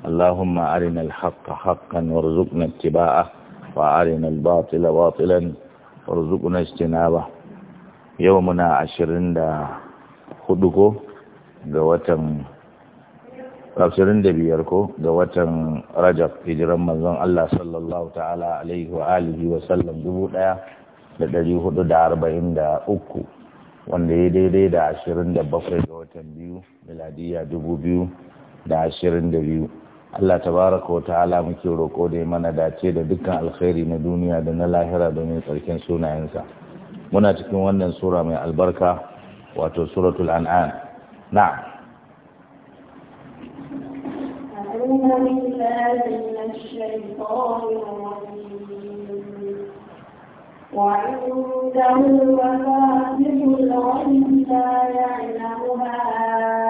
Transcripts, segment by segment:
اللهم أرنا الحق حقا وارزقنا اتباعه وأرنا الباطل باطلا وارزقنا اجتنابه يومنا عشرين دا خدكو ga watan tafsirin da biyar ko ga watan rajab hijiran manzon Allah sallallahu ta'ala alaihi wa alihi wa sallam da dari hudu da arba'in da uku wanda ya daidai da ashirin da bakwai ga watan biyu miladiya dubu biyu da ashirin da biyu Allah tabaraka wa ta'ala muke roƙo da mana dace da dukkan alkhairi na duniya da na lahira domin tsarkin sunayensa muna cikin wannan sura mai albarka wato suratul an'am na وعنده الغيب لا يعلمها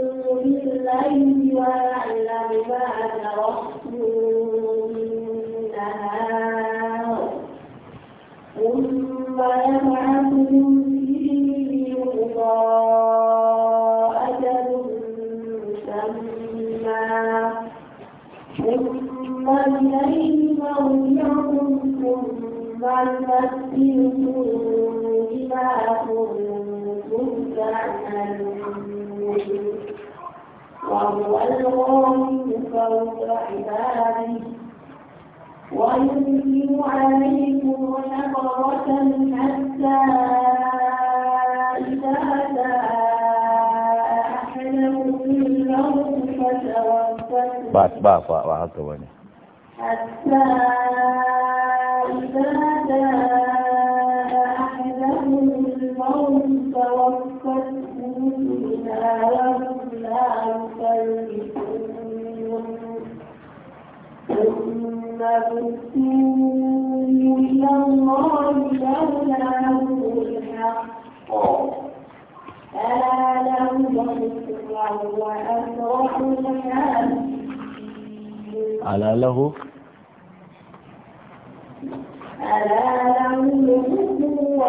الليل وأعلم ما ترحتم من نهار ثم يبعثكم فيه ليقضى أجل مسمى ثم إليه مرجعكم ثم ينبئكم بما كنتم تعملون بس بس فوق عباده ويرسل عليكم حفظة حتى إذا جاء أحدهم الموت حتى إذا جاء أحدهم الموت توفته يشركون ثم بثوا إلى الله لولاهم الحق ألا له الذكر وأسرع الحاسبين ألا له ألا له الحكم وهو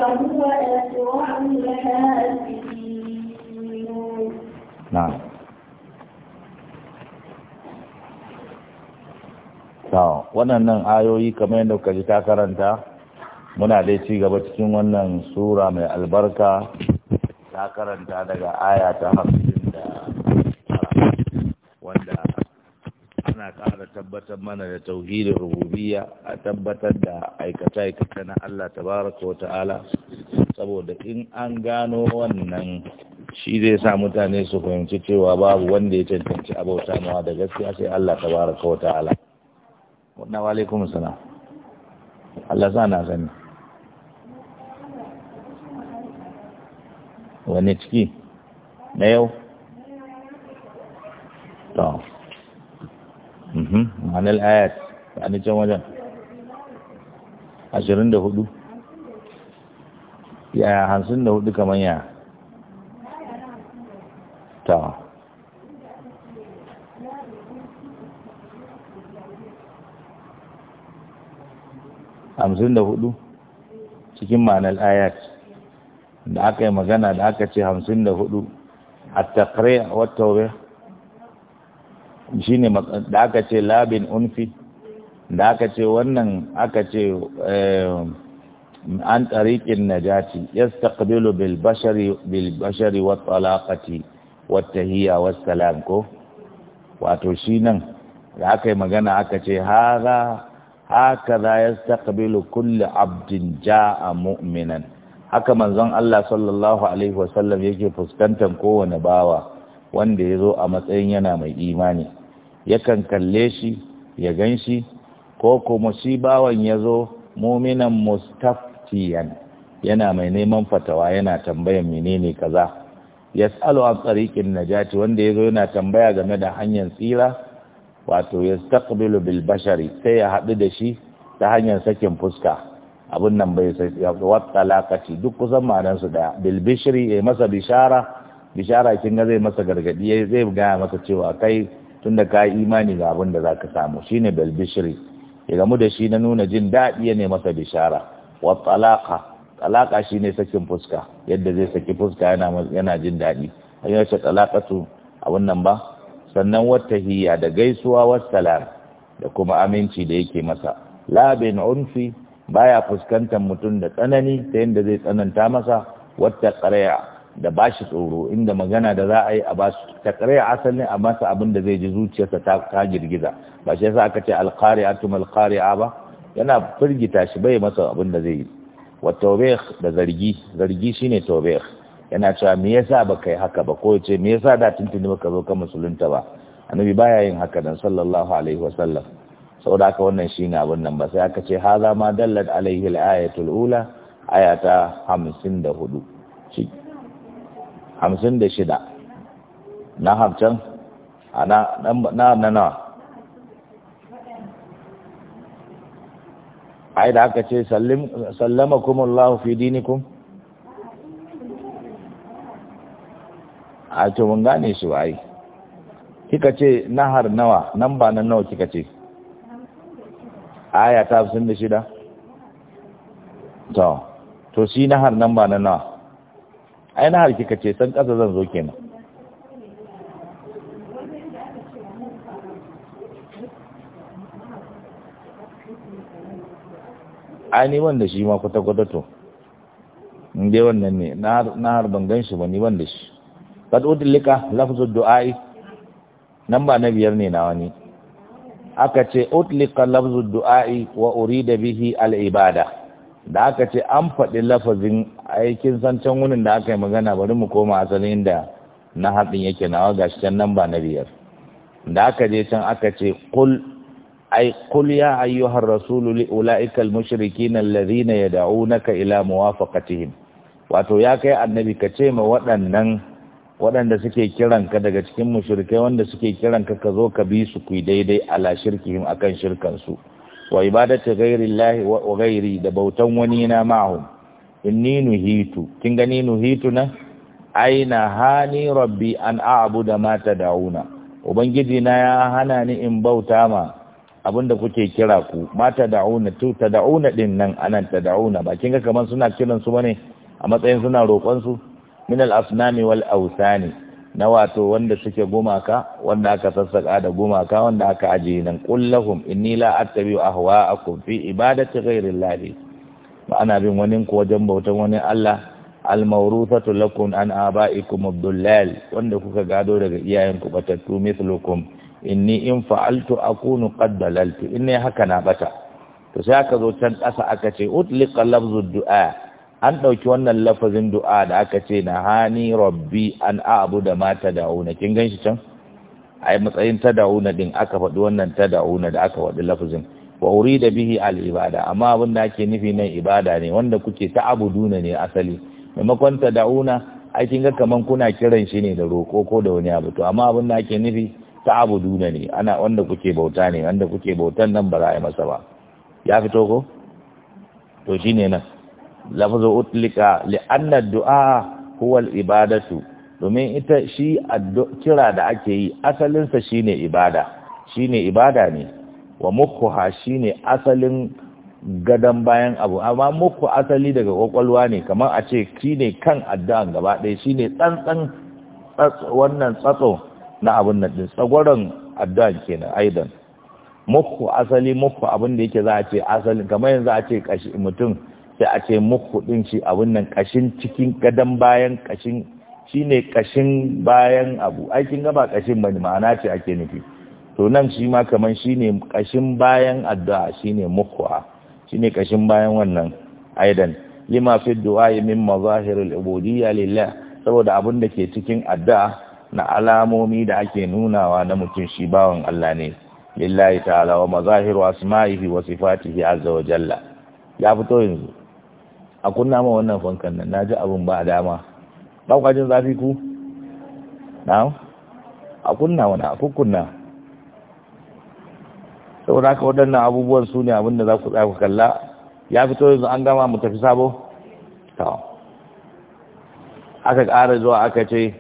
أسرع الحاسبين نعم to waɗannan ayoyi kamar yadda kuka ji ta karanta muna dai ci gaba cikin wannan sura mai albarka ta karanta daga aya ta hamsin da wanda ana ƙara tabbatar mana da tauhidin rububiyya a tabbatar da aikata-aikata na Allah tabaraka wa ta'ala saboda in an gano wannan shi zai sa mutane su fahimci cewa babu wanda ya cancanci abauta mawa da gaskiya sai Allah tabaraka wa ta'ala na walaikun salam Allah sa na sani wani ciki na yau to mhm manal ayat a ni can wajen ashirin da hudu ya hamsin da hudu kamar ya ta hamsin da hudu cikin ma'anar ayat da aka yi magana da aka ce hamsin da hudu a takare a wata wuri shi ne da aka ce labin unfi da aka ce wannan aka ce eh, an tariƙin najati ya staƙabilu bilbashari wata alaƙati wata hiya wata ko wato shi nan da aka yi magana aka ce haza hakaza yastaqbilu kullu abdin jaa mu'minan haka manzon Allah sallallahu alaihi sallam yake fuskantar kowane bawa wanda yazo a matsayin yana mai imani yakan kalle shi ya ganshi ko kuma shi bawan yazo mu'minan mustaftiyan yana mai neman fatawa yana tambayan menene kaza yas'alu an tsarikin najati wanda yazo yana tambaya game da hanyar tsira wato ya taqbilu bil bashari sai ya haɗu da shi ta hanyar sakin fuska abun nan bai sai ya wattalaqati duk kusan ma'anar su da bil ya masa bishara bishara kin ga zai masa gargadi zai gaya masa cewa kai tunda ka imani ga abin da zaka samu shine bil bishri ya gamu da shi na nuna jin daɗi ya ne masa bishara wattalaqa talaka shine sakin fuska yadda zai saki fuska yana yana jin daɗi ayyar ce talaqatu abun nan ba sannan wata hiyya da gaisuwa wassalam da kuma aminci da yake masa labin unfi baya fuskantar mutum da tsanani ta yadda zai tsananta masa wata ƙarya da bashi tsoro inda magana da za a yi a ba su ta ƙarya asalin a masa abin da zai ji zuciyarsa ta girgiza ba shi yasa aka ce alƙari'a tum alƙari'a ba yana firgita shi bai masa abin da zai yi wa tawbih da zargi zargi shine tawbih yana cewa me yasa baka yi haka ba ko yace me yasa da tuntuni baka zo ka musulunta ba annabi baya yin haka dan sallallahu alaihi wasallam saboda haka wannan shine abin nan ba sai aka ce haza ma dallat alaihi alayatul ula ayata 54 shi 56 na hafcan ana na na na ai da aka ce sallama kuma fi dinikum a to mun gane shi ba kika ce nahar nawa nan ba nan nawa kika ce aya ta da da. to to shi nahar nan ba nan nawa ai nahar kika ce san kasa zan zo kenan ai ni wanda shi ma kwata-kwata to in dai wannan ne har ban gan shi ba ni wanda shi kad utlika lafzu du'ai nan ba na biyar ne na wani aka ce utlika lafzu du'ai wa urida bihi al da aka ce an faɗi lafazin aikin zancen wunin da aka yi magana bari mu koma asalin da na haɗin yake nawa gashi can nan ba na biyar da aka je can aka ce kul ay qul ya ayyuhar rasulu li ulaikal mushrikin alladhina yad'unaka ila muwafaqatihim wato ya kai annabi ka ce ma waɗannan waɗanda suke kiranka daga cikin mushrikai wanda suke kiran ka ka zo ka bi su ku daidai ala shirkihim akan shirkan su wa ibadatu llahi wa ghairi da bautan wani na ma'hum inni nuhitu kin gani nuhitu na aina hani rabbi an a'budu ma tad'una ubangiji na ya hana ni in bauta ma abinda kuke kira ku ma tad'una tu tad'una din nan anan tad'una ba kin ga kaman suna kiran su bane a matsayin suna roƙon su min al-asnami wal awsani na wato wanda suke gumaka wanda aka sassaka da gumaka wanda aka ajiye nan kullahum inni la attabi'u ahwa'akum fi ibadati ghayrillahi ba ana bin wani ku wajen bautan wani Allah al-mawruthatu lakum an aba'ikum abdullal wanda kuka gado daga iyayen ku batattu Mislukum, inni in fa'altu akunu qad dalaltu inni haka na bata to sai aka zo can ƙasa aka ce utliqa lafzu du'a an ɗauki wannan lafazin du'a da aka ce na hani rabbi an abu da ma ta da'una kin gan shi can a yi matsayin ta da'una din aka faɗi wannan ta da'una da aka faɗi lafazin wa wuri da bihi al'ibada amma abin da ake nufi nan ibada ne wanda kuke ta abuduna ne asali maimakon ta da'una aikin kin ga kaman kuna kiran shi ne da roƙo ko da wani abu to amma abin da ake nufi ta abuduna ne ana wanda kuke bauta ne wanda kuke bautan nan ba za a yi masa ba ya fito ko to shine nan lafazo utlika li anna du'a huwa al-ibadatu domin ita shi kira da ake yi asalinsa shine ibada shine ibada ne wa mukhuha shine asalin gadan bayan abu amma muku asali daga kwakwalwa ne kamar a ce shine kan addu'an gaba ɗaya shine tsantsan wannan tsatso na abun nan din tsagwaron addu'an kenan aidan muku asali muku abin da yake za a ce asalin kamar yanzu a ce kashi mutum sai a ce muku din shi a nan kashin cikin gadan bayan kashin shine kashin bayan abu aikin gaba kashin bane ma'ana ce ake nufi to nan shi ma kaman shine kashin bayan addu'a shine shi shine kashin bayan wannan aidan lima fi du'a min mazahiril ubudiyya lillah saboda abun da ke cikin addu'a na alamomi da ake nunawa na mutum shi bawan Allah ne lillahi ta'ala wa mazahiru asma'ihi wa sifatihi azza wa jalla ya fito yanzu a kunna ma wannan fankan nan naji abin ba dama ba ku jin zafi ku na'am a kunna wani a kunna saboda ka waɗannan abubuwan su ne abinda za ku tsaya ku kalla ya fito yanzu an gama mu tafi sabo to aka ƙara zuwa aka ce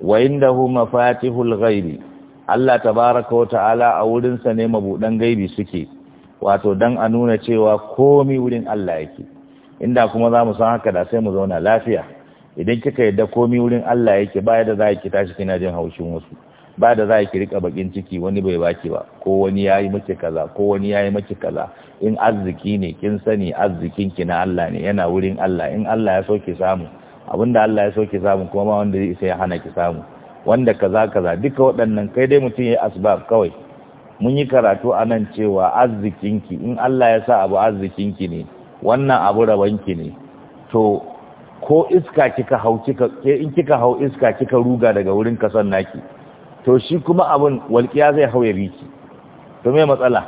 wa hu mafatihul ghaibi Allah tabaraka wa ta'ala a wurinsa ne mabudan gaibi suke wato dan a nuna cewa komi wurin Allah yake inda kuma za mu san haka da sai mu zauna lafiya idan kika yadda komi wurin Allah yake ba da za ki tashi kina jin haushin wasu ba da za ki rika bakin ciki wani bai baki ba ko wani yayi miki kaza ko wani yayi miki kaza in arziki ne kin sani arzikin ki na Allah ne yana wurin Allah in Allah ya so ki samu abinda Allah ya so ki samu kuma ba wanda zai isa ya hana ki samu wanda kaza kaza duka waɗannan kai dai mutum yayi asbab kawai mun yi karatu anan cewa arzikin ki in Allah ya sa abu arzikin ki ne wannan abu rabanki ne to ko iska kika hau kika ke in kika hau iska kika ruga daga wurin kasan naki to shi kuma abun walƙiya zai hau ya biki to me matsala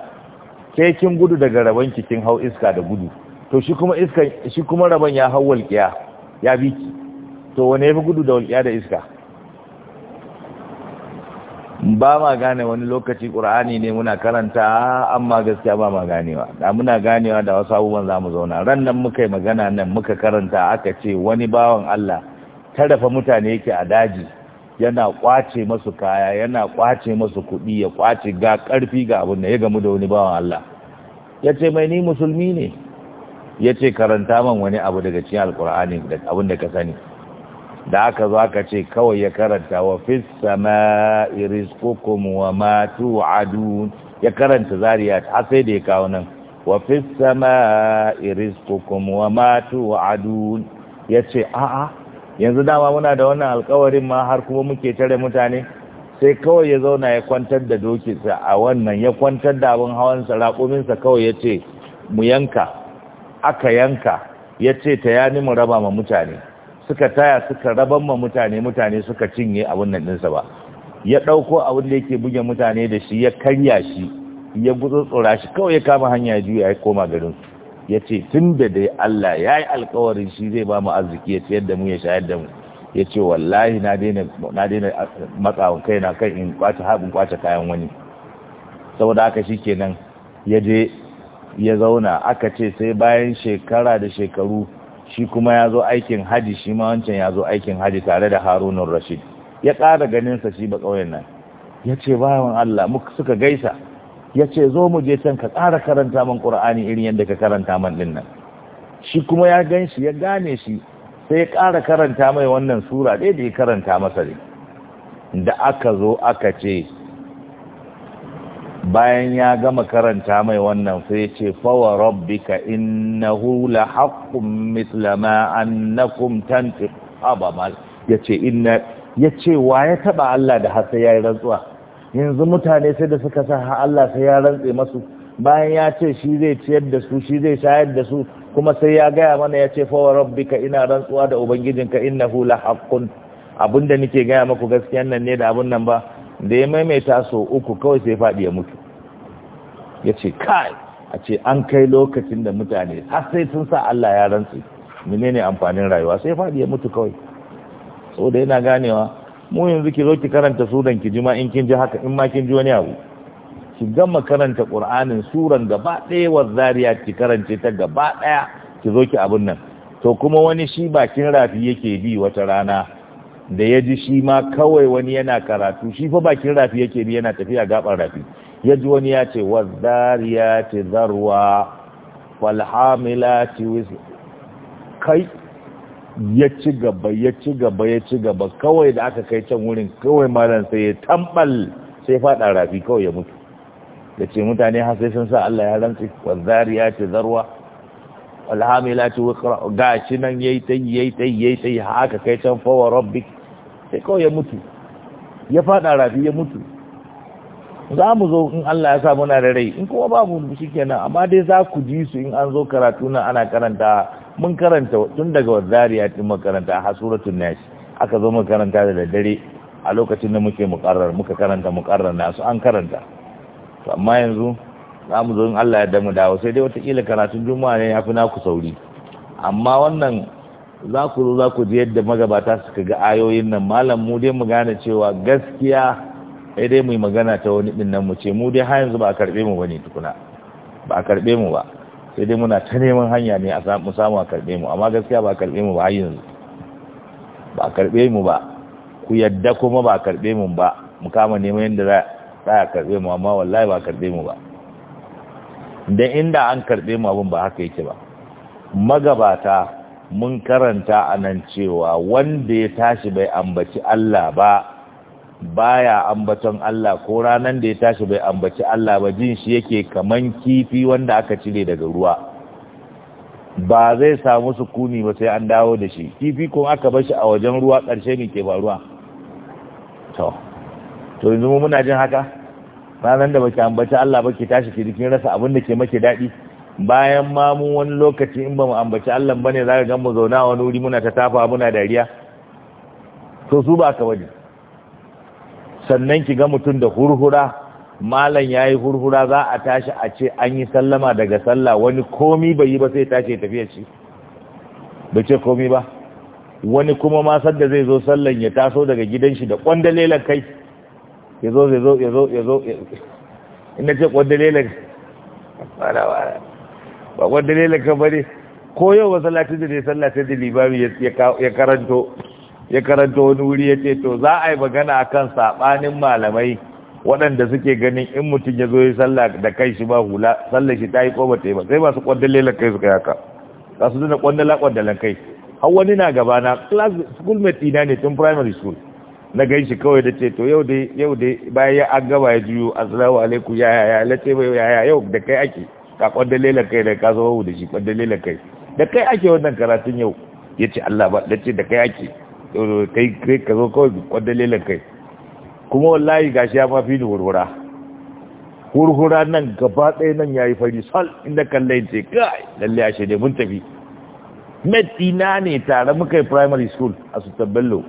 ke kin gudu daga rabanki kin hau iska da gudu to shi kuma iska shi kuma raban ya hau walƙiya ya biki to wane ya fi gudu da walƙiya da iska ba ma gane wani lokaci ƙur'ani ne muna karanta amma gaskiya ba ma ganewa da muna ganewa da wasu abubuwan za mu zauna ran nan muka yi magana nan muka karanta aka ce wani bawan Allah tarafa mutane yake a daji yana kwace masu kaya yana kwace masu kuɗi ya kwace ga ƙarfi ga abin da ya gamu da wani bawan Allah ya ce mai ni musulmi ne ya ce karanta man wani abu daga cikin alƙur'ani da abin da ka sani da aka zo aka ce kawai ya karanta wa fis sama'i rizqukum wa ma tu'adun ya karanta zariya ta sai da ya kawo nan wa fis sama'i rizqukum wa ma tu'adun a'a yanzu dama muna da wannan alkawarin ma har kuma muke tare mutane sai kawai ya zauna ya kwantar da dokinsa a wannan ya kwantar da abin hawansa sa kawai ya ce mu yanka aka yanka ya ce ta yani mu raba ma mutane suka taya suka raban ma mutane mutane suka cinye a wannan ɗinsa ba ya ɗauko abin da yake buge mutane da shi ya karya shi ya gutsutsura shi kawai ya kama hanya juya ya koma garin ya ce tun da dai Allah ya yi alkawarin shi zai ba mu arziki ya ciyar da mu ya shayar da mu ya ce wallahi na daina matsawan kai na kan in kwace haɓin kwace kayan wani saboda haka shi kenan ya je ya zauna aka ce sai bayan shekara da shekaru shi kuma ya zo aikin haji shi ma wancan ya zo aikin haji tare da Harunan rashid ya ƙara ganinsa shi ba ƙauyen nan ya ce bayan Allah muka suka gaisa ya ce zo mu je can ka ƙara karanta man ƙur'ani irin yadda ka karanta man ɗin nan shi kuma ya gan shi ya gane shi sai ya ƙara karanta mai wannan sura ɗaya da ya karanta masa da aka zo aka ce bayan ya gama karanta mai wannan sai ya ce fawa rabbika innahu la haqqun mithla ma annakum tantiq abamal yace inna yace wa ya taba Allah da hasa yayi rantsuwa yanzu mutane sai da suka sa Allah sai ya rantse masu bayan ya ce shi zai ciyar da su shi zai shayar da su kuma sai ya gaya mana ya ce fawa ka!" ina rantsuwa da ubangijinka innahu la haqqun abinda nake gaya maku gaskiyan nan ne da abun nan ba da ya maimaita so uku kawai sai faɗi ya mutu ya ce kai a ce an kai lokacin da mutane har sai sun sa Allah ya rantsi ne amfanin rayuwa sai faɗi ya mutu kawai so da yana ganewa mu yanzu ki zo ki karanta suran ki jima in kin ji haka in ma kin ji wani abu ki gama karanta qur'anin suran gaba ɗaya wa zariya ki karance ta gaba ɗaya ki zo ki abun nan to kuma wani shi bakin rafi yake bi wata rana da ya ji shi ma kawai wani yana karatu shi fa bakin rafi yake bi yana tafiya gaban rafi ya ji wani ya ce wazariyati zarwa falhamilati wis kai ya ci gaba ya ci gaba ya ci gaba kawai da aka kai can wurin kawai malam sai ya tambal sai fada rafi kawai ya mutu da ce mutane har sai sun sa Allah ya rantsi wazariyati zarwa alhamilati Ga gashi nan yayi tai yayi tai yayi tai haka kai can fawa, wa rabbik sai kawai ya mutu ya fada rafi ya mutu za mu zo in Allah ya sa muna da rai in kuma babu shi kenan amma dai za ku ji su in an zo karatu na ana karanta mun karanta tun daga wazariya tun makaranta a hasuratun nashi aka zo makaranta da daddare a lokacin da muke mukarrar muka karanta mukarrar nasu an karanta to amma yanzu za mu zo in Allah ya damu dawo sai dai watakila karatun juma'a ne ya fi naku sauri amma wannan za ku zo za ku ji yadda magabata suka ga ayoyin nan malam mu dai mu gane cewa gaskiya sai dai mu yi magana ta wani din nan mu ce mu dai har yanzu ba a karbe mu bane tukuna ba a karbe mu ba sai dai muna ta neman hanya ne a samu a karbe mu amma gaskiya ba a karbe mu ba har yanzu ba a karbe mu ba ku yadda kuma ba a karbe mu ba mu kama neman yadda za a karbe mu amma wallahi ba a karbe mu ba dan inda an karbe mu abun ba haka yake ba magabata mun karanta a nan cewa wanda ya tashi bai ambaci Allah ba baya ambaton Allah ko ranan da ya tashi bai ambaci Allah ba jin shi yake kaman kifi wanda aka cire daga ruwa ba zai samu sukuni ba sai an dawo da shi kifi ko aka bar shi a wajen ruwa ƙarshe ne ke faruwa to to yanzu muna jin haka ranan da baki ambaci Allah ba ki tashi ki jikin rasa abin da ke make daɗi bayan ma mu wani lokaci in ba mu ambaci Allah bane zaka ga mu zauna wani wuri muna ta tafa muna dariya to su ba ka bane sannan ki ga mutum da hurhura malam yayi hurhura za a tashi a ce an yi sallama daga sallah wani komi bai yi ba sai tashi tafiya ci bai ce komi ba wani kuma ma sadda zai zo sallan ya taso daga gidan shi da kwandalelan kai ya zo ya zo ya zo ya zo ina ce kwandalelan wala wala ba wanda ne ka bane ko yau masallacin da ne sallacin da limami ya karanto ya karanto wani wuri ya ce to za a yi magana kan sabanin malamai waɗanda suke ganin in mutum ya zo yi salla da kai shi ba hula sallar shi ta yi ko ba ta yi ba sai masu kwandale kai suka yaka za su zina kwandala kwandalan kai har wani na gaba na class schoolmate ina ne tun primary school na gan shi kawai da ce to yau dai yau dai bayan ya an gaba ya juyo assalamu alaikum ya ya ya lace bai ya ya yau da kai ake ka kwaddalela kai da ka zo da shi kwaddalela kai da kai ake wannan karatun yau ya ce Allah ba da ce da kai ake kai kai ka zo kawai kwaddalela kai kuma wallahi shi ya ma fi ni wurwura wurwura nan gaba ɗaya nan ya yi fari sal inda kallai ce kai lalle ya shaidai mun tafi metina ne tare muka yi primary school a su bello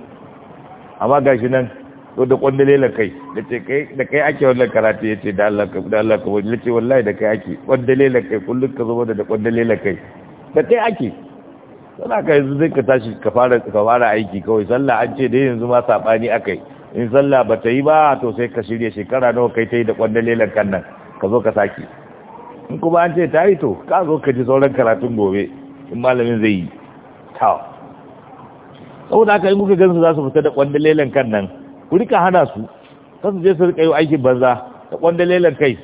amma gashi nan to da lela kai da ce kai da kai ake wannan karatu ya ce da Allah ka da Allah ka wani ce wallahi da kai ake lela kai kullum ka zama da da lela kai da kai ake sana ka yanzu zai ka tashi ka fara ka fara aiki kawai sallah an ce dai yanzu ma sabani akai in sallah ba ta yi ba to sai ka shirye shekara nawa kai ta yi da lela kan nan ka zo ka saki in kuma an ce ta yi to ka zo ka ji sauran karatun gobe in malamin zai yi ta saboda haka in kuka gansu za su fita da kwandalelan kan nan ku rika hana su su je su rika yi aikin banza da kwandalelan kai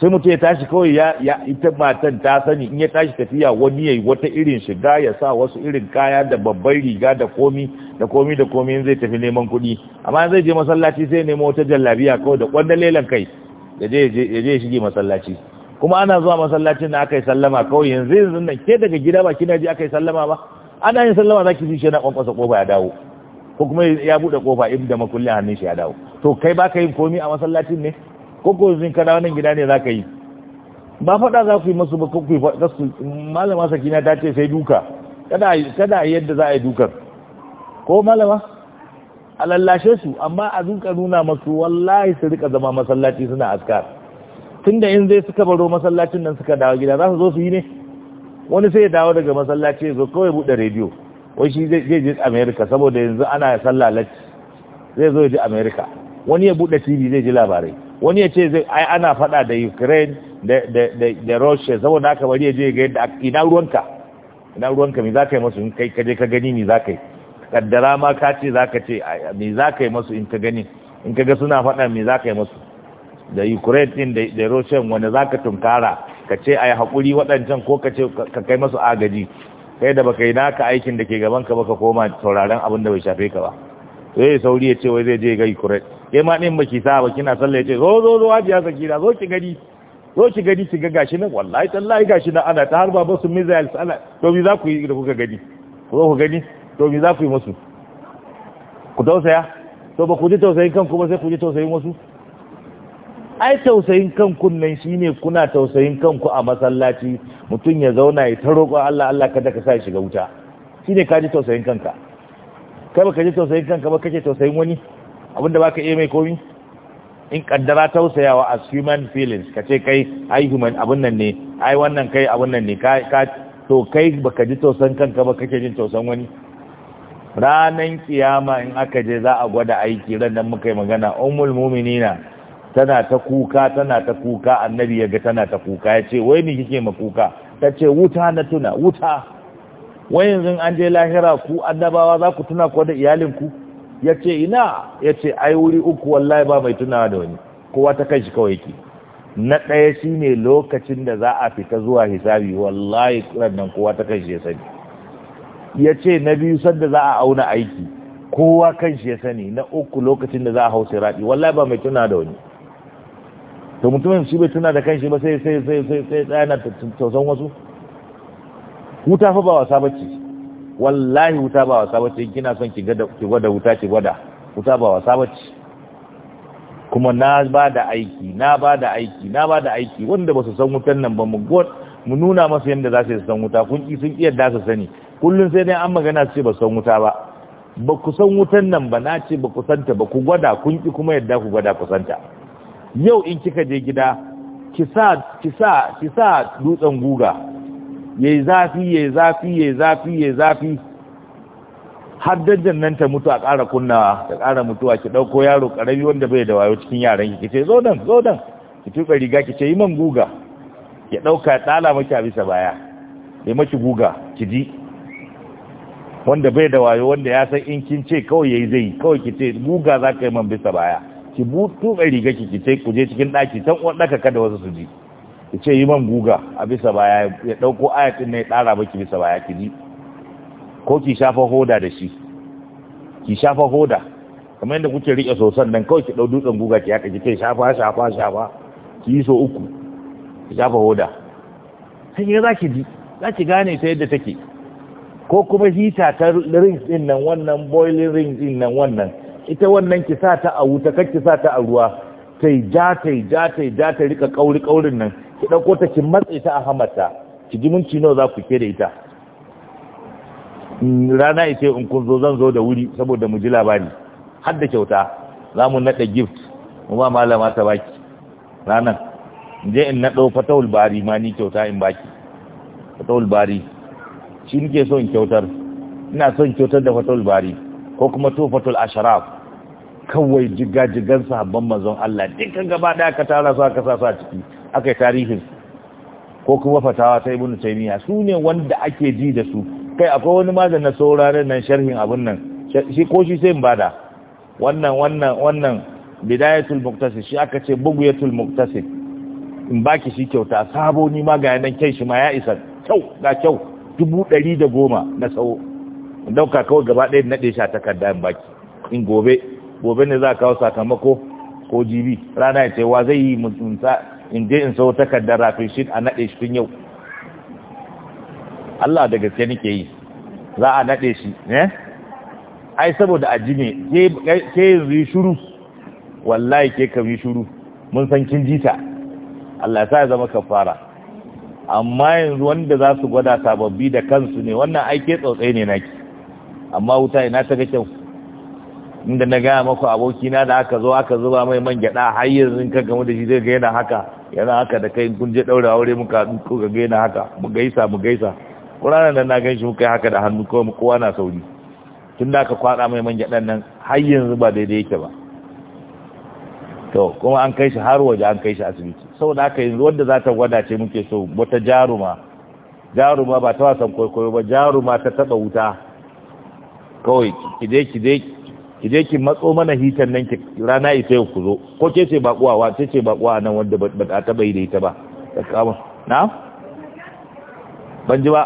sai mutum ya tashi kawai ya ya ita matan ta sani in ya tashi tafiya wani yayi wata irin shiga ya sa wasu irin kaya da babban riga da komi da komi da komi zai tafi neman kuɗi amma zai je masallaci sai ya nemo wata jallabiya kawai da kwandalelan kai ya je ya je shige masallaci kuma ana zuwa masallacin da aka yi sallama kawai yanzu yanzu nan ke daga gida ba kina ji aka yi sallama ba ana yin sallama zaki ji shi yana kwankwasa ko ba ya dawo ko kuma ya buɗe kofa in da makullin hannun shi ya dawo to kai ba ka yin komi a masallacin ne ko ko zin ka dawo nan gida ne za ka yi ba faɗa za ku yi masu ba ku yi faɗa su malama sakina ta ce sai duka kada kada yadda za a yi dukan ko malama a lallashe su amma a zuka nuna masu wallahi su rika zama masallaci suna askar tunda in zai suka baro masallacin nan suka dawo gida za su zo su yi ne wani sai ya dawo daga masallaci ya zo kawai buɗe rediyo wai shi zai je america saboda yanzu ana sallah latti zai zo ji america wani ya bude tv zai ji labarai wani ya ce zai ai ana fada da ukraine da da da russia saboda haka bari ya je ga yadda ina ruwanka ina ruwanka me zaka yi musu in kai kaje ka gani me zaka yi kaddara ma ka ce zaka ce me zaka yi musu in ka gani in kaga suna fada me zaka yi musu da ukraine din da da russia wanda zaka tunkara ka ce ai hakuri waɗancan ko ka ce ka kai musu agaji kai da baka yi naka aikin da ke gaban ka baka koma sauraron abin da bai shafe ka ba to yayi sauri ya ce wai zai je ga kuret kai ma din baki sa ba kina sallah ya ce zo zo zo hajiya da zo ki gani zo ki gani ki ga gashi nan wallahi tallahi gashi nan ana ta harba ba basu misal sala to me za ku yi da kuka gani zo ku gani to me za ku yi musu ku tausaya to ba ku ji tausayin kanku ba sai ku ji tausayin wasu ai tausayin kanku nan shine kuna tausayin kanku a masallaci mutum ya zauna ya ta roƙon Allah Allah kada ka sa shi ga wuta shine ka ji tausayin kanka kai baka ji tausayin kanka ba kake tausayin wani abinda baka iya mai komi in kaddara tausayawa as human feelings ka ce kai ai human abun nan ne ai wannan kai abun nan ne ka ka to kai baka ji tausayin kanka ba kake jin tausayin wani ranan kiyama in aka je za a gwada aiki ran nan muka yi magana ummul mu'minina tana ta kuka tana ta kuka annabi ya ga tana ta kuka ya ce wai me kike ma kuka ta ce wuta na tuna wuta wai yanzu an je lahira ku annabawa za ku tuna ko da iyalinku ya ce ina ya ce ai wuri uku wallahi ba mai tunawa da wani kowa ta kai shi kawai yake na ɗaya shine lokacin da za a fita zuwa hisabi wallahi nan kowa ta kai shi ya sani ya ce na biyu sanda za a auna aiki kowa kan shi ya sani na uku lokacin da za a hau sirati wallahi ba mai tuna da wani to mutumin shi bai tuna da kanshi ba sai sai sai sai sai ta tausan wasu wuta fa ba wasa bace wallahi wuta ba wasa bace kina son ki gada ki gwada wuta ki gwada wuta ba wasa bace kuma na ba da aiki na ba da aiki na ba da aiki wanda ba su san wutan nan ba mu god mu nuna masa yadda za su san wuta kun ki sun iya da su sani kullum sai dai an magana su ce ba san wuta ba ba ku san wutan nan ba na ce ba ku santa ba ku gwada kun ki kuma yadda ku gwada ku santa yau in kika je gida ki sa dutsen guga ya yi dutsen guga yi zafi yi zafi ya zafi zafi har dajjan nan ta mutu a ƙara kunnawa ta ƙara mutuwa ki ɗauko yaro ƙarami wanda bai da wayo cikin yaren ki ce zo nan zo nan ki tuɓe riga ki ce yi man guga ya ɗauka tsala maki a bisa baya ya maki guga ki ji wanda bai da wayo wanda ya san in kin ce kawai ya yi zai kawai ki ce guga za ka yi man bisa baya ki butu mai riga ki ki sai ku je cikin ɗaki can uwan ɗaka, kada wasu su ji ki ce yi man guga a bisa baya ya dauko ayatin na ya ba, ki bisa baya ki ji ko ki shafa hoda da shi ki shafa hoda kamar yadda kuke riƙe sosan nan kawai ki ɗau dutsen guga ki haka ki ce shafa shafa shafa ki yi so uku ki shafa hoda sai ya za ki ji za ki gane ta yadda take ko kuma hita ta rings din nan wannan boiling rings din nan wannan ita wannan ki sa ta a wuta kar ki sa ta a ruwa ta yi ja ta yi ja ta yi ja ta rika kauri kaurin nan ki ɗauko ta ki matse ta a hamata ki ji minti nawa za ku ke da ita mm, rana ita in kun zo zan zo da wuri saboda mu ji labari har da kyauta za mu naɗa gift mu ba malama ta baki in je in naɗo fatawul bari ma ni kyauta in baki fatawul bari shi nike so in kyautar ina so in kyautar da fatawul bari ko kuma tufatul asharaf kawai jigajigan sahabban manzon Allah dukkan gaba daya ka tara su aka sa ciki aka yi tarihin ko kuma fatawa ta ibnu taymiya su ne wanda ake ji da su kai akwai wani madan na sauraron nan sharhin abun nan shi ko shi sai bada wannan wannan wannan bidayatul muqtasid shi aka ce bughyatul muqtasid in baki shi kyauta sabo ni ma ga kai shi ma ya isa kyau ga kyau dubu da goma na tsawo dauka kawai gaba ɗaya naɗe shi a takarda in baki in gobe gobe ne za a kawo sakamako ko jibi rana ya ce wa zai yi mutunta in je in sau takardar rafin shi a naɗe shi tun yau Allah da gaske nake yi za a naɗe shi ne ai saboda a jini ke yi shuru wallahi ke kami yi shuru mun san kin jita Allah ya sa ya zama kafara amma yanzu wanda za su gwada sababbi da kansu ne wannan aike tsautsai ne naki amma wuta ina ta ga kyau inda na gaya maku abokina da aka zo aka zuba mai man gyada har yanzu ka gamu da shi zai ga yana haka yana haka da kai kun je daura aure muka ko ga yana haka mu gaisa mu gaisa kurana nan na ganshi muka yi haka da hannu ko kowa na sauri tun da aka kwada mai man gyadan nan har yanzu ba daidai yake ba to kuma an kai shi har waje an kai shi asibiti saboda haka yanzu wanda za ta gwada ce muke so wata jaruma jaruma ba ta wasan kwaikwayo ba jaruma ta taba wuta kawai kide kide ki je ki matso mana hitan nan ki rana ita yau ku zo ko ke ce bakuwa wa ce ce bakuwa nan wanda ba ta taba yi da ita ba ta kama na ban ji ba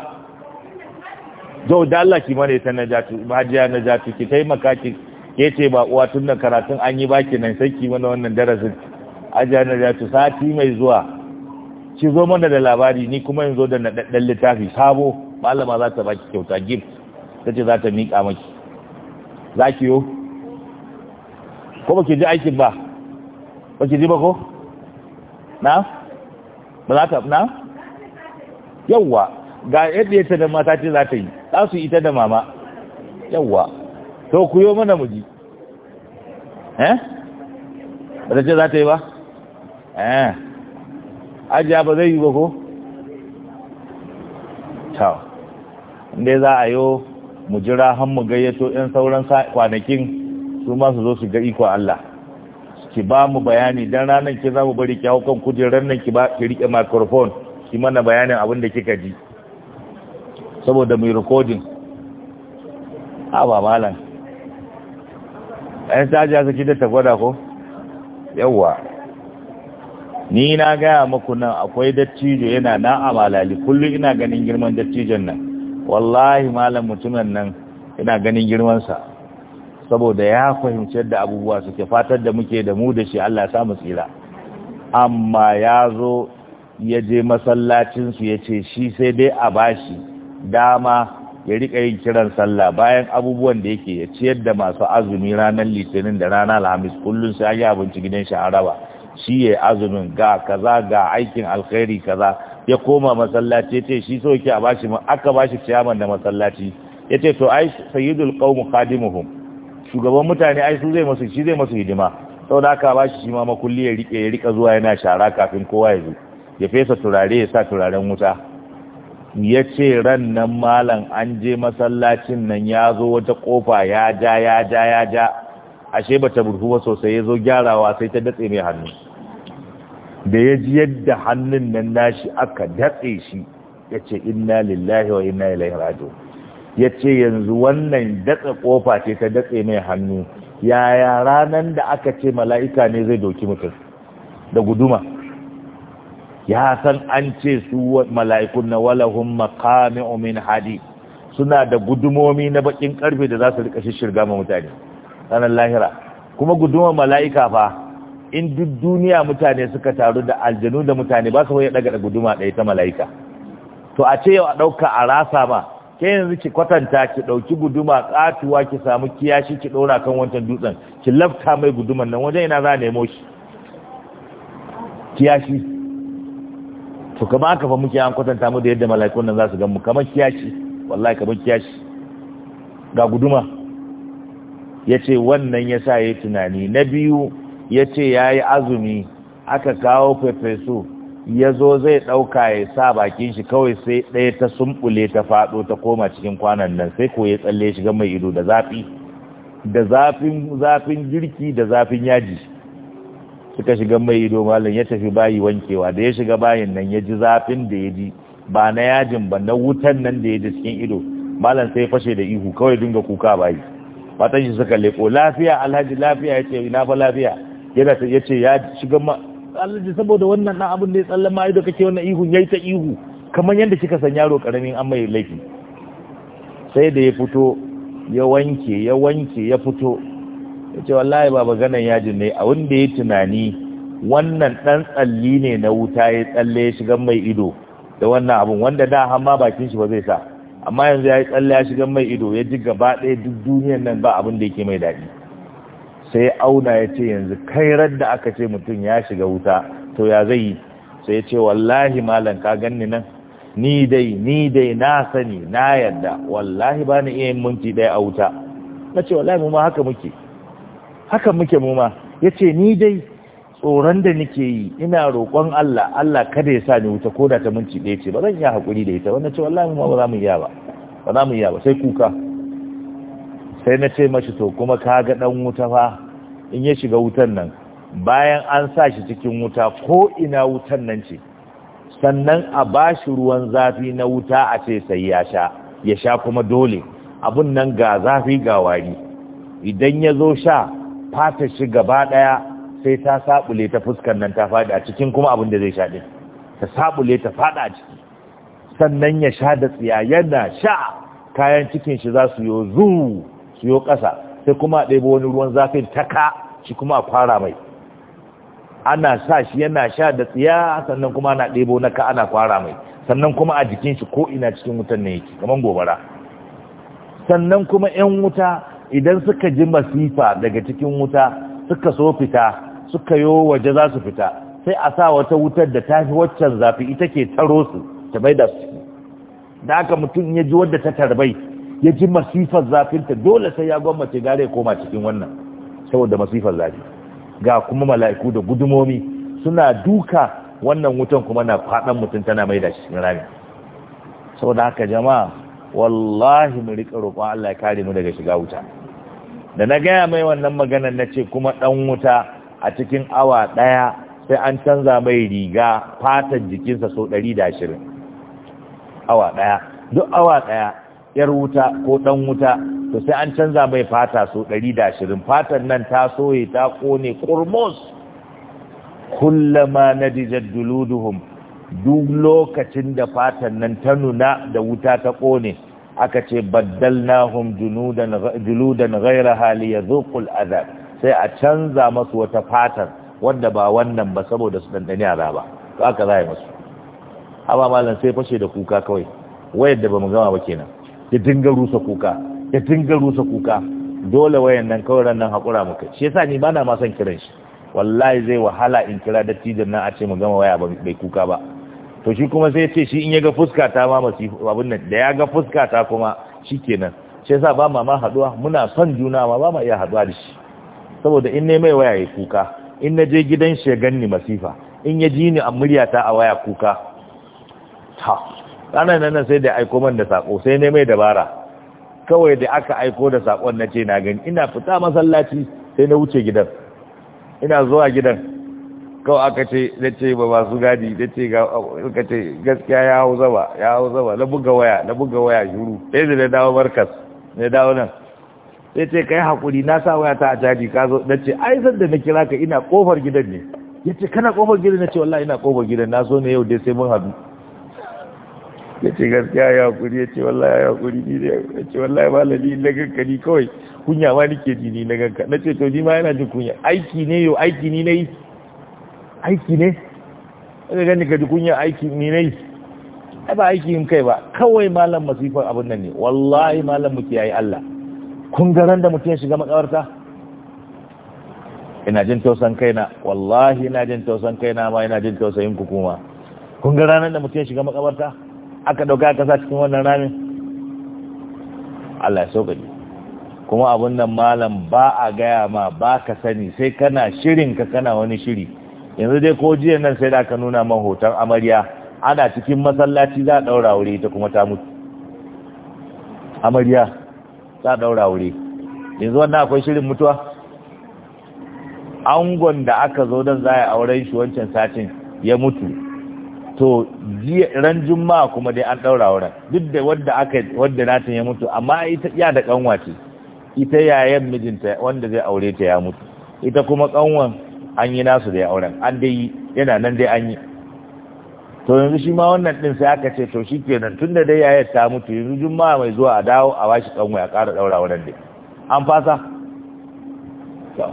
zo da Allah ki mana ita na jatu hajiya na jatu ki taimaka ki ke ce bakuwa tun da karatun an yi baki nan sai ki mana wannan darasin hajiya na jatu sati mai zuwa ki zo mana da labari ni kuma yanzu da naɗaɗɗen littafi sabo malama za ta baki kyauta gift ta ce za ta miƙa maki za ki yo ko ba ke ji aikin ba ba ke ji ba ko na ba za ta na yawwa ga yadda ya da mata ce za ta yi za su ita da mama yawwa to ku yi mana ji eh ba ta ce za ta yi ba eh ajiya ba zai yi ba ko ciao inda za a yi mu jira har mu gayyato 'yan sauran kwanakin su ma su zo su ga iko Allah ki ba mu bayani dan ranar ki za mu bari ki hau kan kujerar nan ki ba ki rike microphone ki mana bayanin abin da kika ji saboda mai recording a ba malam ɗan sajiya su ki da tagwada ko yawwa ni na gaya maku nan akwai dattijo yana na amalali kullum ina ganin girman dattijon nan wallahi malam mutumin nan ina ganin girmansa saboda ya fahimci yadda abubuwa suke fatar da muke da mu da shi Allah ya samu tsira amma ya zo ya je masallacinsu ya ce shi sai dai a bashi dama ya rika yin kiran sallah bayan abubuwan da yake ya ciyar da masu azumi ranar litinin da ranar alhamis kullum sai yi abinci gidan shi an shi ya azumin ga kaza ga aikin alkhairi kaza ya koma masallaci ya ce shi so ke a bashi aka bashi ciyaman da masallaci ya ce to ai sayyidul qaum khadimuhum shugaban mutane ai su zai masu shi zai masu hidima da aka ba shi shi ma makulli ya rike ya rika zuwa yana shara kafin kowa ya zo ya fesa turare ya sa turaren wuta ya ce ran nan malam an je masallacin nan ya zo wata kofa ya ja ya ja ya ja ashe ba ta burhu ba sosai ya zo gyarawa sai ta datse mai hannu da ya ji yadda hannun nan nashi aka datse shi ya ce inna lillahi wa inna ilaihi raji'un ya ce yanzu wannan datsa kofa ce ta datse mai hannu yaya ranar da aka ce mala'ika ne zai doki mutum da guduma ya san an ce su mala'ikun na walahun makami omin hadi suna da gudumomi na bakin karfe da za su rika shirga ma mutane ranar lahira kuma guduma mala'ika fa in duk duniya mutane suka taru da aljanu da mutane ba su ya daga da guduma ɗaya ta mala'ika to a ce yau a ɗauka a rasa ma ke yanzu ki kwatanta ki ɗauki guduma katuwa ki samu kiyashi ki dora kan wancan dutsen ki lafta mai guduman nan wajen ina za a nemo shi kiyashi to kama aka fa muke an kwatanta mu da yadda mala'ikun nan za su gan mu kamar kiyashi wallahi kamar kiyashi ga guduma ya ce wannan ya sa ya tunani na biyu ya ce ya yi azumi aka kawo fefeso ya zo zai ɗauka ya sa bakin shi kawai sai ɗaya ta sumbule ta faɗo ta koma cikin kwanan nan sai ko ya tsalle shiga mai ido da zafi da zafin zafin girki da zafin yaji suka shiga mai ido malam ya tafi bayi wankewa da ya shiga bayin nan ya ji zafin da ya ji ba na yajin ba na wutan nan da ya ji cikin ido malam sai fashe da ihu kawai dinga kuka bayi fatan shi suka leko lafiya alhaji lafiya ya ce ina fa lafiya yana ya ce ya shiga alaji saboda wannan dan abin da ya tsallan ma da kake wannan ihu yayi ta ihu kamar yadda kika san yaro karamin an mai laifi sai da ya fito ya wanke ya wanke ya fito ya ce wallahi ba yajin ne a wanda ya tunani wannan dan tsalli ne na wuta ya tsalle ya shiga mai ido da wannan abun wanda da hama bakin shi ba zai sa amma yanzu ya yi tsalle ya shiga mai ido ya ji gaba ɗaya duk duniyan nan ba abin da yake mai daɗi sai auna ya ce yanzu kairar da aka ce mutum ya shiga wuta to ya zai yi sai ya ce wallahi malam ka ganni nan ni dai ni dai na sani na yadda wallahi ba ni iya yin minti ɗaya a wuta na ce wallahi mu haka muke haka muke mu ya ce ni dai tsoron da nake yi ina roƙon Allah Allah kada ya sa ni wuta ko da ta minti ɗaya ce ba zan iya haƙuri da ita wannan ce wallahi mu ba za mu iya ba ba za mu iya ba sai kuka sai na ce mashi to kuma ka ga dan wuta fa in ya shiga wutan nan bayan an sa shi cikin wuta ko ina wutan nan ce sannan a ba shi ruwan zafi na wuta a ce sai ya sha ya sha kuma dole abun nan ga zafi ga wari idan ya zo sha fata shi gaba daya sai ta sabule ta fuskar nan ta faɗi a cikin kuma abin da zai sha din ta sabule ta fada a ciki sannan ya sha da tsiya yana sha kayan cikin shi za su yi zu su ƙasa sai kuma a ɗebo wani ruwan zafin ta ka shi kuma a kwara mai ana sa shi yana sha da tsiya sannan kuma ana ɗebo na ka ana kwara mai sannan kuma a jikin shi ko ina cikin wutan ne yake kamar gobara sannan kuma 'yan wuta idan suka ji masifa daga cikin wuta suka so fita suka yo waje za su fita sai a sa wata wutar da ta fi waccan zafi ita ke taro su ta bai da su da haka mutum ya ji wadda ta tarbai ya ji masifar zafinta dole sai ya gwammace gare koma cikin wannan saboda masifar zafi ga kuma mala'iku da gudumomi suna duka wannan wutan kuma na faɗan mutum tana mai da shi cikin rami saboda haka jama'a wallahi mu riƙa roƙon Allah ya kare mu daga shiga wuta da na gaya mai wannan maganar na ce kuma ɗan wuta a cikin awa ɗaya sai an canza mai riga fatan jikinsa sau ɗari da ashirin awa ɗaya duk awa ɗaya yar wuta ko dan wuta to sai an canza mai fata so 120 fatan nan ta soye ta kone kurmus kullama nadijat duluduhum duk lokacin da fatan nan ta nuna da wuta ta kone aka ce baddalnahum junudan juludan ghayraha liyadhuqul adhab sai a canza masu wata fatar wanda ba wannan ba saboda su dandani azaba to aka zai masu haba malam sai fashe da kuka kawai wayar da bamu gama ba kenan ya dinga rusa kuka ya dinga rusa kuka dole wayan nan kawai ran nan hakura muka shi yasa ni bana ma son kiran shi wallahi zai wahala in kira dattijan nan a ce mu gama waya bai kuka ba to shi kuma sai ya ce shi in ya ga fuska ta ma masu abin nan da ya ga fuska ta kuma kenan shi yasa ba ma haduwa muna son juna ma ba ma iya haduwa da shi saboda in ne mai waya ya kuka in na je gidan shi ya ganni masifa in ya ji ni a muryata a waya kuka ta ranar nan sai da aiko man da sako sai ne mai dabara kawai da aka aiko da sakon na ce na gani ina fita masallaci sai na wuce gidan ina zuwa gidan kawai aka ce da ce ba masu gadi da ce ga ce gaskiya ya hau zaba ya hau zaba na buga waya na buga waya shuru sai da na dawo markas na dawo nan sai ce kai hakuri na sa waya ta a caji ka zo da ce ai zan da na kira ka ina kofar gidan ne ya ce kana kofar gidan na ce wallahi ina kofar gidan na so ne yau dai sai mun haɗu ya ce gaskiya ya hakuri ya ce wallahi ya hakuri ni ya ce wallahi malami na ganka ni kawai kunya ma nake ji ni na ganka na ce to ni ma yana jin kunya aiki ne yau aiki ni na yi aiki ne ka gani ka ji kunya aiki ni na yi ai ba aiki in kai ba kawai malam masifar abin nan ne wallahi malam mu kiyaye Allah kun ga da mutum ya shiga makabarta ina jin tausan kaina wallahi ina jin tausan kaina ma ina jin tausayin ku kuma kun ga ranar da mutum ya shiga makabarta aka ɗauka aka sa cikin wannan ramin Allah ya sauƙaƙe kuma abun nan malam ba a gaya ma ba ka sani sai kana shirin ka kana wani shiri yanzu dai ko jiya nan sai da aka nuna man hoton amarya ana cikin masallaci za a ɗaura wuri ita kuma ta mutu amarya za a ɗaura wuri yanzu wannan akwai shirin mutuwa angon da aka zo don za a yi auren shi wancan satin ya mutu to jiya ran juma'a kuma dai an daura wurin duk da wadda aka wanda natin ya mutu amma ita ya da kanwa ce ita yayan mijinta wanda zai aure ta ya mutu ita kuma kanwan an yi nasu da ya auren an dai yana nan dai an yi to yanzu shi ma wannan din sai aka ce to shikenan tunda dai yayan ta mutu yanzu juma'a mai zuwa a dawo a washi kanwa ya ƙara daura wurin dai an fasa to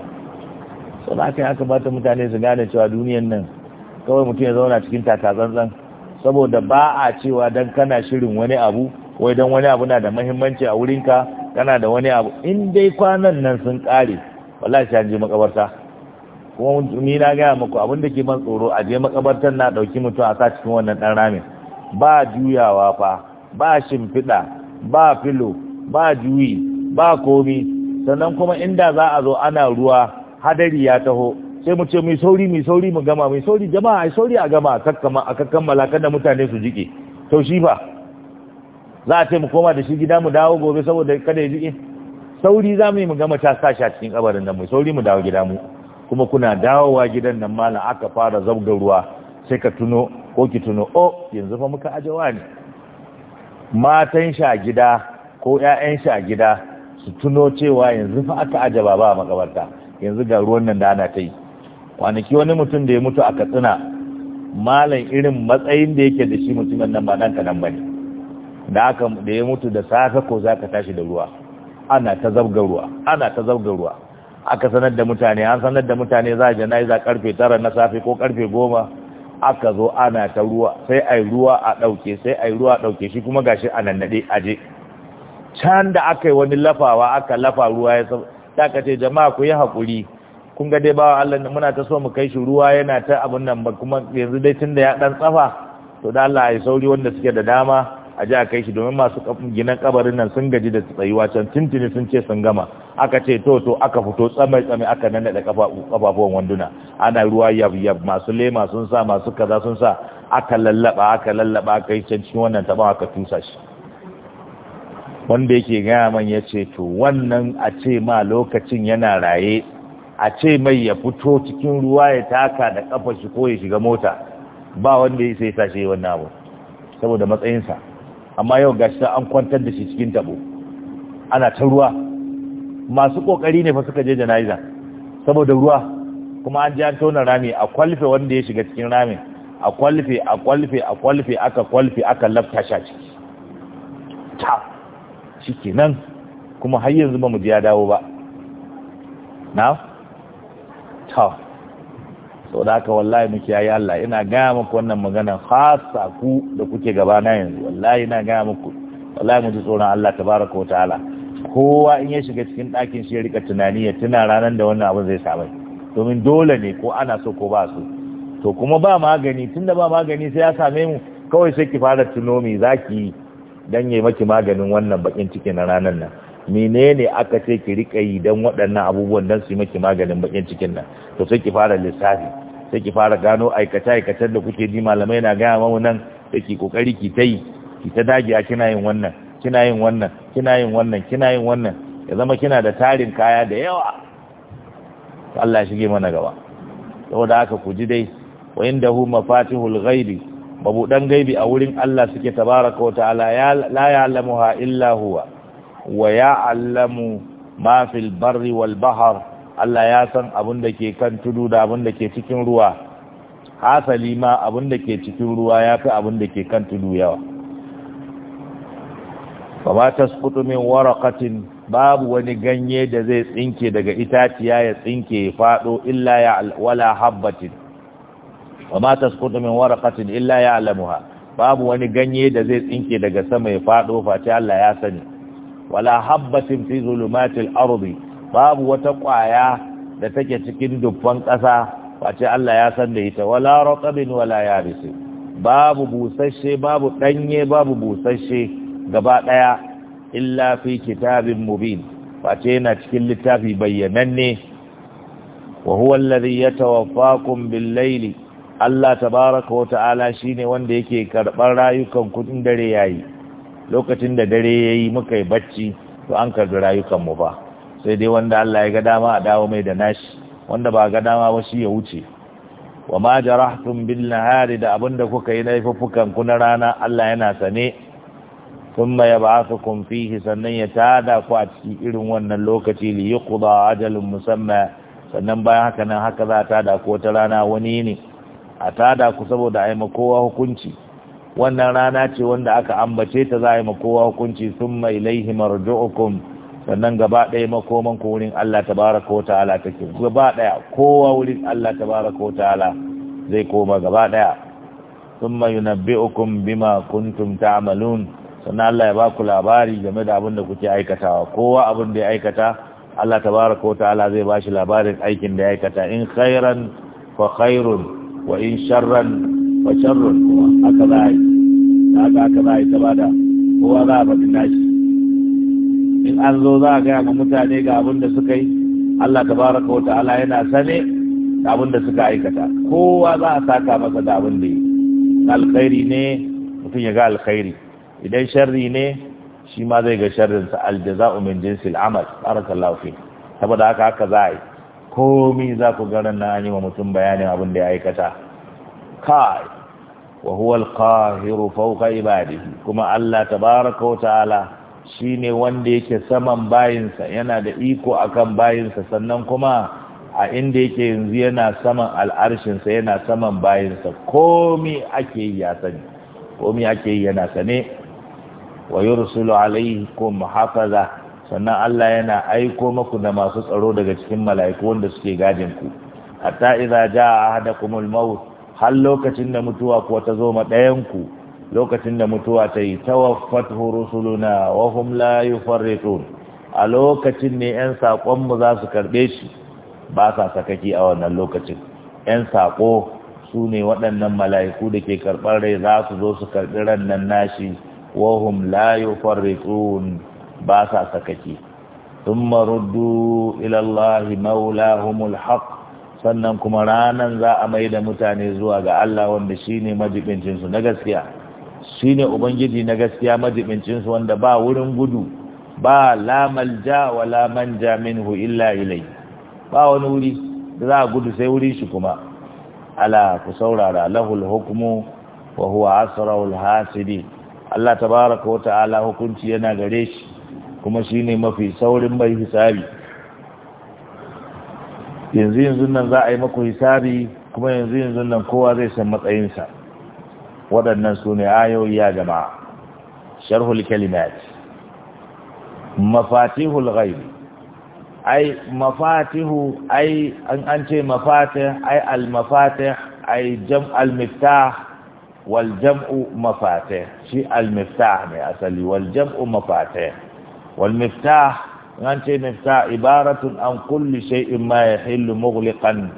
sai aka yi aka bata mutane su gane cewa duniyar nan kawai mutum ya zauna cikin takazantsan saboda ba a cewa don kana shirin wani abu wai don wani abu na da mahimmanci a wurinka kana da wani abu in dai kwanan nan sun kare wala shi an je makabarta kuma ni na gaya maku abin da ke ban tsoro a je makabartar na dauki mutum a sa cikin wannan dan ramin ba juyawa fa ba shimfiɗa ba filo ba juyi ba komi sannan kuma inda za a zo ana ruwa hadari ya taho sai mu ce mai sauri mai sauri mu gama mai sauri jama'a ai sauri a gama a kakkama a kammala da mutane su jike to shi fa za a ce mu koma da shi gida mu dawo gobe saboda kada ya jike sauri za mu yi mu gama ta sa shi a cikin kabarin nan mai sauri mu dawo gida mu kuma kuna dawowa gidan nan malam aka fara zabga ruwa sai ka tuno ko ki tuno o yanzu fa muka ajawa ne matan shi a gida ko ƴaƴan shi a gida su tuno cewa yanzu fa aka aje baba a makabarta yanzu ga ruwan nan da ana ta yi kwanaki wani mutum da ya mutu a katsina malam irin matsayin da yake da shi mutumin nan ba dan kaɗan ba ne da aka da ya mutu da safe ko za ka tashi da ruwa ana ta zabga ruwa ana ta zabga ruwa aka sanar da mutane an sanar da mutane za a za karfe tara na safe ko karfe goma aka zo ana ta ruwa sai ai ruwa a ɗauke sai ai ruwa a ɗauke shi kuma gashi a nannaɗe aje can da aka yi wani lafawa aka lafa ruwa ya sab da aka ce jama'a ku yi haƙuri kun ga dai bawa Allah ne muna ta so mu kai shi ruwa yana ta abun nan ba kuma yanzu dai tunda ya dan tsafa to da Allah ya sauri wanda suke da dama a ji a kai shi domin masu ginan kabarin nan sun gaji da tsayuwa can tuntuni sun ce sun gama aka ce to to aka fito tsamai tsamai aka nan da kafafuwan wanduna ana ruwa yab yab masu lema sun sa masu kaza sun sa aka lallaba aka lallaba aka yi can cikin wannan taba aka tusa shi wanda yake gaya man ya ce to wannan a ce ma lokacin yana raye a ce mai ya fito cikin ruwa ya taka da kafa shi ko ya shiga mota ba wanda ya sai sashe wannan abu saboda matsayinsa amma yau shi an kwantar da shi cikin tabo ana ta ruwa masu kokari ne fa suka je jana'iza saboda ruwa kuma an ji an tona rami a kwalfe wanda ya shiga cikin ramin a kwalfe a kwalfe a kwalfe aka kwalfe aka lafta shi ciki ta shikenan kuma har yanzu ba mu ji ya dawo ba na'am kawa sau da aka wallahi muke yayi Allah ina gaya muku wannan magana hasa ku da kuke gaba na yanzu wallahi ina gaya muku wallahi mutu tsoron Allah tabaraka wataala kowa in ya shiga cikin ɗakin shi ya rika tunani ya tuna ranar da wannan abu zai samai domin dole ne ko ana so ko ba so to kuma ba magani tunda ba magani sai ya same mu kawai sai ki fara tunomi me zaki dan yayi maki maganin wannan bakin ciki na ranar nan menene aka ce ki rika yi dan waɗannan abubuwan dan su yi maki maganin bakin cikin nan to sai ki fara lissafi sai ki fara gano aikata aikacen da kuke ji malamai na gaya mamu nan sai ki kokari ki ta yi ki ta dage a kina yin wannan kina yin wannan kina yin wannan kina yin wannan ya zama kina da tarin kaya da yawa Allah shige mana gaba saboda haka ku ji dai wa hu mafatihul ghaibi dan gaibi a wurin Allah suke tabaraka wa ta'ala la ya'lamuha illa huwa wa ya'lamu ma fil barri wal bahr Allah ya san abin da ke kan tudu da abin da ke cikin ruwa hasali ma abin da ke cikin ruwa ya fi abin da ke kan tudu yawa ba ma ta min waraqatin babu wani ganye da zai tsinke daga itaciya ya tsinke ya faɗo illa ya wala habbatin ba ma ta min waraqatin illa ya alamuha babu wani ganye da zai tsinke daga sama ya faɗo face Allah ya sani wala habbatin fi zulumatil ardi babu wata kwaya da take cikin dubban ƙasa face Allah ya san da ita wala raqabin wala yarisi babu busasshe babu danye babu busasshe gaba daya illa fi kitabin mubin face yana cikin littafi bayyananne wa huwa alladhi yatawaffakum bil layli Allah tabaaraka wa ta'ala shine wanda yake karɓar rayukan kudin dare yayi lokacin da dare ya yi muka yi bacci to an karbi rayukan mu ba sai dai wanda Allah ya ga dama a dawo mai da nashi wanda ba ga dama ba shi ya wuce wa ma jarahtum bil nahari da abinda kuka yi na fufukan ku na rana Allah yana sane ba ya thumma kun fihi sannan ya tada ku a cikin irin wannan lokaci li yuqda ajalun musamma sannan bayan haka nan haka za ta da ku ta rana wani ne a tada ku saboda ai makowa hukunci wannan rana ce wanda aka ambace ta za a yi makowa hukunci sun mai laihi marju'ukum sannan gaba ɗaya makoman ku wurin Allah tabaraka ko ta'ala take gaba ɗaya kowa wurin Allah tabaraka ko ta'ala zai koma gaba ɗaya sun mai yunabbi'ukum bima kuntum ta'malun sannan Allah ya ba ku labari game da abin da kuke aikatawa kowa abin da ya aikata Allah tabaraka ko ta'ala zai ba shi labarin aikin da ya aikata in khairan fa khairun wa in sharran wa sharrun kuma haka za a yi da haka aka za a yi ta bada kowa za a faɗi nashi in an zo za a gaya ma mutane ga abin da suka yi Allah ta tabaraka wa ala yana sane da abin da suka aikata kowa za a saka masa da abin da yi alkhairi ne mutum ya ga alkhairi idan sharri ne shi ma zai ga sharrinsa aljaza'u min jinsil amal barakallahu fi saboda haka haka za a yi komi za ku ganin na an yi wa mutum bayanin abin da ya aikata kai wa huwa al-qahiru fawqa ibadihi kuma Allah tabaaraka wa ta'ala shine wanda yake saman bayinsa yana da iko akan bayinsa sannan kuma a inda yake yanzu yana saman sa yana saman bayinsa komi ake yi ya sani komi ake yi yana sane wa yursilu alaykum hafaza sannan Allah yana aiko muku da masu tsaro daga cikin mala'iku wanda suke gadin ku hatta idza jaa ahadakumul maut har lokacin da mutuwa kuwa ta zo ma ɗayanku lokacin da mutuwa ta yi tawaffat rusuluna wa hum la yufarritun a lokacin ne yan sakon mu za su karɓe shi ba sa sakaki a wannan lokacin yan saƙo su ne waɗannan mala'iku da ke karɓar rai za su zo su karɓi rannan nashi wa hum la yufarritun ba sa sakaki thumma ruddu ila allahi haqq sannan kuma ranan za a mai da mutane zuwa ga Allah wanda shine majibincinsu na gaskiya Shi ne ubangiji na gaskiya majibincinsu wanda ba wurin gudu ba la ja wa la min minhu illa ilai ba wani wuri da za a gudu sai wuri shi kuma ala ku saurara lahul hukmu wa huwa asrarul hasidi Allah tabaraka wa ta'ala hukunci yana gare shi kuma shine mafi saurin mai hisabi yanzu yanzu nan za a yi maku hisari, kuma yanzu yanzu nan kowa zai san matsayinsa waɗannan su ne ayoyi ya jama'a sharhul kalimat mafatihul ghaibi ai mafatihu ai an an ce mafatih ai al mafatih ai jam al miftah wal jam'u mafatih shi al miftah ne asali wal jam'u mafatih wal miftah an ce ka ibaratun an kulli shay'in ma yahillu mughliqan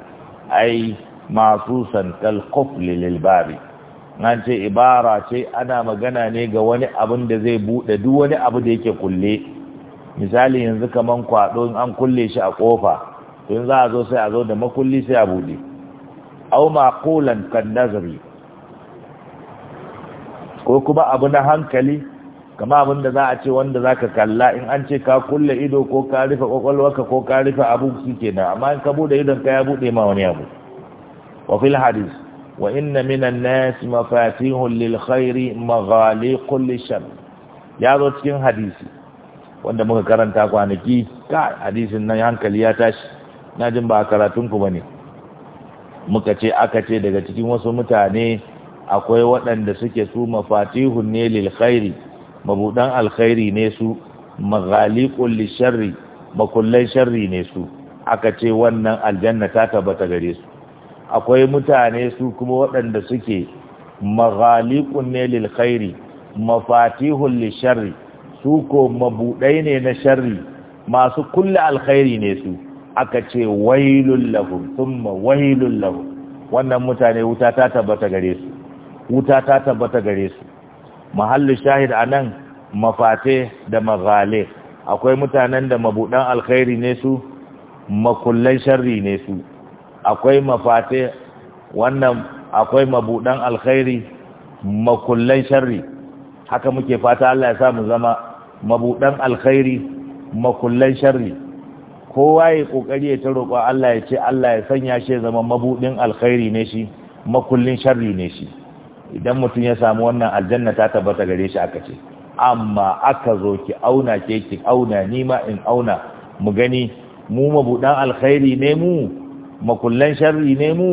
ay masusan kal qufl lil bab an ce ibara ce ana magana ne ga wani abin da zai bude duk wani abu da yake kulle misali yanzu kaman kwado in an kulle shi a kofa to yanzu a zo sai a zo da makulli sai a bude aw maqulan kan nazari ko kuma abu na hankali kama abin da za a ce wanda za ka kalla in an ce ka kulle ido ko ka rufe kwakwalwarka ko ka rufe abu su kenan amma in ka bude idon ka ya bude ma wani abu wa fil hadis wa inna minan nas mafatihun lil khairi kulle shan ya zo cikin hadisi wanda muka karanta kwanaki ka hadisin nan hankali ya tashi na jin ba karatun ku bane muka ce aka ce daga cikin wasu mutane akwai waɗanda suke su mafatihun ne lil khairi mabudan alkhairi ne su maghaliqul lisharri makullai sharri ne su aka ce wannan aljanna ta tabbata gare su akwai mutane su kuma waɗanda suke maghaliqun ne lil khairi mafatihul lisharri su ko mabuɗai ne na sharri masu kulle alkhairi ne su aka ce wailul lahum thumma wailul lahum wannan mutane wuta ta tabbata gare su wuta ta tabbata gare su mahallu shahid a nan mafate da mazale akwai mutanen da mabudan alkhairi ne su makullan sharri ne su akwai mafate wannan akwai mabudan alkhairi makullan sharri haka muke fata Allah ya sa mu zama mabudan alkhairi makullan sharri kowa ya kokari ya ta ko Allah ya ce Allah ya sanya shi zama mabuɗin alkhairi ne shi makullin sharri ne shi idan mutum ya samu wannan aljanna ta tabbata gare shi aka ce amma aka zo ki auna ke ki auna ni ma in auna mu gani mu mabudan alkhairi ne mu makullan sharri ne mu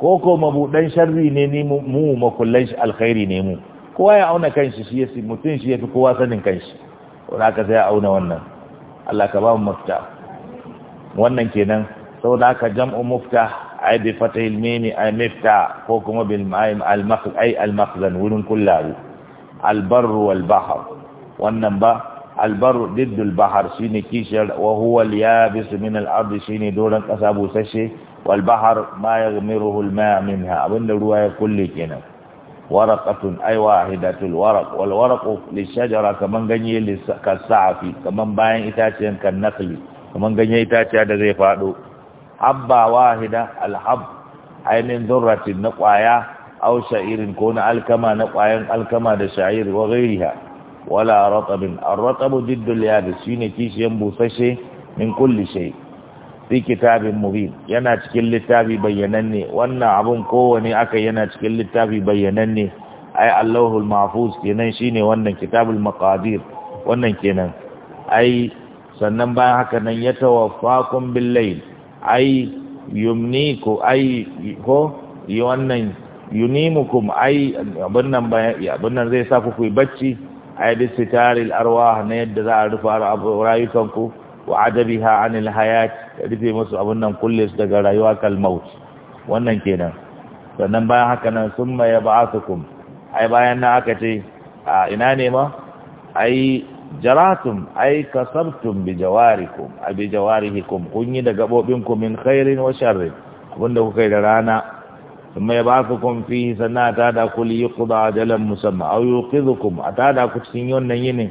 ko ko mabudan sharri ne ni mu makullan alkhairi ne mu kowa ya auna kanshi shi yasi mutum shi yafi kowa sanin kanshi wanda aka sai auna wannan Allah ka ba mu mafita wannan kenan saboda haka jam'u muftah ai bi fatahil mimi ai mifta ko kuma bil ma'im al makh ai al makhzan wurin kullahu al barr wal bahr wannan ba al barr didd al bahr shine kishar wa huwa al yabis min al ard shine doran kasa busasshe wal bahr ma yaghmiruhu al ma' minha abinda ruwa ya kulle kenan waraqatun ay wahidatul waraq wal waraqu lishajara kaman ganye kasafi kaman bayan itaciyan kan nakli kaman ganye itaciya da zai fado habba wahida alhab ainihin zurratin na ƙwaya aw sha'irin ko na alkama na ƙwayan alkama da sha'ir wa ghairiha wala ratabin ar-ratabu diddul shine kishiyan busashe min kulli shay fi kitabin mubin yana cikin littafi bayyananne wannan abun kowane aka yana cikin littafi bayyananne ai Allahul mahfuz kenan shine wannan kitabul maqadir wannan kenan ai sannan bayan haka nan yatawaffakum bil layl ai yumniku ai ko yi wannan yunimukum ai abin nan abin nan zai sa ku ku bacci ai sitaril arwah na yadda za a rufa rayukanku wa adabiha anil hayat rufe musu abin nan kulle su daga rayuwa kal maut wannan kenan sannan bayan haka nan summa yab'athukum ai bayan na aka ce a ina ne ma ai jaratum ay kasabtum bi jawarikum abi jawarihikum kun yi da gabobin ku min khairin wa sharrin abinda kuka yi da rana kuma ya baku kun fi sanna ta da ku li yuqda ajalan musamma aw yuqidukum atada ku cikin wannan yini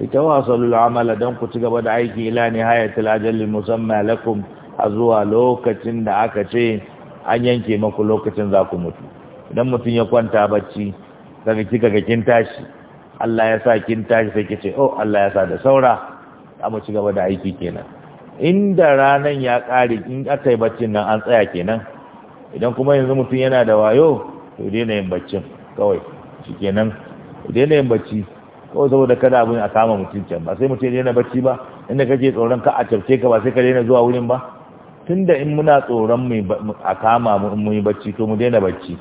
itawasalu al-amala dan ku ci gaba da aiki ila nihayatil ajali musamma lakum zuwa lokacin da aka ce an yanke maku lokacin za ku mutu idan mutum ya kwanta bacci daga kika ga kin tashi Allah ya sa kin tashi sai kice oh Allah ya sa da saura amma ci gaba da aiki kenan inda ranan ya kare in aka baccin nan an tsaya kenan idan kuma yanzu mutum yana da wayo to daina yin baccin kawai shikenan daina yin bacci kawai saboda kada abin a kama mutum can ba sai mutum daina bacci ba inda kake tsoron ka a cafce ka ba sai ka daina zuwa wurin ba tunda in muna tsoron mu a kama mu in yi bacci to mu daina bacci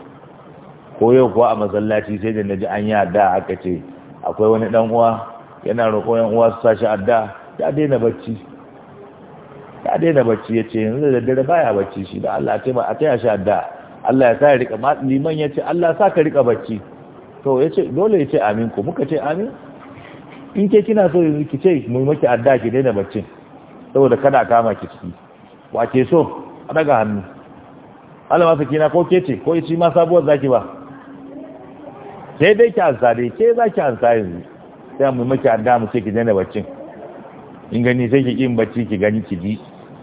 ko yau kuwa a masallaci sai da naji an yi da aka ce akwai wani dan uwa yana roƙo yan uwa su sashi adda ya daina bacci ya daina bacci ya ce yanzu da dare baya bacci shi da Allah ta a taya shi adda Allah ya sa ya rika liman ya ce Allah sa ka rika bacci to ya ce dole ya ce amin ko muka ce amin in ke kina so yanzu ki ce mu maki adda ki daina baccin saboda kada kama ki ciki wa ke so a daga hannu Allah masa kina ko ke ce ko ya ci ma sabuwar zaki ba sai dai ki ansa dai ke za ki ansa yanzu sai mu maki adda mu ce ki daina baccin in gani sai ki yin bacci ki gani ki ji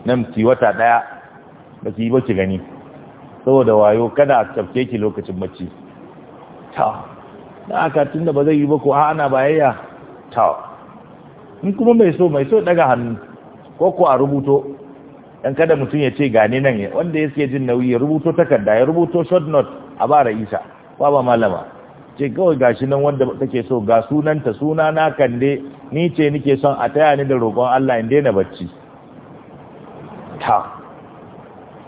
nan ki wata daya ba ki yi ba ki gani saboda wayo kada a tafke ki lokacin bacci ta na aka tunda ba zai yi ba ko a ana bayayya ta in kuma mai so mai so daga hannu ko ko a rubuto dan kada mutum ya ce gane nan wanda ya jin nauyi ya rubuto takarda ya rubuto short note a bara isa ba ba malama ce kawai gashi nan wanda take so ga sunanta suna na kande ni ce nike son a taya ni da roƙon Allah in daina bacci ta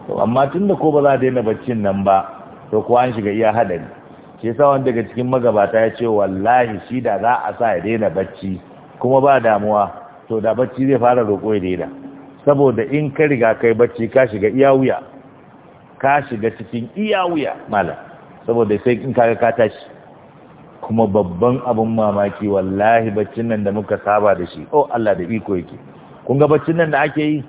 to amma tunda ko ba za a daina baccin nan ba to ko an shiga iya hadari ke sa wanda daga cikin magabata ya ce wallahi shi da za a sa ya daina bacci kuma ba damuwa to da bacci zai fara roƙo ya daina saboda in ka riga kai bacci ka shiga iya wuya ka shiga cikin iya wuya malam saboda sai in kaga ka tashi kuma babban abin mamaki wallahi baccin nan da muka saba da shi oh Allah da iko yake kun ga baccin nan da ake yi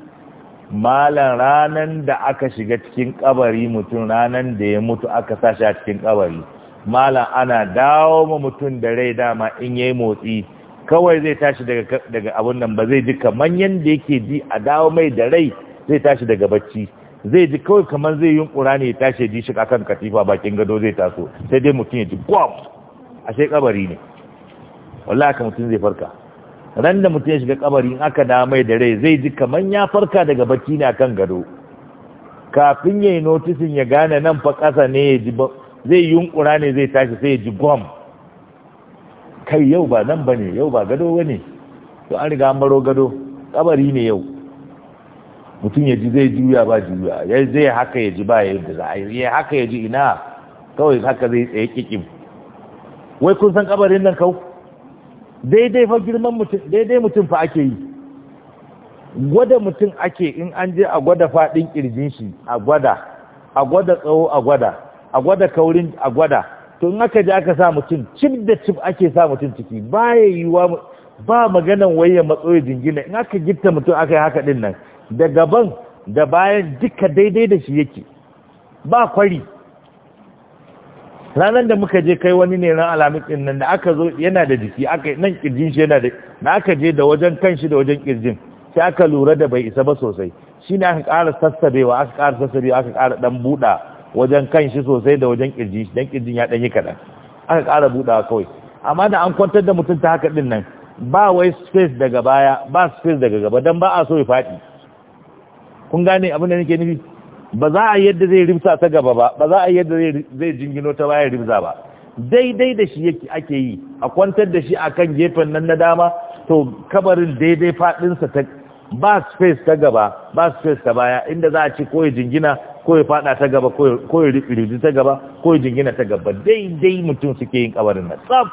malan ranan da aka shiga cikin kabari mutum ranan da ya mutu aka sashi a cikin kabari malan ana dawo ma mutum da rai dama in yayi motsi kawai zai tashi daga daga abun nan ba zai ji kaman yanda yake ji a dawo mai da rai zai tashi daga bacci zai ji kawai kaman zai yunkura ne ya tashi ya ji shi akan katifa bakin gado zai taso sai dai mutum ya ji gwam sai kabari ne wallahi ka mutum zai farka ran da mutum ya shiga kabari in aka da mai da rai zai ji kaman ya farka daga bacci ne akan gado kafin ya yi notisin ya gane nan fa ƙasa ne ya ji zai yunkura ne zai tashi sai ya ji gwam kai yau ba nan ba ne yau ba gado ba ne to an riga maro gado kabari ne yau mutum ya ji zai juya ba juya ya zai haka ya ji ba ya yi da za a yi haka ya ji ina kawai haka zai tsaye kikin wai kun san kabarin nan kau daidai fa girman mutum daidai mutum fa ake yi gwada mutum ake in an je a gwada fadin kirjin shi a gwada a gwada tsawo a gwada a gwada kaurin a gwada to in aka je aka sa mutum cib da cib ake sa mutum ciki Ba yi wa ba maganan waye matso ya jingina in aka gitta mutum aka yi haka din nan da gaban da bayan duka daidai da shi yake ba kwari ranar da muka je kai wani ne ran alamis nan da aka zo yana da jiki aka nan kirjin shi yana da na aka je da wajen kan shi da wajen kirjin sai aka lura da bai isa ba sosai ne aka ƙara sassabewa aka ƙara sassabewa aka ƙara ɗan buɗa wajen kan shi sosai da wajen kirjin shi dan kirjin ya ɗan yi kaɗan aka ƙara buɗawa kawai amma da an kwantar da mutum ta haka ɗinnan nan ba wai space daga baya ba space daga gaba dan ba a so ya faɗi kun gane abin da nake nufi ba za a yadda zai rimsa ta gaba ba ba za a yadda zai jingino ta baya rimsa ba daidai da shi yake ake yi a kwantar da shi a kan gefen nan na dama to kabarin daidai faɗinsa ta ba space ta gaba ba space ta baya inda za a ci ko ya jingina ko ya fada ta gaba ko ya ta gaba ko ya jingina ta gaba daidai mutum suke yin kabarin nan tsaf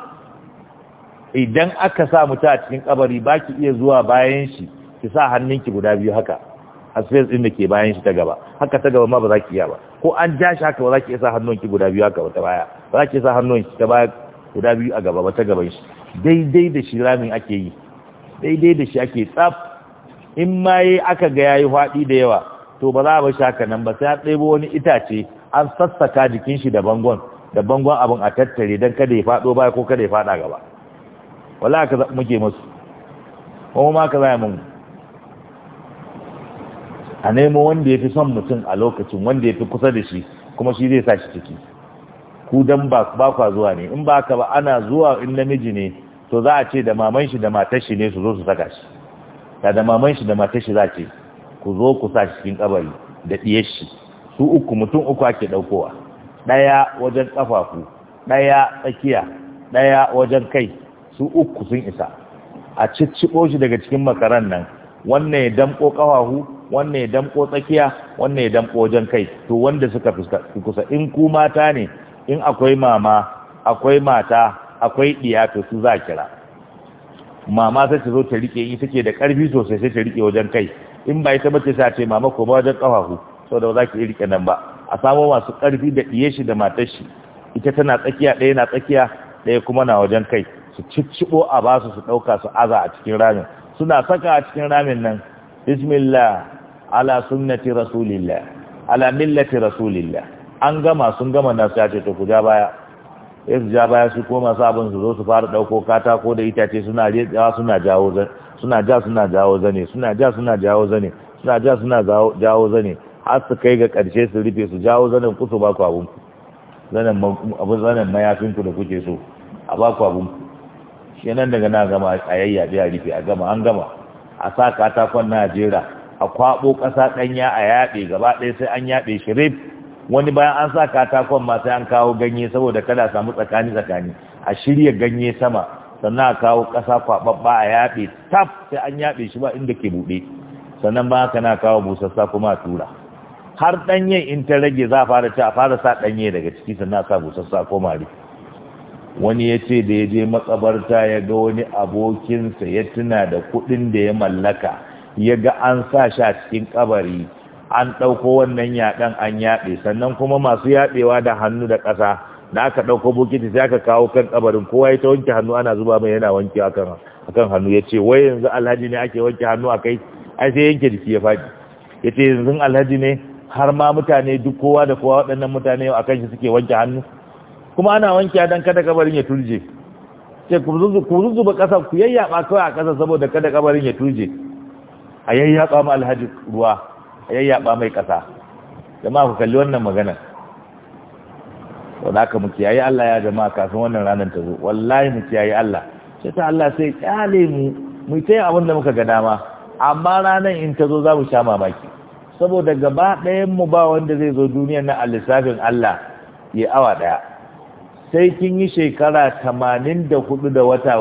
idan aka sa mutum a cikin kabari ba ki iya zuwa bayan shi ki sa hannunki guda biyu haka a space din da ke bayan shi ta gaba haka ta gaba ma ba za ki iya ba ko an ja shi haka ba za ki iya sa hannunki guda biyu haka ba ta baya ba za ki iya sa hannunki ta baya guda biyu a gaba ba ta gaban shi daidai da shi ramin ake yi daidai da shi ake tsaf in ma yi aka ga yayi faɗi da yawa to ba za a bar shi haka nan ba sai a ɗebo wani itace an sassaka jikin shi da bangon da bangon abin a tattare don kada ya faɗo baya ko kada ya faɗa gaba wala ka muke musu kuma ma ka zai mun a nemo wanda ya fi son mutum a lokacin wanda ya fi kusa da shi kuma shi zai sa shi ciki ku dan ba kwa zuwa ne in ba ka ba ana zuwa in namiji ne to za a ce da maman shi da matar shi ne su zo su saka shi da da maman shi da matar shi za ce ku zo ku sa cikin kabari da diyar shi su uku mutum uku ake daukowa daya wajen kafafu daya tsakiya daya wajen kai su uku sun isa a ciccibo shi daga cikin makaran nan wannan ya damko kawahu wannan ya damko tsakiya wannan ya damko wajen kai to wanda suka kusa in ku mata ne in akwai mama akwai mata akwai diya to su za kira mama sai ta zo ta rike in take da karfi sosai sai ta rike wajen kai in ba ita bace sai ce mama ko ba wajen kafafu saboda ba za ki rike nan ba a samo masu karfi da diye shi da matar shi ita tana tsakiya ɗaya na tsakiya ɗaya kuma na wajen kai su ciccibo a basu su ɗauka su aza a cikin ramin suna saka a cikin ramin nan bismillah ala sunnati rasulillah ala millati rasulillah an gama sun gama na sai ce to ku ja baya sai su ja baya su koma sabon su zo su fara dauko katako da ita ce suna jawo suna jawo zane suna ja suna jawo zane suna ja suna jawo zane suna ja suna jawo zane har su kai ga ƙarshe su rufe su jawo zanen su ba ku abinku zanen mayafinku da kuke so a ba ku abun ku shi nan daga na gama a yayyabe a rufe a gama an gama a sa katakon na jera a kwaɓo ƙasa ɗanya a yaɓe gaba ɗaya sai an yaɓe shi rib wani bayan an sa katakon ma sai an kawo ganye saboda kada samu tsakani tsakani a shirya ganye sama sannan a kawo ƙasa kwaɓaɓɓa a yaɓe taf sai an yaɓe shi ba inda ke buɗe sannan ba haka na kawo busassa kuma a tura har ɗanye in ta rage za a fara ci a fara sa ɗanye daga ciki sannan a sa busassa ko rufe wani ya ce da ya je matsabarta ya ga wani abokinsa ya tuna da kuɗin da ya mallaka ya ga an sa shi a cikin kabari an ɗauko wannan yaɗan an yaɗe sannan kuma masu yaɗewa da hannu da ƙasa da aka ɗauko bokiti sai aka kawo kan kabarin kowa ya ta wanke hannu ana zuba mai yana wanke akan kan hannu ya ce wai yanzu alhaji ne ake wanke hannu a kai ai sai yanke jiki ya faɗi ya ce yanzu alhaji ne har ma mutane duk kowa da kowa waɗannan mutane a kan shi suke wanke hannu kuma ana wanke dan kada kabarin ya turje ce ku zuzzuba ƙasa ku yayyaba kawai a ƙasa saboda kada kabarin ya turje a yayyaba ma alhaji ruwa a yayyaba mai ƙasa jama'a ku kalli wannan magana to aka muke yayi Allah ya jama'a kafin wannan ranar ta zo wallahi muke yayi Allah sai ta Allah sai kyale mu mu tayi abin da muka ga dama amma ranar in ta zo za mu sha mamaki saboda gaba ɗayan mu ba wanda zai zo duniyar na a lissafin Allah ya awa ɗaya sai kin yi shekara tamanin da hudu da wata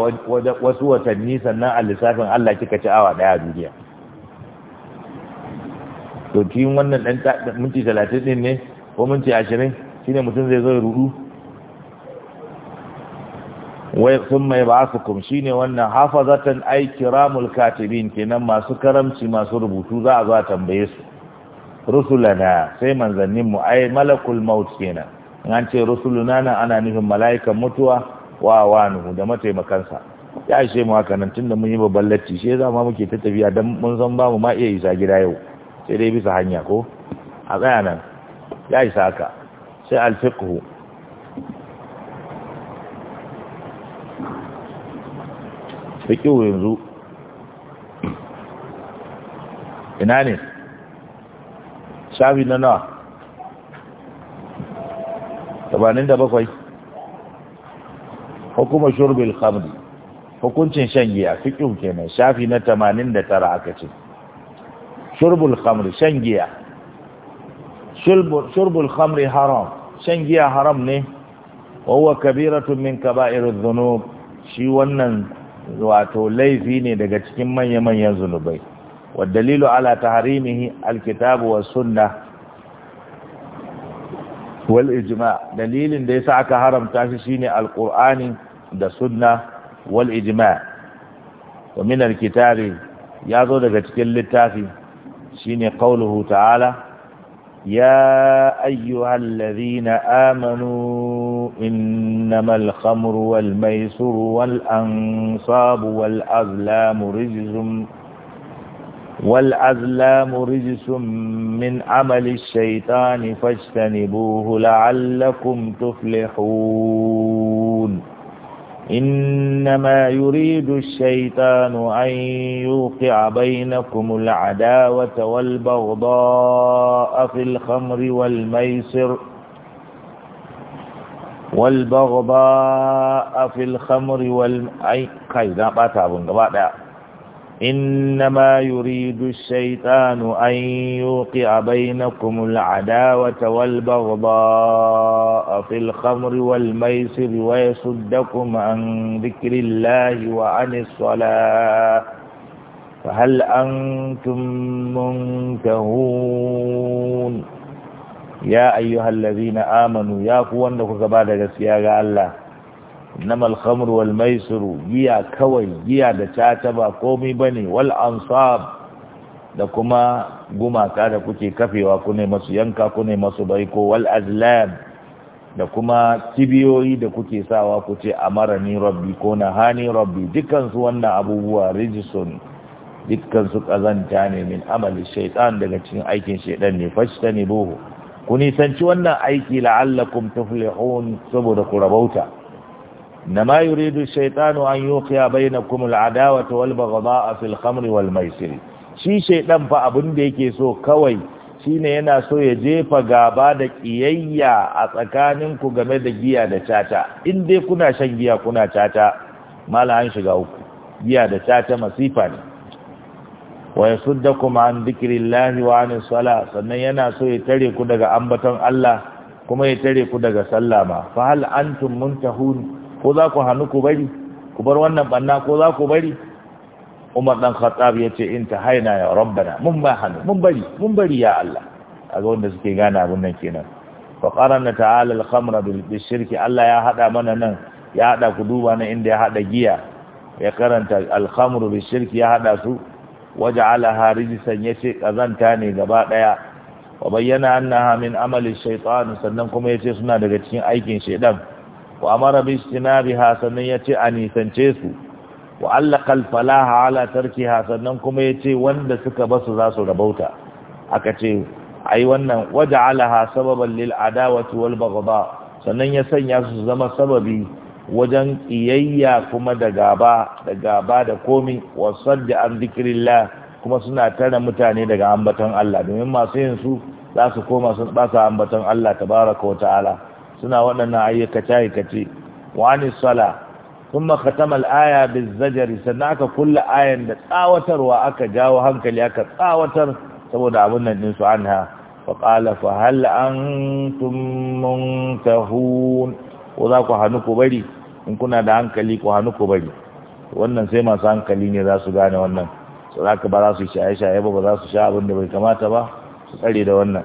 wasu watanni sannan a lissafin Allah kika ci awa daya a duniya to cikin wannan dan minti talatin din ne ko minti ashirin shine mutum zai zo ya rudu wai sun mai ba su kum ne wannan hafazatan ai kiramul katibin kenan masu karamci masu rubutu za a zo a tambaye su rusulana sai manzannin ai malakul maut kenan in an ce rusuluna nan ana nufin mala'ikan mutuwa wa wanuhu da mataimakansa ya ishe mu haka nan tunda mun yi babban latti shi za mu muke ta tafiya dan mun san ba mu ma iya isa gida yau sai dai bisa hanya ko a tsaya nan ya isa haka sai alfiqhu fiqhu yanzu ina ne shafi na nawa da 87 hukumar shurbil khamri hukuncin shan giya fiqh kenan shafi na tamanin da tara aka ce shurbul khamri shan giya shurbul khamri haram shan giya haram ne wawa kabiratun min kaba'irudh dhunub shi wannan wato laifi ne daga cikin manya-manyan zunubai wa dalilu ala taharimihi alkitabu was sunnah wal ijma dalilin da yasa aka haramta shi shine alqur'ani da sunna wal ijma wa min alkitabi ya zo daga cikin littafi shine qauluhu ta'ala ya ayyuhallazina amanu innamal khamru wal maisuru wal ansabu wal azlamu rijzun والأزلام رجس من عمل الشيطان فاجتنبوه لعلكم تفلحون إنما يريد الشيطان أن يوقع بينكم العداوة والبغضاء في الخمر والميسر والبغضاء في الخمر والميسر إنما يريد الشيطان أن يوقع بينكم العداوة والبغضاء في الخمر والميسر ويصدكم عن ذكر الله وعن الصلاة فهل أنتم منتهون يا أيها الذين آمنوا يا قواندك كبادة سياغ الله na al-khamr wal maisir giya kawai giya da tata ba komai bane wal ansab da kuma gumaka da kuke kafewa kune masu yanka kune masu baiko wal azlam da kuma kibiyoyi da kuke sawa ku ce amarani rabbi ko nahani rabbi su wannan abubuwa rijisun dukansu kazanta ne min amali shaitan daga cikin aikin shaitan ne fashta ne buhu ku nisanci wannan aiki la'allakum tuflihun saboda ku rabauta إنما يريد الشيطان أن يوقع بينكم العداوة والبغضاء في الخمر والميسر shi شيطان fa abin da yake so kawai shine yana so ya jefa gaba da kiyayya a tsakanin ku game da giya da caca in dai kuna shan giya kuna caca mala an shiga uku giya da caca masifa ne wa yasuddakum an dhikrillahi wa an sala sannan yana so ya tare ku daga ambaton Allah kuma ya tare ku daga sallama ma fa hal antum muntahun ko za ku hannu ku bari ku bar wannan banna ko za ku bari umar dan khattab ya ce in ta haina ya rabbana mun ba hannu mun bari mun bari ya Allah a wanda suke gane abun nan kenan fa qarana ta'ala al-khamra bil shirki Allah ya hada mana nan ya hada ku duba nan inda ya hada giya ya karanta al-khamru bil shirki ya hada su waja'alaha rijsan yace kazanta ne gaba daya wa bayyana annaha min amali shaytan sannan kuma yace suna daga cikin aikin shaytan wa amara bi istinabiha sannan yace a nisance su wa allaqa al-falaha ala tarkiha sannan kuma yace wanda suka basu zasu su rabauta aka ce ai wannan waja'alaha sababan lil adawati wal baghda sannan ya sanya su zama sababi wajen iyayya kuma da gaba da gaba da komi wa sadda an zikrillah kuma suna tare mutane daga ambaton Allah domin masu yin su za su koma su basa ambaton Allah tabaraka wa ta'ala suna waɗannan ayyukace-ayyukace wani sala kuma khatamal aya zajari sannan aka kulla ayan da tsawatarwa aka jawo hankali aka tsawatar saboda abin nan din su fa qala fa hal ta hu, ko za ku hannu ku bari in kuna da hankali ku hannu ku bari wannan sai masu hankali ne za su gane wannan su za ka ba za su shaye-shaye ba ba za su sha abin da bai kamata ba su tsare da wannan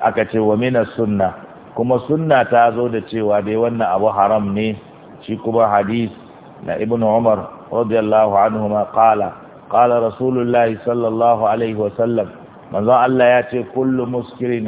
aka ce wa mina sunna kuma sunna ta zo da cewa dai wannan abu haram ne shi kuma hadis na ibn umar radiyallahu anhu ma qala qala rasulullahi sallallahu alaihi wa sallam manzo Allah ya ce kullu muskirin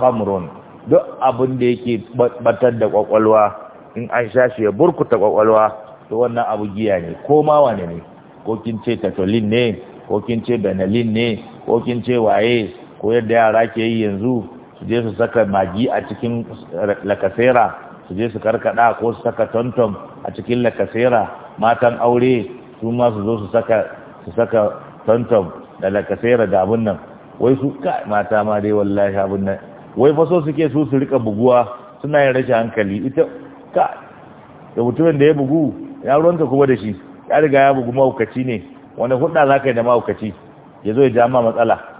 khamrun duk abin da yake batar da kwakwalwa in an sha shi ya burkuta kwakwalwa to wannan abu giya ne ko ma wane ne ko kin ce tatolin ne ko kin ce Benalin ne ko kin ce waye ko yadda yara ke yi yanzu su je su saka magi a cikin lakasera su je su karkada ko su saka tontom a cikin lakasera matan aure su ma su zo su saka su saka tontom da lakasera da abun nan wai su ka mata ma dai wallahi abun nan wai fa so suke su su rika buguwa suna yin rashin hankali ita ka da mutumin da ya bugu ya ruwanta kuma da shi ya riga ya bugu mahaukaci ne wani hudda za ka yi da mahaukaci ya zo ya ja ma matsala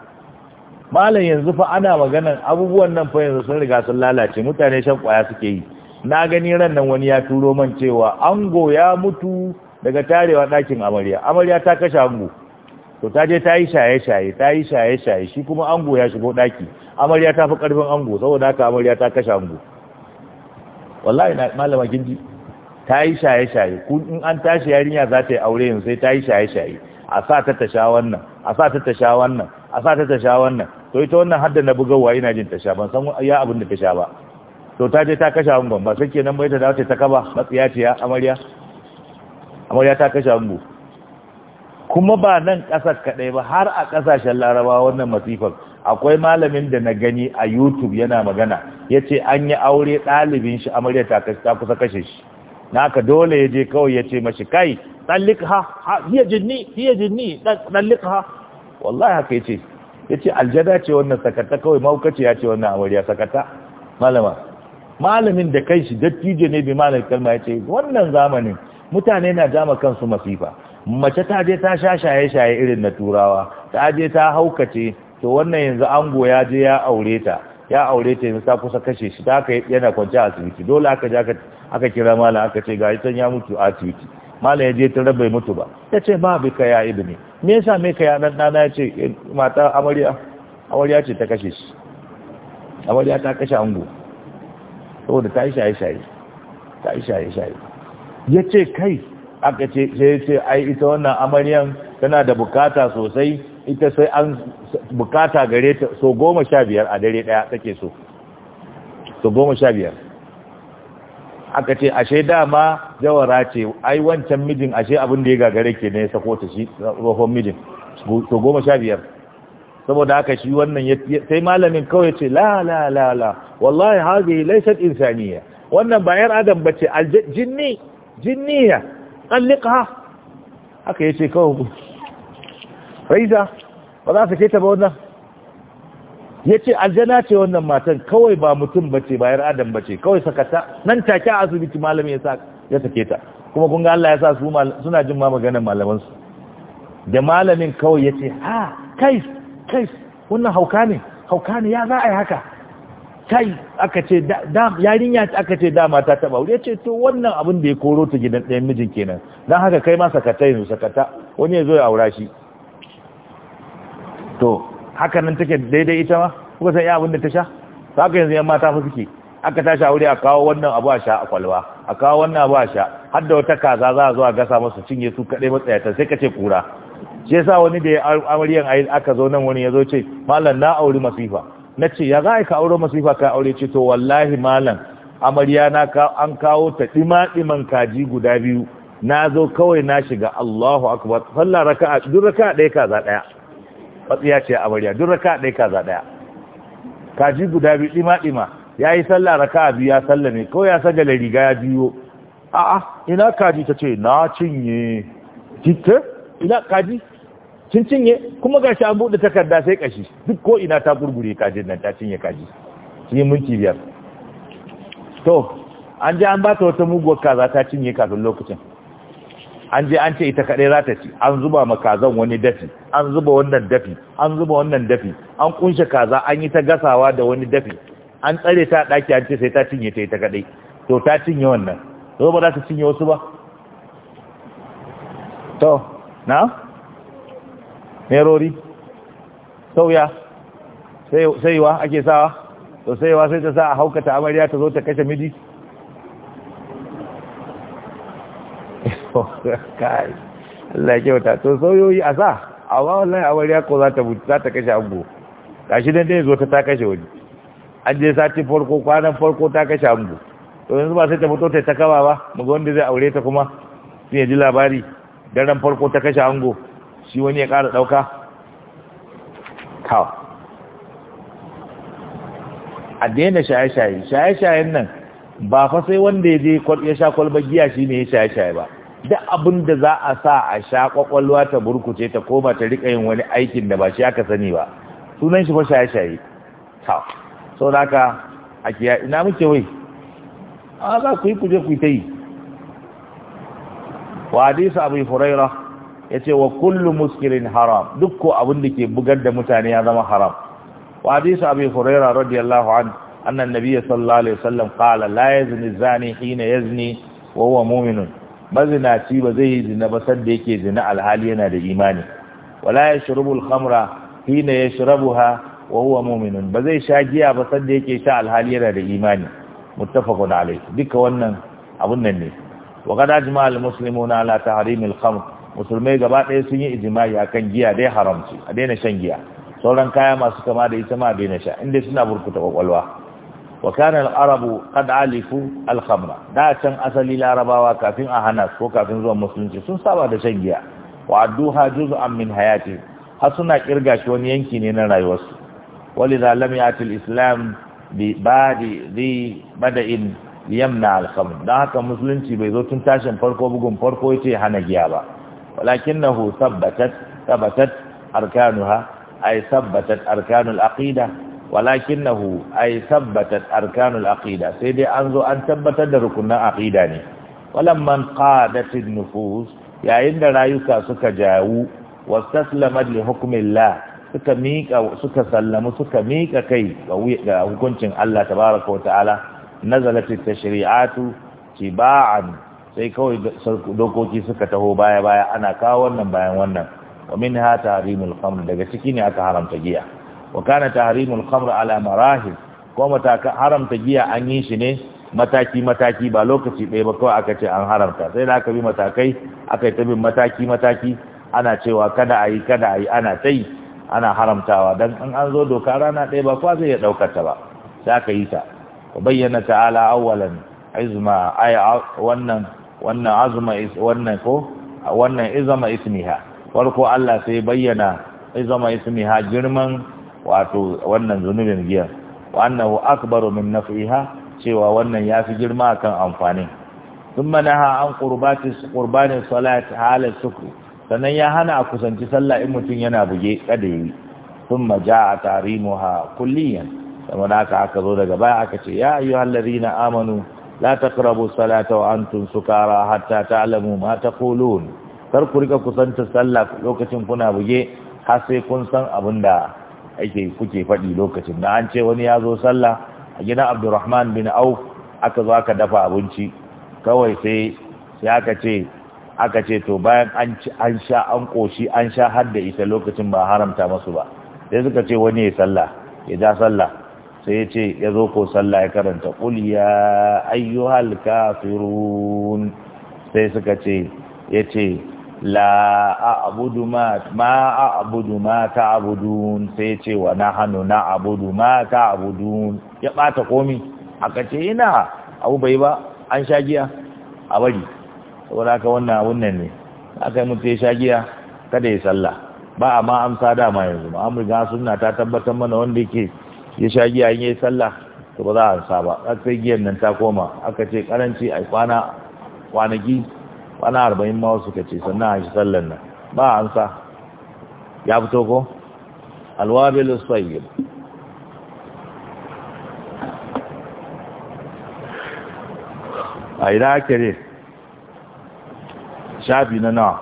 malam yanzu fa ana maganan abubuwan nan fa yanzu sun riga sun lalace mutane shan kwaya suke yi na gani ran nan wani ya turo man cewa ango ya mutu daga tarewa ɗakin amarya amarya ta kashe ango to ta je ta yi shaye-shaye ta yi shaye-shaye shi kuma ango ya shigo ɗaki amarya ta fi ƙarfin ango saboda haka amarya ta kashe ango wallahi na malama gindi ta yi shaye-shaye kun in an tashi yarinya za ta yi aure yanzu sai ta yi shaye-shaye a sa ta sha wannan a sa ta sha wannan a sa ta ta sha wannan to ita wannan hadda na bugawa ina jin ta sha ban san ya abin da ta sha ba to ta je ta kashe angon ba sai kenan bai ta dace ta kaba matsiyaciya amarya amarya ta kashe ango kuma ba nan kasar kadai ba har a kasashen larabawa wannan masifar akwai malamin da na gani a youtube yana magana ya ce an yi aure ɗalibin shi amarya ta kusa kashe shi na haka dole ya je kawai ya ce mashi kai ɗallik ha hiya jinni hiya jinni ɗallik ha wallahi haka yace yace aljada ce wannan sakata kawai maukaci ya ce wannan amarya sakata malama malamin da kai shi dattijo ne bi malam kalma yace wannan zamanin mutane na jama kansu masifa mace ta je ta sha shaye shaye irin na turawa ta je ta haukace to wannan yanzu ango ya je ya aure ta ya aure ta yanzu ta kusa kashe shi ta yana kwance a asibiti dole aka je aka kira malam aka ce ga ita ya mutu a asibiti mala ya je tun bai mutu ba ya ce ma bi ka ya ne me yasa me ka ya nan dana ya ce mata amarya amarya ce ta kashe shi amarya ta kashe ango saboda ta yi shaye shaye ta yi shaye shaye ya ce kai aka ce sai ya ce ai ita wannan amaryan tana da bukata sosai ita sai an bukata gare ta so goma sha biyar a dare daya take so so goma sha biyar aka ce ashe dama jawara ce ai wancan mijin ashe abin da ya gagare ke ne ya sako ta shi rohon mijin to goma sha biyar saboda haka shi wannan sai malamin kawai ce la la la la wallahi hazi laysat insaniya wannan ba yar adam bace aljinni jinniya talliqa haka yace kawai raiza ba za su ke ta ba wannan ya ce aljana ce wannan matan kawai ba mutum bace ba yar adam bace kawai sakata nan take a asibiti malami ya sa ya sake ta kuma kun ga Allah ya sa su suna jin ma maganar malaman su da malamin kawai ya ce ha kai kai wannan hauka ne hauka ne ya za a yi haka kai aka ce da yarinya aka ce dama ta taba ya ce to wannan abin da ya koro ta gidan ɗayan mijin kenan dan haka kai ma sakata yanzu sakata wani ya zo ya aura shi to haka nan take daidai ita ma kuka san iya abin da ta sha to haka yanzu yan mata fa suke aka tashi wuri a kawo wannan abu a sha a kwalwa a kawo wannan abu a sha har da wata kaza za a zo a gasa masu cinye su kaɗai matsayata sai ka ce kura shi yasa wani da ya amaryan aka zo nan wani ya zo ce malam na auri masifa na ce ya za ka auro masifa ka aure ce to wallahi malam amarya na an kawo ta ɗima-ɗiman kaji guda biyu na zo kawai na shiga allahu akbar sallah raka'a duk raka'a ɗaya kaza ɗaya matsiya ce a amarya duk raka ɗaya kaza ɗaya kaji guda biyu ɗima ɗima ya yi sallah raka biyu ya sallah ne ko ya sagale riga ya biyo a'a ina kaji ta ce na cinye kike ina kaji cin cinye kuma gashi an buɗe takarda sai kashi duk ko ina ta gurgure kajin nan ta cinye kaji cinye minti biyar to an ji an ba ta wata muguwar kaza ta cinye kafin lokacin an je an ce ita kaɗai za ta ci an zuba ma kazan wani dafi an zuba wannan dafi an zuba wannan dafi an kunshe kaza an yi ta gasawa da wani dafi an tsare ta ɗaki an ce sai ta cinye ta ita kaɗai to ta cinye wannan to ba za ta cinye wasu ba to na merori sauya saiwa ake sawa to wa sai ta sa a haukata amarya ta zo ta kashe miji kai Allah kyauta to sauyoyi a sa a wallahi awariya ko za ta mutu za ta kashe ango gashi dan dai zo ta ta kashe wani an je sati farko kwanan farko ta kashe ango to yanzu ba sai ta fito ta kaba ba mu ga wanda zai aure ta kuma sai ya ji labari daren farko ta kashe ango shi wani ya ƙara ɗauka kawo a daina shaye-shaye shaye-shayen nan ba fa sai wanda ya je ya sha kwalbar giya shi ne ya shaye-shaye ba duk abin da za a sa a sha kwakwalwa ta burkuce ta koma ta rika yin wani aikin da ba shi aka sani ba sunan shi ba shaye-shaye ta sau da haka a kiya ina muke wai a za ku yi kuje ku ta yi wa hadisa abu furaira ya ce wa kullum muskirin haram duk ko abin da ke bugar da mutane ya zama haram wa hadisa abu furaira radiyallahu an annan nabiya sallallahu alaihi wasallam qala la yazni zani hina yazni wa huwa mu'minun mazinaci ba zai yi zina ba sanda yake zina alhali yana da imani wala ya shirubu alhamra hina ha wa huwa mu'minun ba zai sha giya ba sanda yake sha alhali yana da imani muttafaqun alayh duka wannan abun nan ne wa kada ajma al-muslimuna ala tahrim musulmai gaba ɗaya sun yi ijimai akan giya dai haramci a daina shan giya sauran kaya masu kama da ita ma daina sha inda suna burkuta kwakwalwa wa kana al-arabu qad alifu al-khamra da can asali larabawa kafin a hana ko kafin zuwa musulunci sun saba da shan giya wa adduha juz'an min hayati har suna kirga shi wani yanki ne na rayuwarsu walidha lam ya'ti al-islam bi badi bi bada'in yamna al-khamr dan haka musulunci bai zo tun tashin farko bugun farko yace hana giya ba walakinahu thabbatat thabbatat arkanuha ay thabbatat arkanul aqida walakinahu ay tabbatat arkanul aqida sai dai an zo an tabbatar da rukunan aqida ne walamman qadatin nufus yayin da rayuka suka jawu wastaslamat li hukmillah suka miƙa suka sallamu suka miƙa kai ga hukuncin Allah tabaraka wa ta'ala nazalat at-tashri'atu tiba'an sai kawai dokoki suka taho baya baya ana kawo wannan bayan wannan wa minha tahrimul khamr daga ciki ne aka haramta giya wa kana tahrimul khamr ala marahil ko mataka haramta giya an yi shi ne mataki mataki ba lokaci ɗaya ba kawai aka ce an haramta sai da aka bi matakai aka yi ta bin mataki mataki ana cewa kada a yi kada a yi ana ta yi ana haramtawa dan in an zo doka rana ɗaya ba kwa zai ya ɗaukar ta ba sai aka yi ta wa bayyana ta'ala awwalan izma ay wannan wannan azma is wannan ko wannan izama ismiha farko Allah sai bayyana izama ismiha girman wato wannan zunubin giyan wa annahu akbaru min naf'iha cewa wannan yafi girma kan amfanin thumma manaha an qurbati qurbanin salat hala sukr sannan ya hana a kusanci sallah in mutum yana buge kada yi jaa tarimuha kulliyan saboda haka aka zo daga baya aka ce ya ayyuhal allazina amanu la taqrabu salata wa antum sukara hatta ta'lamu ma taqulun kar ku rika kusanta sallah lokacin kuna buge har sai kun san abinda ake kuke faɗi lokacin da an ce wani ya zo sallah a gina abdurrahman bin auf aka zo aka dafa abinci kawai sai sai aka ce aka ce to bayan an ci an sha an koshi an sha har da ita lokacin ba haramta masu ba sai suka ce wani ya sallah ya ja sallah sai ya ce ya zo ko sallah ya karanta qul ya ayyuhal kafirun sai suka ce ya ce la a'budu ma ma a'budu ma ta'budun sai ce wa nahnu na'budu ma ta'budun ya bata komi aka ce ina abu bai ba an shagiya a bari saboda haka wannan wannan ne aka yi mutu ya shagiya kada ya sallah ba amma amsa dama yanzu ma amurka sunna ta tabbatar mana wanda yake ya shagiya in yi sallah to ba za a sa ba sai giyan nan ta koma aka ce karanci a kwana kwanaki wani arba'in ma wasu kace sannan a shi sallan nan ba an sa ya fito ko alwabil sayyid a ina ake ne shafi na nawa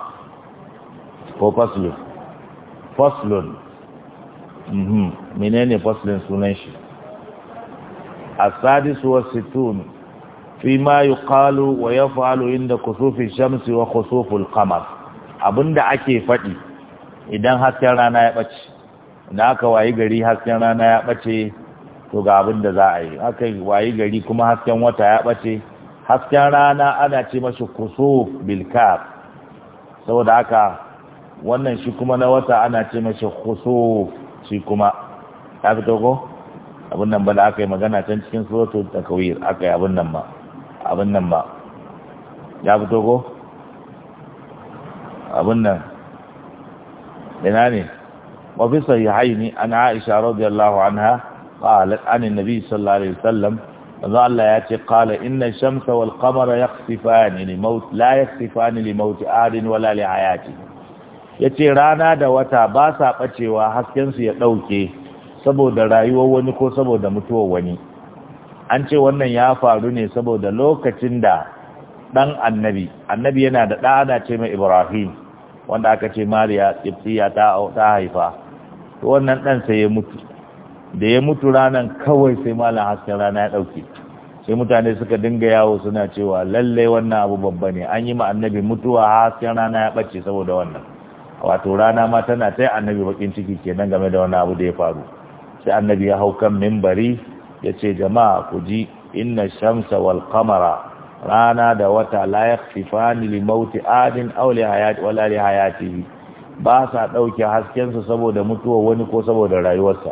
ko faslun faslun mhm. menene faslun sunan shi a sadisu situnu fima yuqalu wa yaf'alu inda kusufi shamsi wa kusuful kamar abinda ake fadi idan hasken rana ya ɓace da aka wayi gari hasken rana ya ɓace to ga abinda za a yi aka wayi gari kuma hasken wata ya ɓace hasken rana ana ce mashi kusuf bilkar saboda haka wannan shi kuma na wata ana ce mashi kusuf shi kuma ta fito ko abin nan ba da aka yi magana can cikin suratul takwir aka yi abin nan ma. abin nan ba ya fito ko abin nan ina ne mafisar ya haini an aisha radiyallahu anha ba al'anin nabi sallallahu alaihi wasallam wanzu Allah ya ce kala ina shamsa wal kamar ya sifani limauti la ya sifani limauti adin wala li hayati ya ce rana da wata ba sa bacewa haskensu ya ɗauke saboda rayuwar wani ko saboda mutuwar wani an ce wannan ya faru ne saboda lokacin da ɗan annabi annabi yana da ɗana ce mai ibrahim wanda aka ce mariya tsibtiya ta haifa to wannan ɗan sai ya mutu da ya mutu ranan kawai sai malam hasken rana ya ɗauke sai mutane suka dinga yawo suna cewa lalle wannan abu babba ne an yi ma annabi mutuwa hasken rana ya ɓace saboda wannan wato rana ma tana ta annabi bakin ciki kenan game da wani abu da ya faru sai annabi ya hau kan mimbari ya ce jama'a ku ji inna shamsa wal kamara rana da wata la yakfifani li mauti adin aw li hayati wala li ba sa dauke hasken su saboda mutuwa wani ko saboda rayuwarsa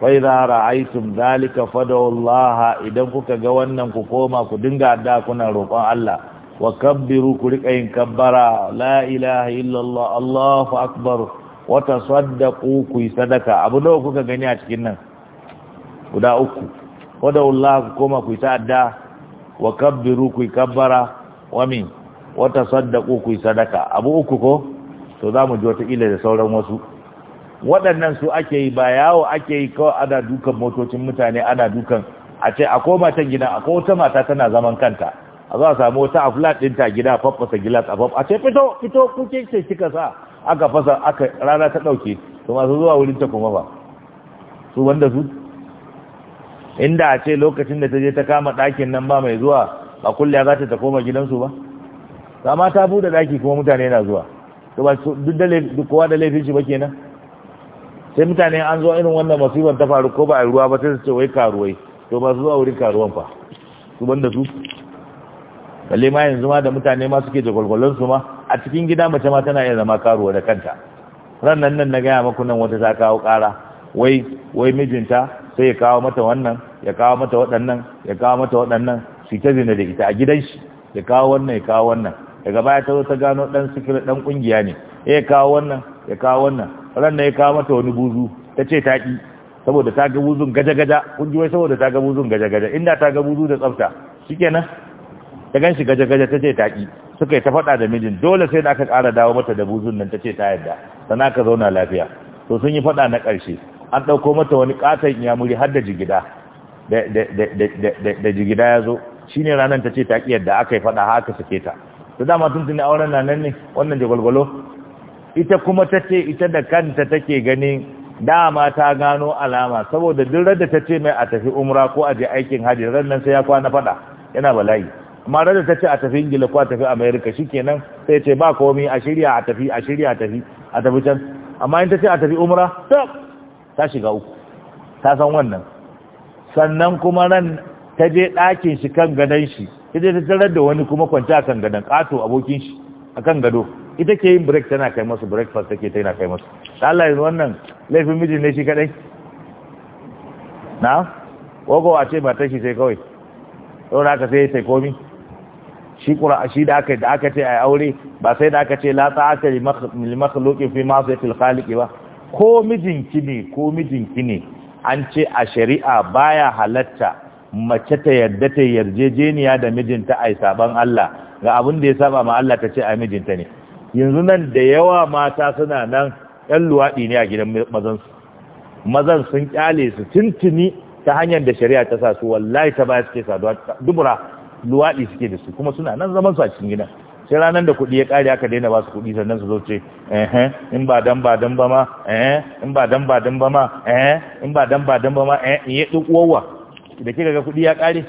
fa idza ra'aytum zalika fad'u Allah idan kuka ga wannan ku koma ku dinga adda kuna roƙon Allah wa kabbiru ku rika yin kabbara la ilaha illallah Allahu akbar wa tasaddaqu ku sadaka abu nawa kuka gani a cikin nan guda uku wadda Allah ku koma ku ta'adda wa kabbiru ku kabbara wa min wata tasaddaqu ku sadaka abu uku ko to za mu ji ila da sauran wasu waɗannan su ake yi ba yawo ake yi kawai ana dukan motocin mutane ana dukan a ce a koma ta gida a wata mata tana zaman kanta a za a samu wata a flat ta gida a faffasa gilas a faffasa a ce fito fito kuke ce kika sa aka fasa aka rana ta ɗauke to masu zuwa wurin ta kuma ba su wanda su inda a ce lokacin da ta je ta kama ɗakin nan ba mai zuwa a kulle za ta koma gidansu ba Sama ta buɗe ɗaki kuma mutane na zuwa to ba duk da kowa da laifin shi ba kenan sai mutane an zo irin wannan masifan ta faru ko ba a ruwa ba sai su ce wai karuwai to ba su zuwa wurin karuwan fa su banda su balle ma yanzu ma da mutane ma suke jagwalgwalon su ma a cikin gida mace ma tana iya zama karuwa da kanta ran nan nan na gaya maku nan wata ta kawo ƙara wai wai mijinta sai ya kawo mata wannan ya kawo mata waɗannan ya kawo mata waɗannan su ta zina da ita a gidan shi ya kawo wannan ya kawo wannan daga baya ta zo ta gano ɗan sikir ɗan ƙungiya ne ya kawo wannan ya kawo wannan ran ya kawo mata wani buzu ta ce ta ƙi saboda ta ga buzun gaja-gaja ƙungiyoyi saboda ta ga buzun gaja-gaja inda ta ga buzu da tsafta shi shikenan ta gan shi gaja-gaja ta ce ta ƙi suka yi ta faɗa da mijin dole sai da aka ƙara dawo mata da buzun nan ta ce ta yadda sana ka zauna lafiya to sun yi faɗa na ƙarshe an ɗauko mata wani ƙaton yamuri har da jigida da jigida ya zo shi ne ranar ta ce ta ƙiyar da aka yi faɗa haka suke ta da dama tuntuni a na nan ne wannan jagwalgwalo ita kuma ta ce ita da kanta take ganin dama ta gano alama saboda duk da ta ce mai a tafi umra ko a je aikin hajji ran nan sai ya kwana faɗa yana bala'i amma ranar da ta ce a tafi ingila ko a tafi america shikenan sai ce ba komi a shirya a tafi a shirya a tafi a tafi can amma in ta ce a tafi umra ta shiga uku ta san wannan sannan kuma ran ta je ɗakin shi kan gadon shi ita ta tarar da wani kuma kwanci kan gadon ƙato abokin shi a kan gado ita ke yin break tana kai masu breakfast take tana kai masu Allah yanzu wannan laifin miji ne shi kadai na wago a ce matar shi sai kawai yau da aka sai sai komi shi a shi da aka ce a aure ba sai da aka ce latsa aka li makhluqin fi ya khaliq ba ko mijinki ne ko mijinki ne an ce a shari'a baya halatta mace ta yarda ta yarjejeniya da mijinta a saban Allah ga abin da ya saba ma Allah ta ce a mijinta ne yanzu nan da yawa mata suna nan 'yan luwaɗi ne a gidan mazan su, mazan sun kyale su tuntuni ta hanyar da shari'a ta sa su wallahi ta baya suke saduwa dubura luwaɗi suke da su kuma suna nan zaman su a cikin gidan sai ranar da kuɗi ya ƙare aka daina ba su kuɗi sannan su zo ce eh in ba dan ba dan ba ma eh in ba dan ba dan ba ma eh in ba dan ba dan ba ma eh ya duk uwarwa da kika ga kuɗi ya ƙare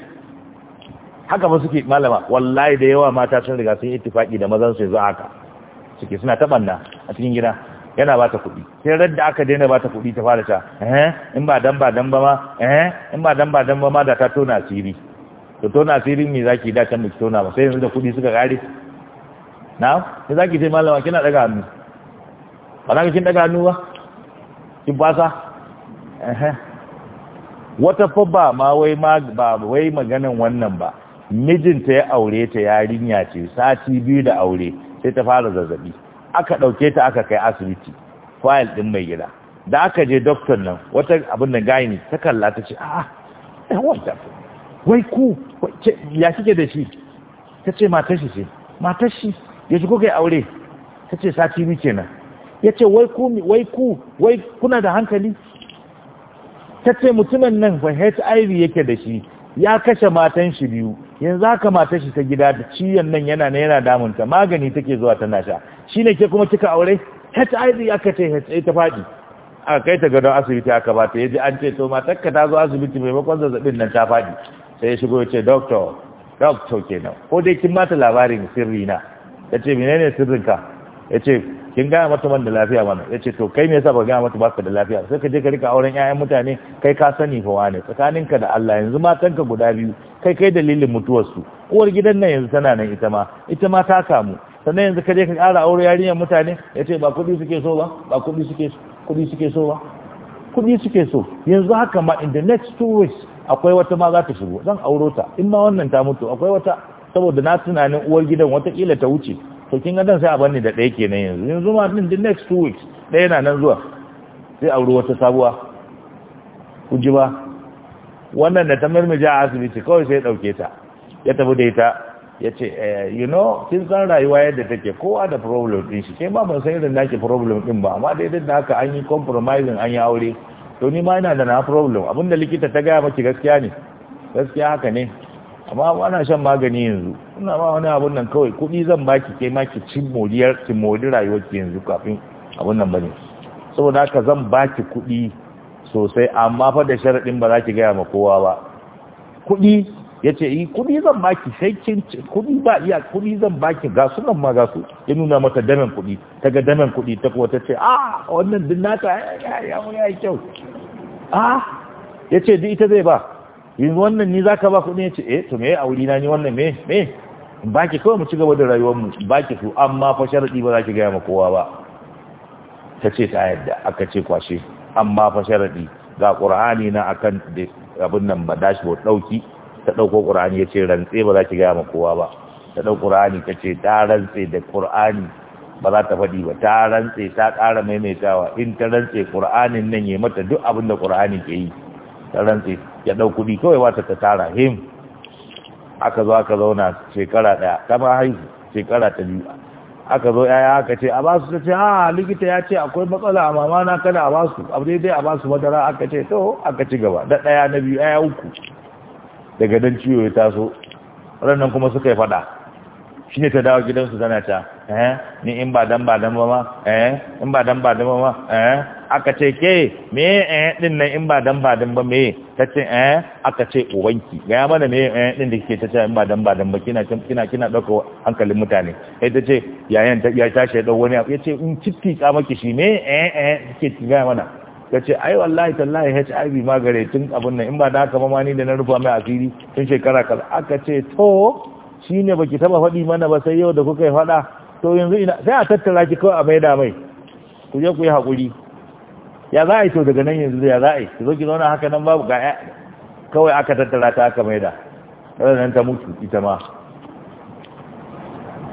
haka ba suke malama wallahi da yawa mata sun riga sun ittifaki da mazan su yanzu haka suke suna ta banna a cikin gida yana bata kuɗi sai radda aka daina bata kuɗi ta fara ta eh in ba dan ba dan ba ma eh in ba dan ba dan ba ma da ta tona asiri to tona asiri me zaki da kan miki tona ba sai yanzu da kuɗi suka kare na sai zaki ce malama kina daga hannu ba na ka kin daga hannu ba kin fasa wata fa ba ma wai ma ba wai maganan wannan ba mijinta ya aure ta yarinya ce sati biyu da aure sai ta fara zazzabi aka dauke ta aka kai asibiti file din mai gida da aka je doctor nan wata abin da gani ta kalla ta ce a'a ah, eh wanda wai ku ya kike da shi ta ce matashi shi ce matashi shi ya shi kuka yi aure ta ce sati biyu nan. ya ce wai ku wai kuna da hankali ta ce mutumin nan ba hiv yake da shi ya kashe matan shi biyu yanzu haka matan shi ta gida da ciyon nan yana na yana damunta magani take zuwa tana sha Shi ne ke kuma kika aure hiv aka ce hiv eh, ta fadi. A kai ta gadon asibiti aka ba ta yaji an ce to ka ta zo asibiti maimakon zazzabin nan ta fadi. sai ya shigo ya ce doctor doctor kenan ko dai kin mata labarin sirri na ya ce ne sirrinka ya ce kin gaya mata man lafiya mana ya ce to kai ne yasa ba gaya mata ka da lafiya sai ka je ka rika auren 'ya'yan mutane kai ka sani fa wane tsakaninka da Allah yanzu matanka guda biyu kai kai dalilin mutuwar su uwar gidan nan yanzu tana nan ita ma ita ma ta kamu sannan yanzu ka je ka ƙara aure yarinyar mutane ya ce ba kuɗi suke so ba ba kuɗi suke kuɗi suke so ba kuɗi suke so yanzu haka ma in the next two weeks akwai wata ma za ta shigo zan auro in ma wannan ta mutu akwai wata saboda na tunanin uwar gidan wata kila ta wuce to kin ga dan sai a bani da ɗaya kenan yanzu yanzu ma din the next two weeks ɗaya na nan zuwa sai auri wata sabuwa ku ji ba wannan da ta marmaja a asibiti kawai sai ya ɗauke ta ya tafi da ita ya ce eh, you know kin san rayuwa yadda take kowa da problem ɗin shi ke ba ban san irin naki problem din ba amma dai da haka an yi compromising an yi aure to ni ma ina da na problem abinda likita ta gaya maki gaskiya ne gaskiya haka ne amma ba shan magani yanzu ina ma wani abun nan kawai kuɗi zan baki kai ma ki cin moriyar ki mori rayuwar ki yanzu kafin abun nan bane saboda haka zan baki kuɗi sosai amma fa da sharaɗin ba za ki gaya ma kowa ba kuɗi ya yi kuɗi zan baki sai kin kuɗi ba iya kuɗi zan baki ga su nan ma ga su ya nuna mata damen kuɗi ta ga damen kuɗi ta ta ce a wannan din naka ya ya ya kyau a yace duk ita zai ba yanzu wannan ni zaka ba kudin yace eh to me a wuri na ni wannan me me baki kawai mu ci gaba da rayuwar mu baki su amma fa sharadi ba za ki gaya ma kowa ba tace ta yadda aka ce kwashe amma fa sharadi ga qur'ani na akan abin nan ba dashboard dauki ta dauko qur'ani yace rantse ba za ki gaya ma kowa ba ta dauko qur'ani tace ta rantse da qur'ani ba za ta faɗi ba ta rantse ta ƙara maimaitawa in ta rantse qur'anin nan ya mata duk abin da qur'ani ke yi ta rantse ya ɗau kawai wata ta tara him aka zo aka zauna shekara ɗaya ta ma haihu shekara ta biyu aka zo yaya aka ce a basu ta ce a likita ya ce akwai matsala a mama na kada a basu abu dai a madara aka ce to aka ci gaba da ɗaya na biyu ɗaya uku daga dan ciwo ya taso ranar kuma suka yi faɗa shi ne ta dawo gidansu tana ta eh ni in ba dan ba dan ba ma eh in ba dan ba dan ba ma eh aka ce ke me eh din nan in ba dan ba dan ba me tace eh aka ce ubanki ga ya mana me eh din da kike tace in ba dan ba dan ba kina kina kina dauko hankalin mutane sai tace yayan ta ya tashi dau wani ya ce in citti ka maki shi me eh eh kike ga mana tace ai wallahi tallahi HIV magare tun abun nan in ba da haka ma ni da na rufa mai asiri tun shekara kal aka ce to shine baki taba faɗi mana ba sai yau da kuka yi faɗa to yanzu ina sai a tattara ki kawai a maida mai ku je ku yi hakuri. ya za a yi to daga nan yanzu ya za a yi su zo ki haka nan babu ga kawai aka tattara ta aka maida nan ta mutu ita ma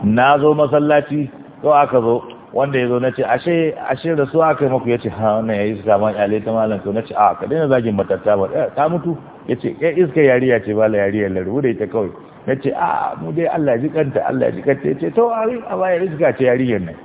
na zo masallaci to aka zo wanda ya zo na ce ashe da su aka yi maku ya ce ha wannan ya yi iska ma yale ta malam to na ce a ka na zagin matatta ba eh, ta mutu ya ce ya iska yariya ce ba la yariya laru da ita kawai na ce a mu dai Allah ji kanta Allah ji kanta ya ce to a baya iska ce yariyar nan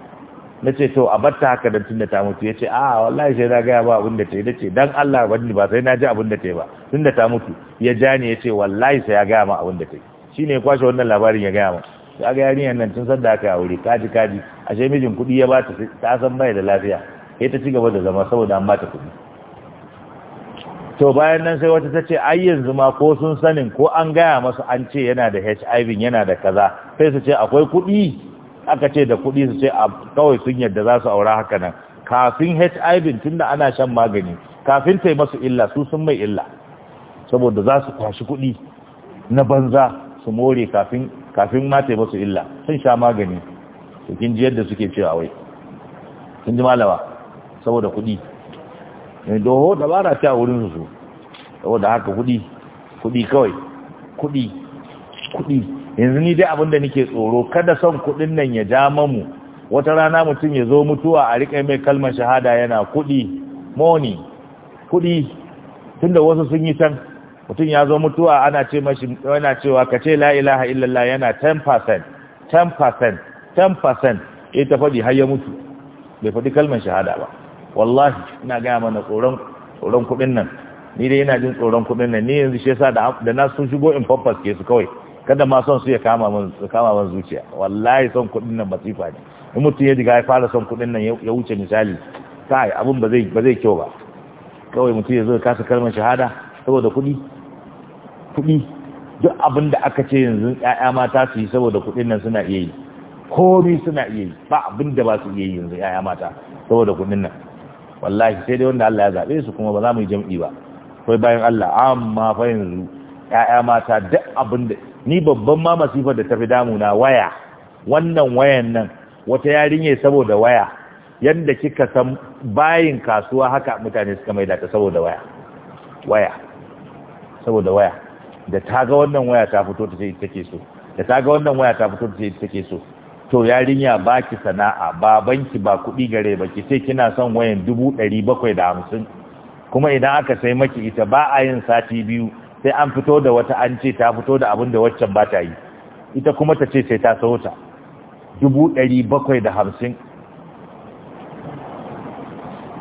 na ce to a batta haka da tun da ta mutu ya ce a ah, wallahi sai na gaya ba abin da ta yi na ce don Allah wani ba sai na ji abin da ta yi ba tun da ta mutu ya ja ne ya ce wallahi sai ya gaya ma abin da ta yi shi ya kwashe wannan labarin ya gaya ma ya ga yarinyar nan tun san da aka aure kaji kaji ashe mijin kuɗi ya ba ta ta san bai da lafiya sai ta ci gaba da zama saboda an ba ta kuɗi to bayan nan sai wata ta ce ai yanzu ma ko sun sanin ko an gaya masa an ce yana da HIV yana da kaza sai su ce akwai kuɗi aka ce da kuɗi su ce kawai sun yadda za su aura haka nan kafin hiv tunda ana shan magani kafin ta yi masu illa su sun mai illa saboda za su kwashi kuɗi na banza su more kafin ma ta yi masu illa sun sha magani su kin ji yadda suke cewa wai sun ji malama saboda kuɗi mai eh, doho dabara a wurin su saboda haka kuɗi kuɗi kawai kuɗi kuɗi yanzu ni dai abinda nake tsoro kada son kuɗin nan ya ja mamu wata rana mutum ya zo mutuwa a riƙe mai kalmar shahada yana kuɗi moni kuɗi tunda wasu sun yi can mutum ya zo mutuwa ana ce mashi yana cewa ka ce la ilaha illallah yana 10% 10% 10% ya ta faɗi har ya mutu bai faɗi kalmar shahada ba wallahi ina gaya mana tsoron tsoron kuɗin nan ni dai ina jin tsoron kuɗin nan ni yanzu shi yasa da na sun shigo in purpose ke su kawai kada ma son su ya kama man su kama man zuciya wallahi son kuɗin nan masifa ne in mutum ya diga ya fara son kuɗin nan ya wuce misali kai abun ba zai ba zai kyau ba kawai mutum ya zo kasa kalmar shahada saboda kuɗi kudi duk abin da aka ce yanzu 'ya'ya mata su yi saboda kuɗin nan suna iya yi ni suna iya yi ba abin da ba su iya yi yanzu ya'ya mata saboda kuɗin nan wallahi sai dai wanda Allah ya zaɓe su kuma ba za mu yi jam'i ba kai bayan Allah amma fa yanzu ya'ya mata duk abin da ni babban ma masifar da tafi damuna waya wannan wayan nan wata yarinye saboda waya yadda kika san bayin kasuwa haka mutane suka mai ta saboda waya waya saboda waya da ta ga wannan waya ta fito ta ce ita ke so da ta ga wannan waya ta fito ta ce ita ke so to yarinya ba ki sana'a ba banki ba kuɗi gare ba ki ce kina son wayan dubu ɗari bakwai da hamsin kuma idan aka sai maki ita ba a yin sati biyu sai an fito da wata an ce ta fito da abin da waccan ba ta yi ita kuma ta ce sai ta sauta dubu ɗari bakwai da hamsin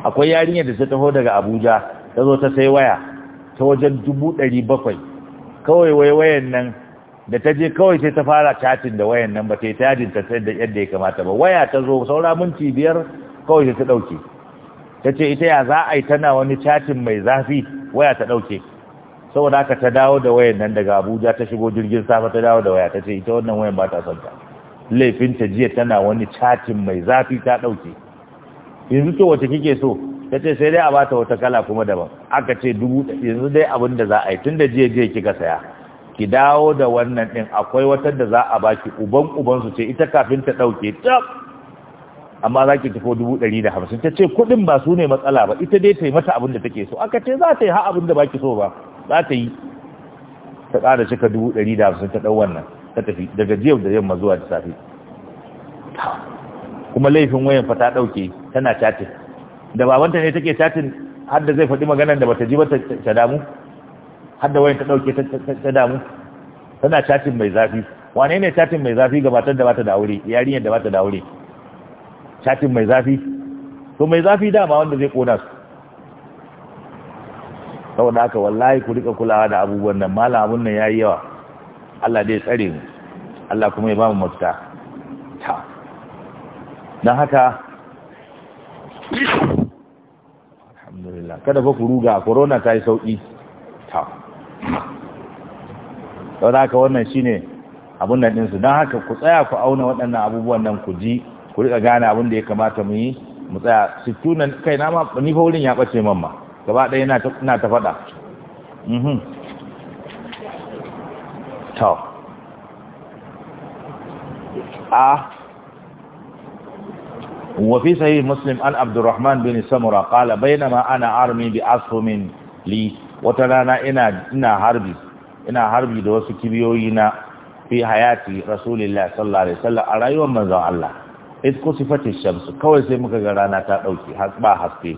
akwai yarinyar da ta taho daga abuja ta zo ta sai waya ta wajen dubu ɗari bakwai kawai wai wayan nan da ta je kawai sai ta fara catin da wayan nan ba ta yi tajin ta da yadda ya kamata ba waya ta zo saura minti biyar kawai sai ta ɗauke ta ce ita ya za a yi tana wani catin mai zafi waya ta ɗauke saboda haka ta dawo da wayan nan daga abuja ta shigo jirgin safa ta dawo da waya ta ce ita wannan wayan ba ta son ta laifin ta jiya tana wani catin mai zafi ta ɗauke, yanzu to wace kike so ta ce sai dai a bata wata kala kuma daban aka ce dubu yanzu dai abin da za a yi tun da jiya jiya kika saya ki dawo da wannan din akwai wata da za a baki uban uban su ce ita kafin ta ɗauke tab amma za ki tafi dubu ɗari da hamsin ta ce kuɗin ba su ne matsala ba ita dai ta yi mata abin da take so aka ce za ta yi ha abin da baki so ba za ta yi ta ƙara cika dubu ɗari da hamsin ta ɗau wannan ta tafi daga jiyar da yamma zuwa da safe kuma laifin wayan fa ta ɗauke tana chatin da babanta ne take chatin har da zai faɗi maganar da bata ji ba ta damu har da wayan ta ɗauke ta damu tana chatin mai zafi wane ne chatin mai zafi gabatar da da bata da aure yarinyar da bata da aure chatin mai zafi to mai zafi dama wanda zai ƙona su saboda haka wallahi ku rika kulawa da abubuwan nan malam abun nan yayi yawa Allah dai tsare mu Allah kuma ya ba mu mafita ta dan haka alhamdulillah kada fa ku ruga corona ta yi sauki ta saboda haka wannan shine abun nan din su dan haka ku tsaya ku auna waɗannan abubuwan nan ku ji ku rika gane abun da ya kamata mu yi mu tsaya sittunan kai na ma ni fa wurin ya bace mamma gaba ɗaya na ta faɗa mhm. a wafi sahih muslim an abdurrahman bin samura ƙala ma ana armi bi asumin li wata rana ina harbi ina harbi da wasu kibiyoyi na fi hayati rasulillah sallallahu alaihi wasallam a rayuwar manzan Allah ai ko sifatin shamsu kawai sai muka ga rana ta dauki ba haske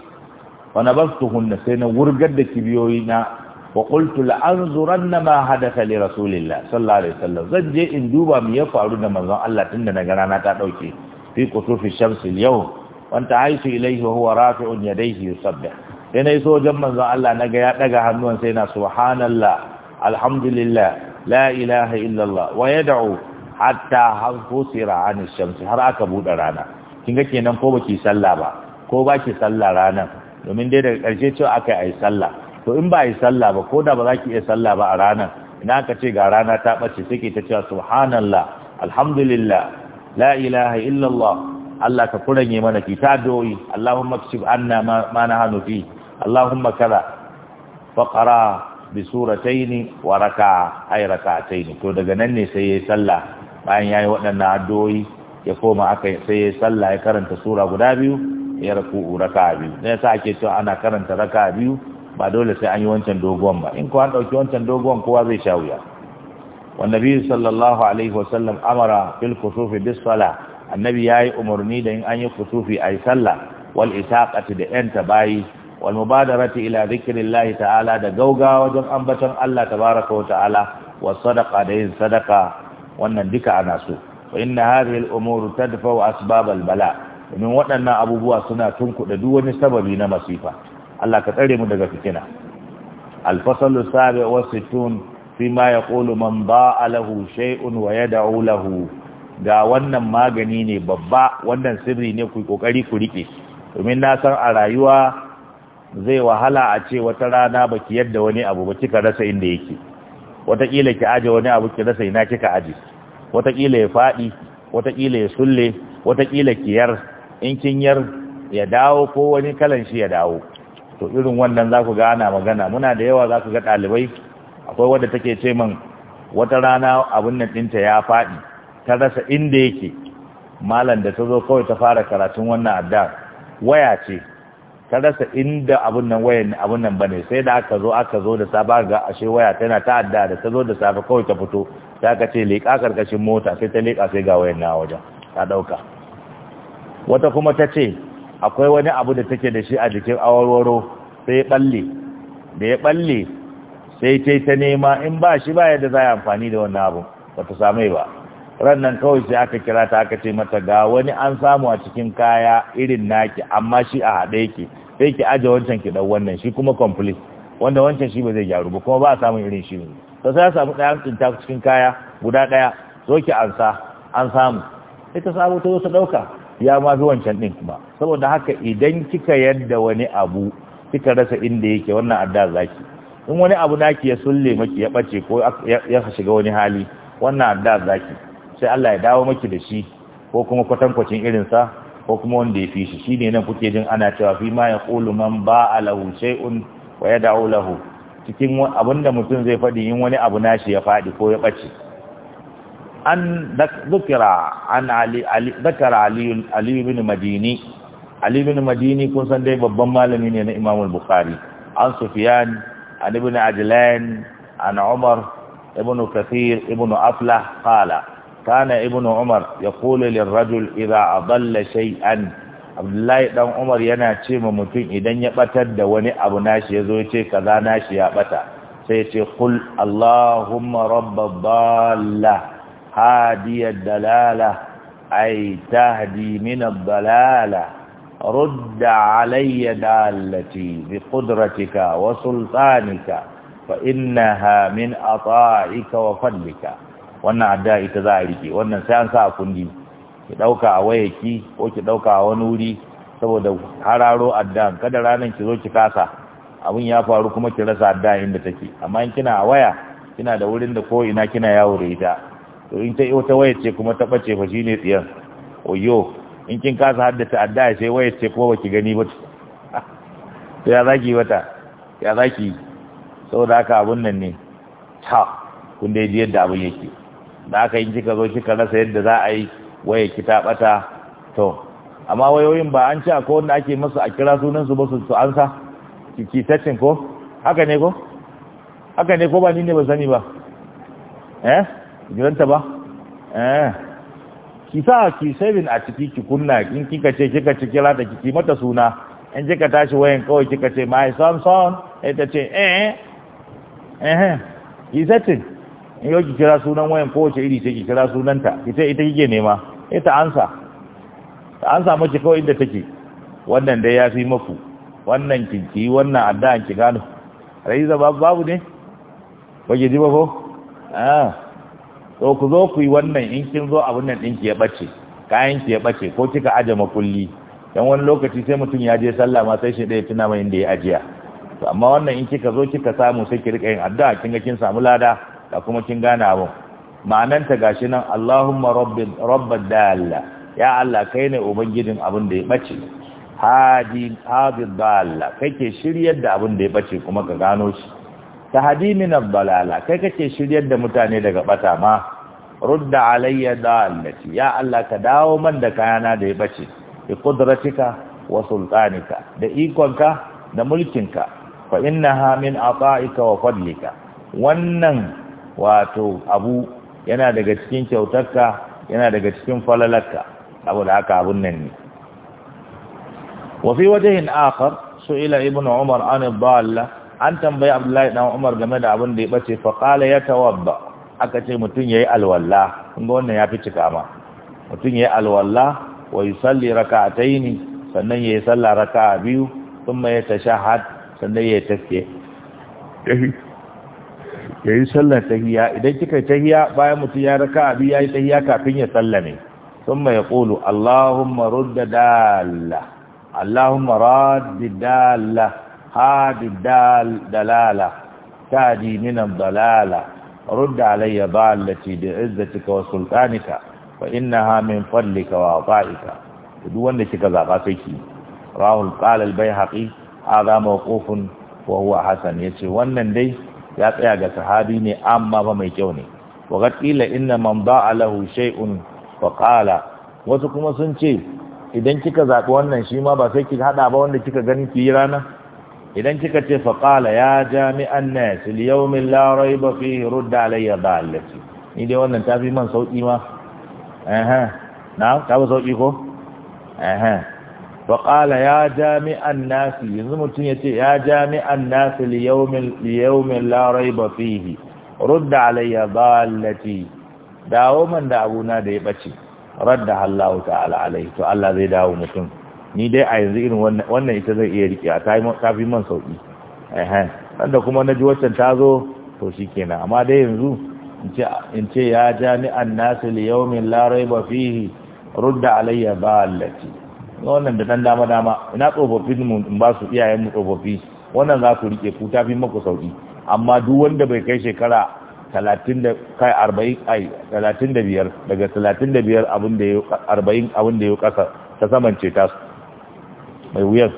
wa nabastuhunna sai na wurgar da kibiyoyi na wa qultu la anzuranna ma hadatha li rasulillah sallallahu alaihi wasallam zan je in duba me ya faru da manzon Allah tunda na ga rana ta dauke fi kutufi shamsi yau wanta haisu ilaihi wa huwa rafi'un yadayhi yusabbih sai na iso wajen manzon Allah na ga ya daga hannuwan sai na subhanallah alhamdulillah la ilaha illallah wa yad'u hatta hanfusira an shamsi har aka bude rana kinga kenan ko baki sallah ba ko baki sallah ranan domin dai daga ƙarshe cewa aka yi sallah to in ba yi sallah ba ko da ba za ki iya sallah ba a ranar ina aka ce ga rana ta ɓace take ta cewa subhanallah alhamdulillah la ilaha illallah Allah ka kuranye mana ki ta doyi Allahumma kashif anna ma nahanu fi Allahumma kaza faqara bi suratayn wa raka'a ay raka'atayn to daga nan ne sai yayi sallah bayan yayi waɗannan addu'o'i ya koma aka sai yayi sallah ya karanta sura guda biyu ya raku'u raka biyu na yasa ake cewa ana karanta raka biyu ba dole sai an yi wancan dogon ba in ko an ɗauki wancan dogon kowa zai sha wuya wannabi sallallahu alaihi wasallam amara fil kusufi bis sala annabi yayi umarni da in an yi kusufi yi sallah wal isaqati da yanta bayi wal mubadarati ila zikirillahi ta'ala da gaugawa wajen ambaton Allah tabaraka wa ta'ala wa sadaka da yin sadaka wannan duka ana so fa inna hadhihi al umur tadfa asbab al bala domin waɗannan abubuwa suna tunkuɗa duk wani sababi na masifa Allah ka tsare mu daga fitina alfasalu sabi wasu sittun fi ma ya ƙulu man ba a lahu shai'un wa da'u lahu ga wannan magani ne babba wannan sirri ne ku ƙoƙari ku riƙe. domin na san a rayuwa zai wahala a ce wata rana ba ki yadda wani abu ba kika rasa inda yake watakila ki aje wani abu ki rasa ina kika aje watakila ya faɗi? watakila ya sulle Wataƙila ki yar in kin yar ya dawo ko wani kalan shi ya dawo to irin wannan za ku ga ana magana muna da yawa za ku ga ɗalibai akwai wadda take ce min wata rana abin nan ɗinta ya faɗi ta rasa inda yake malam da ta zo kawai ta fara karatun wannan adda waya ce ta rasa inda abun nan wayan abun nan bane sai da aka zo aka zo da safa ga ashe waya tana ta adda da ta zo da safa kawai ta fito ta ka ce leƙa karkashin mota sai ta leƙa sai ga wayan na wajen ta ɗauka wata kuma ta ce akwai wani abu da take da shi a jikin awarwaro sai balle da ya balle sai ta ta nema in ba shi ba yadda za a amfani da wannan abu ba ta same ba ran nan kawai sai aka kira ta aka ce mata ga wani an samu a cikin kaya irin naki amma shi a haɗe yake sai ki aje wancan ki dan wannan shi kuma complete wanda wancan shi ba zai gyaru ba kuma ba a samun irin shi ne to sai ya samu ɗaya tsinta cikin kaya guda ɗaya zo ki ansa an samu sai ta samu ta wasu ɗauka ya ma fi wancan ɗin kuma saboda haka idan kika yadda wani abu kika rasa inda yake wannan adda zaki in wani abu naki ya sulle maki ya ɓace ko ya shiga wani hali wannan adda zaki sai Allah ya dawo maki da shi ko kuma kwatankwacin irinsa ko kuma wanda ya fi shi shi ne nan kuke jin ana cewa fi ma ya ƙulu man ba a lahu shay'un wa ya lahu cikin abinda mutum zai faɗi in wani abu nashi ya faɗi ko ya ɓace an dhukira an ali ali madini kun san dai babban malami ne na imam al-bukhari an sufyan an ibn ajlan an umar ibn kathir ibn aflah qala كان ابن عمر يقول للرجل إذا أضل شيئا عبد الله دان عمر yana ce ma mutum idan ya ɓatar da wani abu nashi yazo yace kaza shi ya ɓata, sai yace kul allahumma rabbad dalla هادي الدلالة أي تهدي من الضلالة رد علي دالتي بقدرتك وسلطانك فإنها من أطائك وفضلك wannan adda ita za a rike wannan sai an sa a kundi ki ɗauka a wayaki ko ki dauka a wani wuri saboda hararo adda kada ranar ki zo ki kasa abin ya faru kuma ki rasa adda inda take amma in kina a waya kina da wurin da ko ina kina yawo da ita to in ta yi wata waya ce kuma ta bace fa shine tsiyan oyo in kin kasa haddace adda ya sai waya ce kuma baki gani ba to ya zaki wata ya zaki saboda haka abun nan ne ta kun dai ji yadda abun yake da aka in kika zo kika rasa yadda za a yi waya ki ta bata to amma wayoyin ba an ci akwai wanda ake masu a kira sunan su ba su ansa ki tacin ko haka ne ko haka ne ko ba ni ne ba sani ba eh giranta ba eh ki sa ki saving a ciki ki kunna in kika ce kika ci kira da kiki mata suna in kika tashi wayan kawai kika ce my samson eh ta ce eh, eh eh ki setting in yau ki kira sunan wayan kowace iri ce ki kira sunanta ki ce ita kike nema eh ta ansa ta ansa mace kawai inda take wannan dai ya fi maku wannan kinki wannan addan ki gano ba babu ne ba ji ba ko ah so ku zo ku yi wannan in kin zo abun nan ɗinki ya ɓace kayan ki ya ɓace ko kika aje makulli dan wani lokaci sai mutum ya je sallah ma sai shi ɗaya tuna mai inda ya ajiya to amma wannan in kika zo kika samu sai ki rika yin addu'a kin ga kin samu lada da kuma kin gane abu ma'anan ta gashi nan Allahumma rabbin rabbad dalla ya Allah kai ne ubangijin abin da ya bace hadi hadi dalla kake shiryar da abin da ya bace kuma ka gano shi Ta min ad-dalala kai kake shiryar da mutane daga bata ma rudda alayya Allaci ya Allah ka dawo man da kayana da ya bace bi qudratika wa sultanika da ikonka da mulkinka fa innaha min ata'ika wa fadlika wannan wato abu yana daga cikin kyautarka yana daga cikin falalarka saboda haka abun nan ne wa fi wajhin akhar su'ila ibnu umar an ad-dalla an tambayi abdullahi dan umar game da abin da ya bace fa qala yatawadda aka ce mutun yayi alwala kun ga wannan ya fi cika ma mutun yayi alwala wa yusalli raka'atayn sannan yayi sallah raka'a biyu ya tashahhad sannan yayi tafke yayi sallar tahiyya idan kika tahiyya bayan mutun ya raka'a biyu yayi tahiyya kafin ya sallame ya qulu allahumma rudda dalla allahumma raddi dalla hadi dal dalala tadi min dalala rudd alayya dalati bi izzatika wa sultanika fa innaha min fadlika wa ataika duk wanda kika zaba kake rahul qala al bayhaqi hada mawqufun wa huwa ya ce, wannan dai ya tsaya ga sahabi ne amma ba mai kyau ne wa qila inna man da'a lahu shay'un fa wasu kuma sun ce idan kika zaɓi wannan shima ma ba sai kika hada ba wanda kika gani ki yi rana idan kika ce faƙala ya jami'an nas liyaumin larai ba fihi rudda alayya dallati ni dai wannan ta fi man sauƙi ma na ta fi sauƙi ko faƙala ya jami'an nasi, yanzu mutum ya ce ya jami'an nasi liyaumin liyaumin la raiba fihi rudda alayya dallati dawo man da abuna da ya bace radda Allah ta'ala alaihi to Allah zai dawo mutum ni dai a yanzu irin wannan ita zai iya riƙe a fi man sauki ehem wanda kuma na ji waccan ta zo to shi kenan amma dai yanzu in ce ya jami'an nasu liyaumin larai ba fihi rudda alayya ba allati wannan da ɗan dama dama ina tsofaffi mu in ba su iyayen mu tsofaffi wannan za ku riƙe ku ta fi maku sauƙi amma duk wanda bai kai shekara talatin da kai arba'in ai talatin da biyar daga talatin da biyar abin da ya arba'in abin da ya kasa ta saman tasu mai wuyar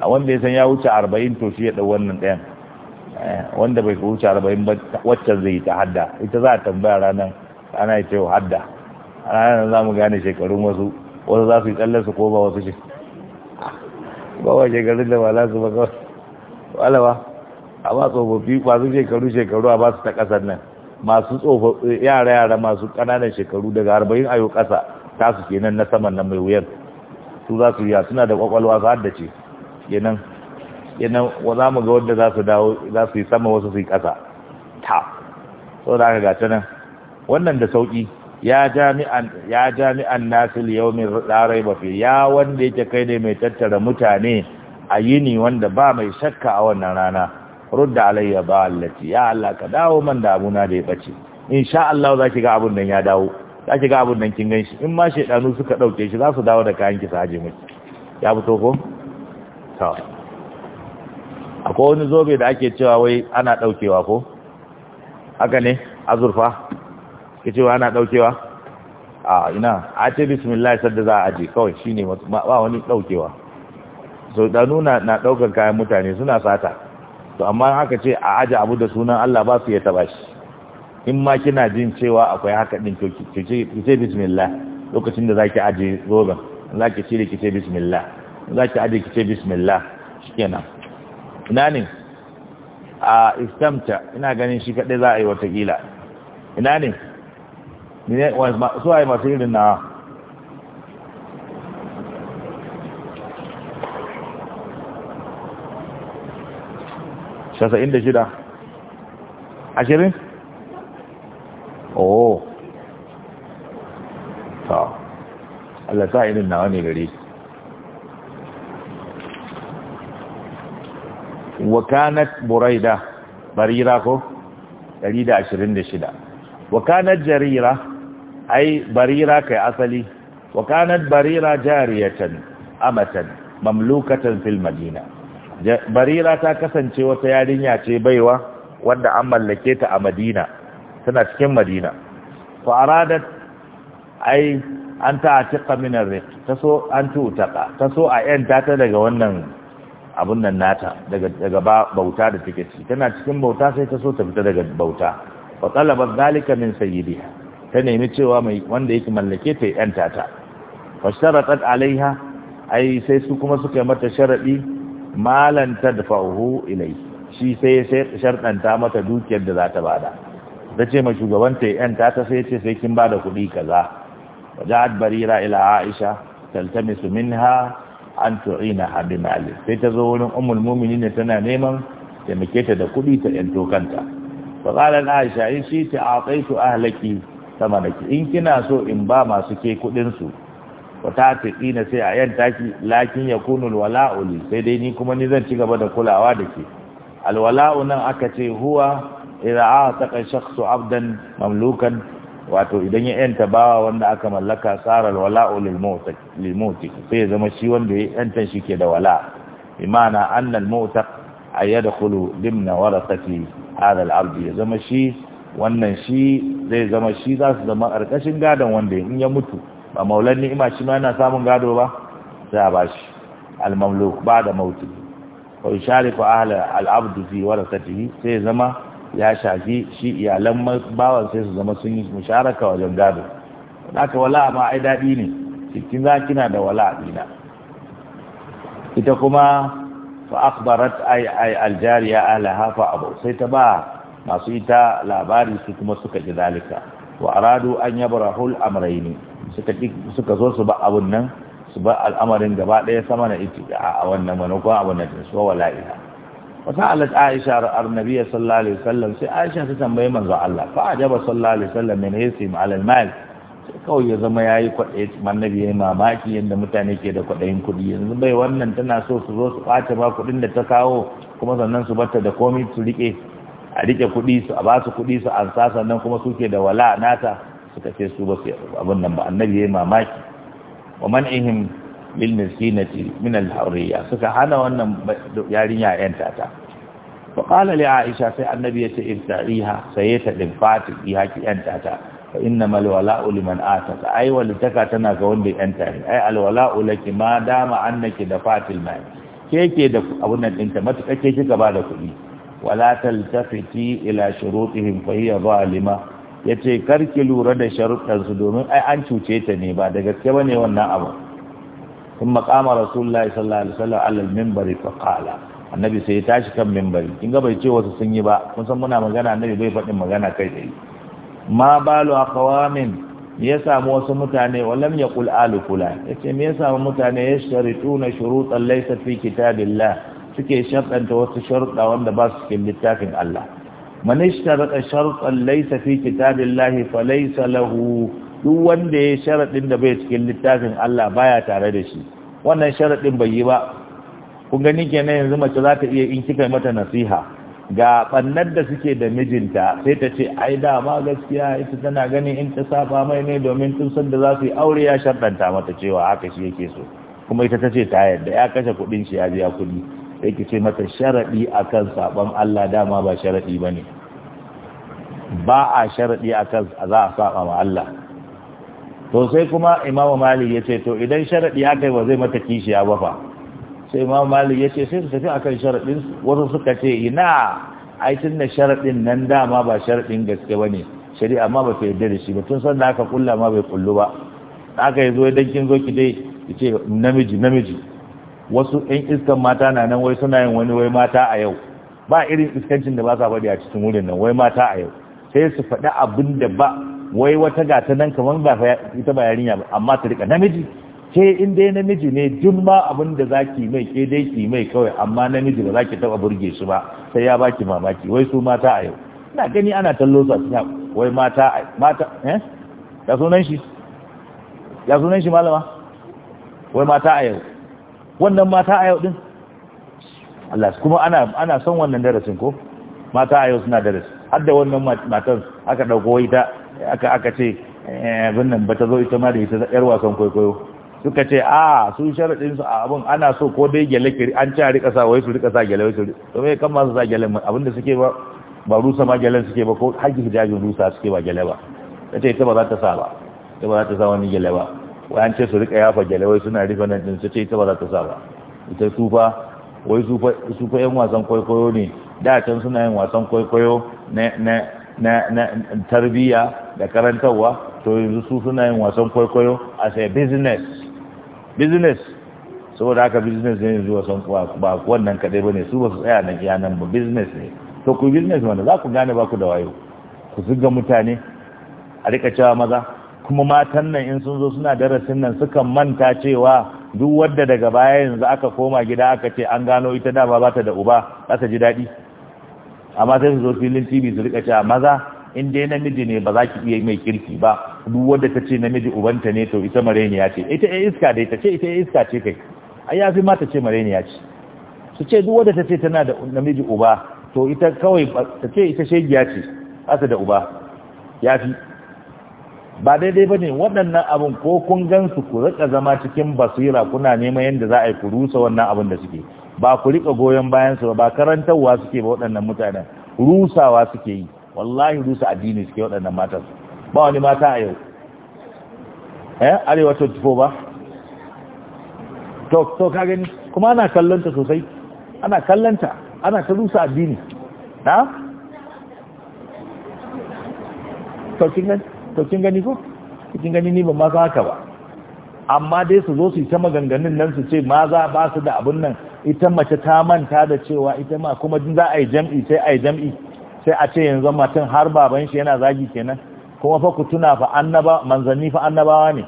a wanda ya san ya wuce arba'in to shi ya ɗau wannan ɗayan eh, wanda bai wuce arba'in ba waccan zai yi ta hadda ita za a tambaya ranar ana yi cewa hadda ranar za mu gane shekarun wasu wasu za su yi tsallar su ko ba wasu shi ba wa shekarun da ba za su ba kawai alawa a ba tsofaffi masu shekaru shekaru a ba su ta ƙasar nan masu tsofaffi yara yara masu ƙananan shekaru daga arba'in ayo ƙasa tasu kenan na saman na mai wuyar su za su iya suna da kwakwalwa su haddace yanan wa za mu ga wanda za su dawo za su yi sama wasu su yi ƙasa ta so da aka gata nan wannan da sauƙi ya jami'an ya jami'an nasil yau mai ya wanda yake kai ne mai tattara mutane a yini wanda ba mai shakka a wannan rana rudda alayya ba allati ya Allah ka dawo man da abuna da ya bace insha Allah za ki ga abun nan ya dawo za ki ga abin nan kin ganshi shi in ma shaidanu suka ɗauke shi za su dawo da kayan ki su aje miki ya fito ko? ta akwai wani zobe da ake cewa wai ana ɗaukewa ko? haka ne azurfa ke cewa ana ɗaukewa a ina a ce bismillah da za a aje kawai shi ne ba wani ɗaukewa so ɗanu na ɗaukar kayan mutane suna sata to amma haka ce a aje abu da sunan allah ba su ya taɓa shi in ma kina jin cewa akwai haka din to ki ce bismillah lokacin da zaki aje roban zaki cire ki ce bismillah zaki aje ki ce bismillah shikenan ina ne a istamta ina ganin shi kadai za a yi wata kila ina ne ne so ai masu irin na shida ashirin oh ta Allah sa irin nawa ne gare wa kanat buraida barira ko 126 wa kanat jarira ai barira kai asali wa kanat barira jariyatan amatan mamlukatan fil madina barira ta kasance wata yarinya ce baiwa wanda an mallake ta a madina Tana cikin madina fa aradat ai an atiqa min ar-riq taso an tutaka taso a yan ta daga wannan abun nan nata daga daga bauta da take ci tana cikin bauta sai taso ta fita daga bauta wa talaba zalika min sayyidiha ta nemi cewa mai wanda yake mallake ta yan tata fa sharatat alaiha ai sai su kuma suka mata sharadi malan tadfa'uhu ilai shi sai sai sharɗanta mata dukiyar da za ta bada ta ce ma shugabanta yan ta ta sai ce sai kin ba da kuɗi kaza waja'at barira ila aisha taltamisu minha an tu'ina bi ali sai ta zo wurin ummul mu'minin tana neman taimake ta da kuɗi ta yanto kanta fa qalan aisha in shi ta ataitu ahalaki sama nake in kina so in ba masu ke kuɗin su wata taƙina sai a yan taki lakin ya wala'uli sai dai ni kuma ni zan ci gaba da kulawa da ke alwala'u nan aka ce huwa idza ataka shakhsu abdan mamlukan wato idan ya yanta bawa wanda aka mallaka sarar wala'u lil mutaq lil mutaq sai zama shi wanda ya yanta shi ke da wala imana anna al mutaq ay yadkhulu limna warasati hadha al abd ya zama shi wannan shi zai zama shi za su zama karkashin gadon wanda in ya mutu ba maulan ni'ima shi ma yana samun gado ba sai a bashi al mamluk ba da mauti wa yushariku ahla al abd fi warasatihi sai zama ya shafi shi iyalan bawan sai su zama sun yi musharaka wajen gado haka wala ma ai daɗi ne cikin za kina da wala dina ita kuma fa akhbarat ai ai aljariya alaha fa abu sai ta ba masu ita labari su kuma suka ji zalika wa aradu an yabrahu al-amrayn suka suka zo su ba abun nan su ba al'amarin gaba ɗaya sama na ita a wannan manufan abun nan su wala ila وسألت عائشة النبي صلى الله عليه وسلم سي عائشة تتنبي من ذو الله فأعجب صلى الله عليه وسلم من يسيم على المال kawai ya zama ya yi kwaɗe annabi ya yi mamaki yadda mutane ke da kwaɗayin kuɗi yanzu bai wannan tana so su zo su ɓace ba kuɗin da ta kawo kuma sannan su bata da komi su riƙe a riƙe kuɗi su a basu kuɗi su ansa sannan kuma suke da wala nata suka ce su ba su abin nan ba annabi ya yi mamaki wa man ihim lil miskinati min al hurriya suka hana wannan yarinya yanta ta fa qala li aisha sai annabi yace irtariha sai ta din fatiki haki yanta ta fa innamal wala'u liman ataka ai walitaka tana ga wanda yanta ne ai al wala'u laki ma dama annaki da fatil mai keke da abun nan matuka ke kika gaba da kuɗi wala taltafiti ila shurutihim fa hiya zalima yace karki lura da sharuɗansu domin ai an cuce ta ne ba da gaske bane wannan abu ثم قام رسول الله صلى الله عليه وسلم على المنبر annabi sai ya tashi kan minbari kin ga bai ce wasu sun yi ba kun san muna magana annabi bai faɗin magana kai tsaye ma balu aqwamin ya samu wasu mutane walam yaqul kula? fulan yace me ya samu mutane ya sharituna shurutan laysa fi kitabillah suke shartanta wasu sharuɗa wanda ba su cikin littafin Allah man ishtarata shartan laysa fi kitabillah falaysa lahu duk wanda ya sharaɗin da bai cikin littafin Allah baya tare da shi wannan sharaɗin bai yi ba kun gani kenan yanzu mace za ta iya in kika mata nasiha ga bannar da suke da mijinta sai ta ce ai ma gaskiya ita tana ganin in ta saba mai ne domin tun sanda da za su yi aure ya sharɗanta mata cewa haka shi yake so kuma ita ta ce ta yarda ya kashe kuɗin shi ya biya kuɗi sai ki ce mata sharaɗi akan saban Allah dama ba sharaɗi ba ne ba a sharaɗi akan za a saba ma Allah to sai kuma imamu malik ya ce to idan sharaɗi aka yi ba zai mata kishiya ba fa sai imamu malik ya ce sai su tafi akan sharaɗin wasu suka ce ina ai tun da sharaɗin nan dama ba sharaɗin gaske ba ne shari'a ma ba ta yarda da shi ba tun san da aka kulla ma bai kullu ba aka yi zo idan kin zo ki dai ki ce namiji namiji wasu ƴan iskan mata na nan wai suna yin wani wai mata a yau ba irin iskancin da ba sa faɗi a cikin wurin nan wai mata a yau sai su faɗi abin da ba wai wata gata nan kamar ba ita ba yarinya ba amma ta rika namiji ke in dai namiji ne duk ma abin da zaki mai ke dai ki mai kawai amma namiji ba zaki taba burge shi ba sai ya baki mamaki wai su mata a yau ina gani ana tallo su a cikin wai mata mata eh ya sunan shi ya sunan shi malama wai mata a yau wannan mata a yau din Allah kuma ana ana son wannan darasin ko mata a yau suna darasi har da wannan matan aka dauko ita aka aka ce eh, abin nan ba ta zo ita ma da ita yar wasan kwaikwayo suka ce a su sharadin su a abin ana so ko dai gele kiri an ci a rika sa wai su rika sa gele wai su to me kan su sa gele abin da suke ba ba rusa ma gyalen suke ba ko haji hijabin rusa suke ba gele ba ta ce ita ba za ta sa ba ita ba za ta sa wani gele ba wai an ce su rika yafa gele wai suna rufe nan din su ce ita ba za ta sa ba ita su fa wai su fa yan wasan kwaikwayo ne da can suna yin wasan kwaikwayo na na na tarbiyya da karantarwa to yanzu su suna yin wasan kwaikwayo as a business business saboda haka business ne yanzu wasan ba wannan kadai bane su ba su tsaya nan iya nan ba business ne to ku business wanda za ku gane ba ku da wayo ku zuga mutane a rika cewa maza kuma matan nan in sun zo suna darasin nan sukan manta cewa duk wadda daga baya yanzu aka koma gida aka ce an gano ita dama ba ta da uba za ta ji daɗi amma sai su zo filin tv su rika cewa maza in dai namiji ne ba za ki iya mai kirki ba duk wanda ta ce namiji ubanta ne to ita mareniya ce ita ya iska dai ta ce ita ya iska ce kai ai ya fi mata ce mareniya ce su ce duk wanda ta ce tana da namiji uba to ita kawai ta ce ita shegiya ce asa da uba ya fi ba daidai ba ne waɗannan abin ko kun gansu ku rika zama cikin basira kuna neman yadda za a yi ku rusa wannan abin da suke ba ku rika goyon bayansu ba ba karantarwa suke ba waɗannan mutanen rusawa suke yi wallahi rusa addini suke waɗannan matan ba wani mata a yau eh arewa tufo ba to to ka gani kuma ana kallonta sosai ana ta ana ta rusa addini na? to kin gani to kin gani ko kin gani ni ba ma za ka ba amma dai su zo su yi ta maganganun nan su ce maza ba su da abun nan ita mace ta manta da cewa ita ma kuma din za a yi jam'i sai a yi jam'i sai a ce yanzu matan har baban shi yana zagi kenan kuma fa ku tuna fa annaba manzanni fa annabawa ne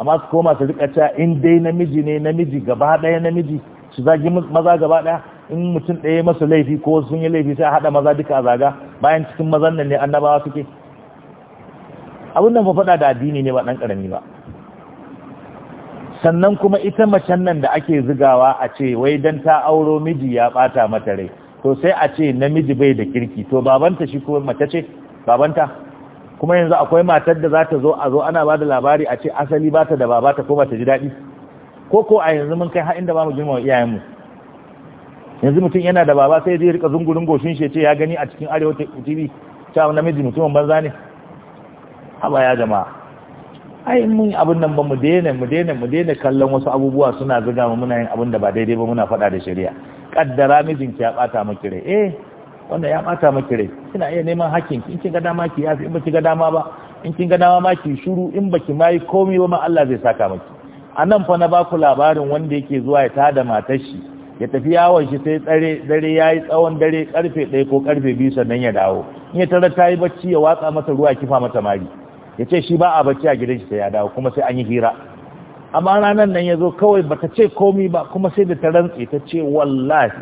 amma su koma su rika cewa in dai namiji ne namiji gaba daya namiji su zagi maza gaba daya in mutum ɗaya masu laifi ko sun yi laifi sai a haɗa maza duka a zaga bayan cikin mazan nan ne annabawa suke abin nan fa faɗa da addini ne ba ɗan karami ba sannan kuma ita macen nan da ake zigawa a ce wai dan ta auro miji ya bata mata rai to sai a ce namiji bai da kirki to babanta shi ko mace ce babanta kuma yanzu akwai matar da za ta zo a zo ana ba da labari a ce asali ba ta da baba ta ko ba ta ji daɗi ko ko a yanzu mun kai har inda ba mu girma iyayenmu yanzu mutum yana da baba sai zai rika zungurin goshin shi ce ya gani a cikin arewa ta tv cewa namiji mutumin banza ne haba ya jama'a ai mun abin nan ba mu daina mu daina mu daina kallon wasu abubuwa suna zuga mu muna yin abin da ba daidai ba muna faɗa da shari'a kaddara mijinki ya bata miki rai eh wanda ya bata miki rai kina iya neman hakkin ki in kin ga dama ki yafi in baki ga dama ba in kin ga dama ma ki shuru in baki mai komai ba ma Allah zai saka miki anan fa na ba ku labarin wanda yake zuwa ya tada matar shi ya tafi yawon shi sai tsare dare yayi tsawon dare karfe 1 ko karfe 2 sannan ya dawo in ya tarar tayi bacci ya watsa mata ruwa kifa mata mari ya ce shi ba a bacci a gidan shi sai ya dawo kuma sai an yi hira amma ranar nan ya zo kawai ba ta ce komi ba kuma sai da ta rantse ta ce wallahi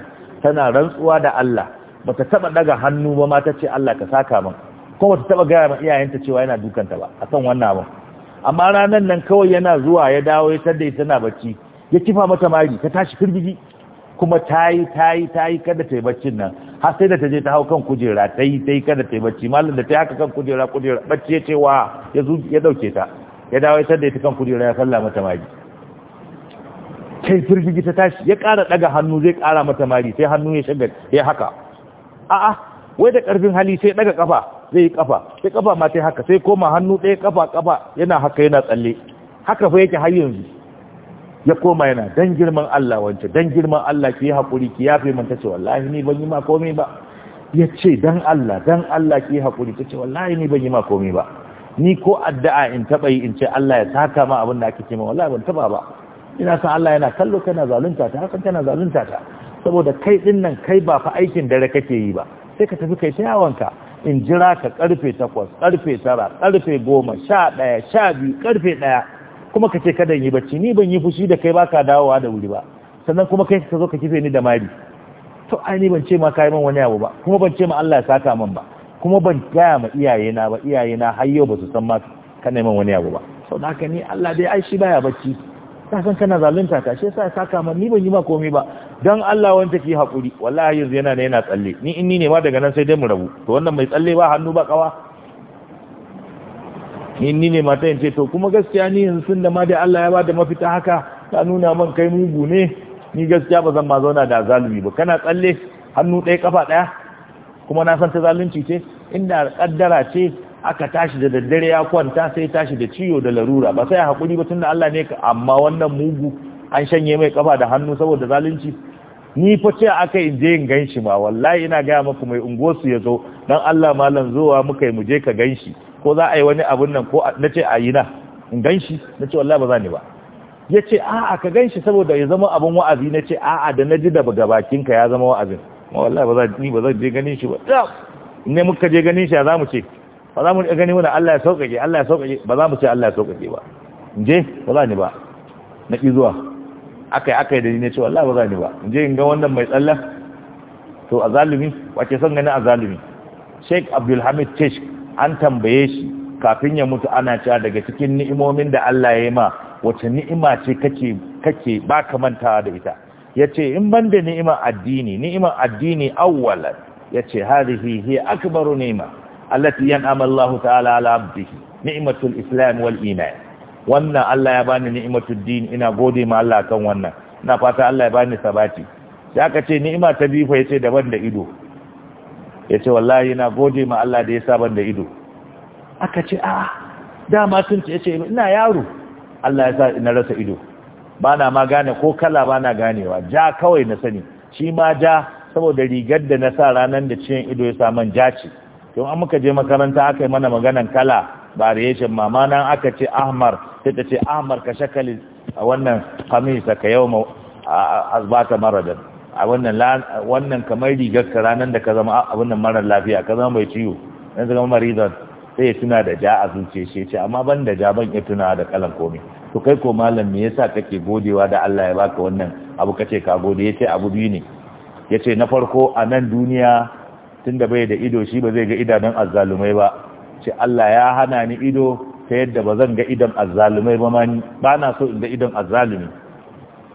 tana rantsuwa da Allah ba ta taɓa daga hannu ba ma ta ce Allah ka saka min kuma ta taɓa gaya ma iyayenta cewa yana dukanta ba a kan wannan abin amma ranar nan kawai yana zuwa ya dawo ya tadda tana bacci ya kifa mata mari ta tashi firgigi kuma ta yi ta yi ta yi kada ta yi baccin nan har sai da ta je ta hau kan kujera ta yi ta yi kada ta yi bacci mallam da ta yi haka kan kujera kujera bacci ya ce wa ya zo ya dauke ta ya dawo ya sanda ta kan kujera ya salla mata mari kai firgigi ta tashi ya ƙara daga hannu zai ƙara mata mari sai hannu ya shiga ya haka a'a wai da ƙarfin hali sai daga kafa zai yi kafa sai kafa ma sai haka sai koma hannu ɗaya kafa kafa yana haka yana tsalle haka fa yake har yanzu ya koma yana dan girman Allah wance dan girman Allah ki haƙuri ki yafe min tace wallahi ni ban yi ma komai ba ce dan Allah dan Allah ki haƙuri tace wallahi ni ban yi ma komai ba ni ko addu'a in taba yi in ce Allah ya saka ma abin da ake ce min wallahi ban taba ba ina san Allah yana kallo kana zalunta ta hakan kana zalunta ta saboda kai din nan kai ba fa aikin dare kake yi ba sai ka tafi kai ta yawanka in jira ka karfe 8 karfe 9 karfe ɗaya, sha biyu, karfe ɗaya. kuma ka ce kada yi bacci ni ban yi fushi da kai baka dawowa da wuri ba sannan kuma kai ka zo ka kife ni da mari to ai ni ban ce ma kai man wani abu ba kuma ban ce ma Allah ya saka man ba kuma ban gaya ma iyayena ba iyayena har yau ba su san ma ka man wani abu ba sau da haka ni Allah dai ai shi baya bacci ta san kana zalunta ta shi yasa ya saka man ni ban yi ma komai ba dan Allah wanda ke hakuri wallahi yanzu yana ne yana tsalle ni in ni ne ma daga nan sai dai mu rabu to wannan mai tsalle ba hannu ba kawa ni ni ne mata yance to kuma gaskiya ni yanzu da ma dai Allah ya ba da mafita haka ka nuna man kai mugu ne ni gaskiya ba zan ma zauna da zalumi ba kana tsalle hannu ɗaya kafa ɗaya kuma na san ta zalunci ce inda kaddara ce aka tashi da daddare ya kwanta sai tashi da ciwo da larura ba sai hakuri ba tunda Allah ne amma wannan mugu an shanye mai kafa da hannu saboda zalunci ni fa ce aka in je in ganshi ma wallahi ina ga muku mai unguwarsu ya zo dan Allah malam zuwa muka yi mu je ka ganshi ko za a yi wani abun nan ko na ce a yi na in gan shi na ce wallah ba za ni ba ya ce a'a ka gan shi saboda ya zama abun wa'azi na ce a'a da na ji da ka ya zama wa'azin ma wallah ba za ni ba zan je ganin shi ba In ne muka je ganin shi za mu ce ba za mu gani wani Allah ya sauƙaƙe Allah ya sauƙaƙe ba za mu ce Allah ya sauƙaƙe ba in je ba za ni ba na ƙi zuwa aka yi da ni ne ce wallah ba za ni ba in je in ga wannan mai tsalla to a zalumi wace son gani a zalumi sheik abdulhamid Tesh an tambaye shi kafin ya mutu ana cewa daga cikin ni'imomin da Allah ya yi ma wace ni'ima ce kake kake baka mantawa da ita yace in ban da ni'imar addini ni'imar addini awwalan yace hadhihi hi akbaru ni'ma allati yan'ama Allah ta'ala ala 'abdihi ni'matul islam wal iman wannan Allah ya bani ni'matul din ina gode ma Allah kan wannan ina fata Allah ya bani sabati sai aka ce ni'ima ta biyu fa yace daban da ido ya ce wallahi na gode ma Allah da ya saban da ido aka ce a dama sun ce ya ce ina yaro Allah ya sa ina rasa ido ba na ma gane ko kala ba na ganewa ja kawai na sani shi ma ja saboda rigar da na sa ranar da ciyan ido ya saman ja ce don an muka je makaranta aka yi mana maganan kala ba variation mama nan aka ce ahmar sai ta ce ahmar ka shakali a wannan hamisa ka yau ma a asbata maradar a wannan kamar rigar ka ranar da ka zama abin nan marar lafiya ka zama mai ciwo dan zama maridon sai ya tuna da ja a zuciya shi ce amma ban da ja ban ya tuna da kalan komai to kai ko malam me yasa kake godewa da Allah ya baka wannan abu kace ka gode yace abu biyu ne yace na farko a nan duniya tunda bai da ido shi ba zai ga idanun azzalumai ba ce Allah ya hana ni ido ta yadda ba zan ga idan azzalumai ba ma ni ba na so in ga idan azzalumi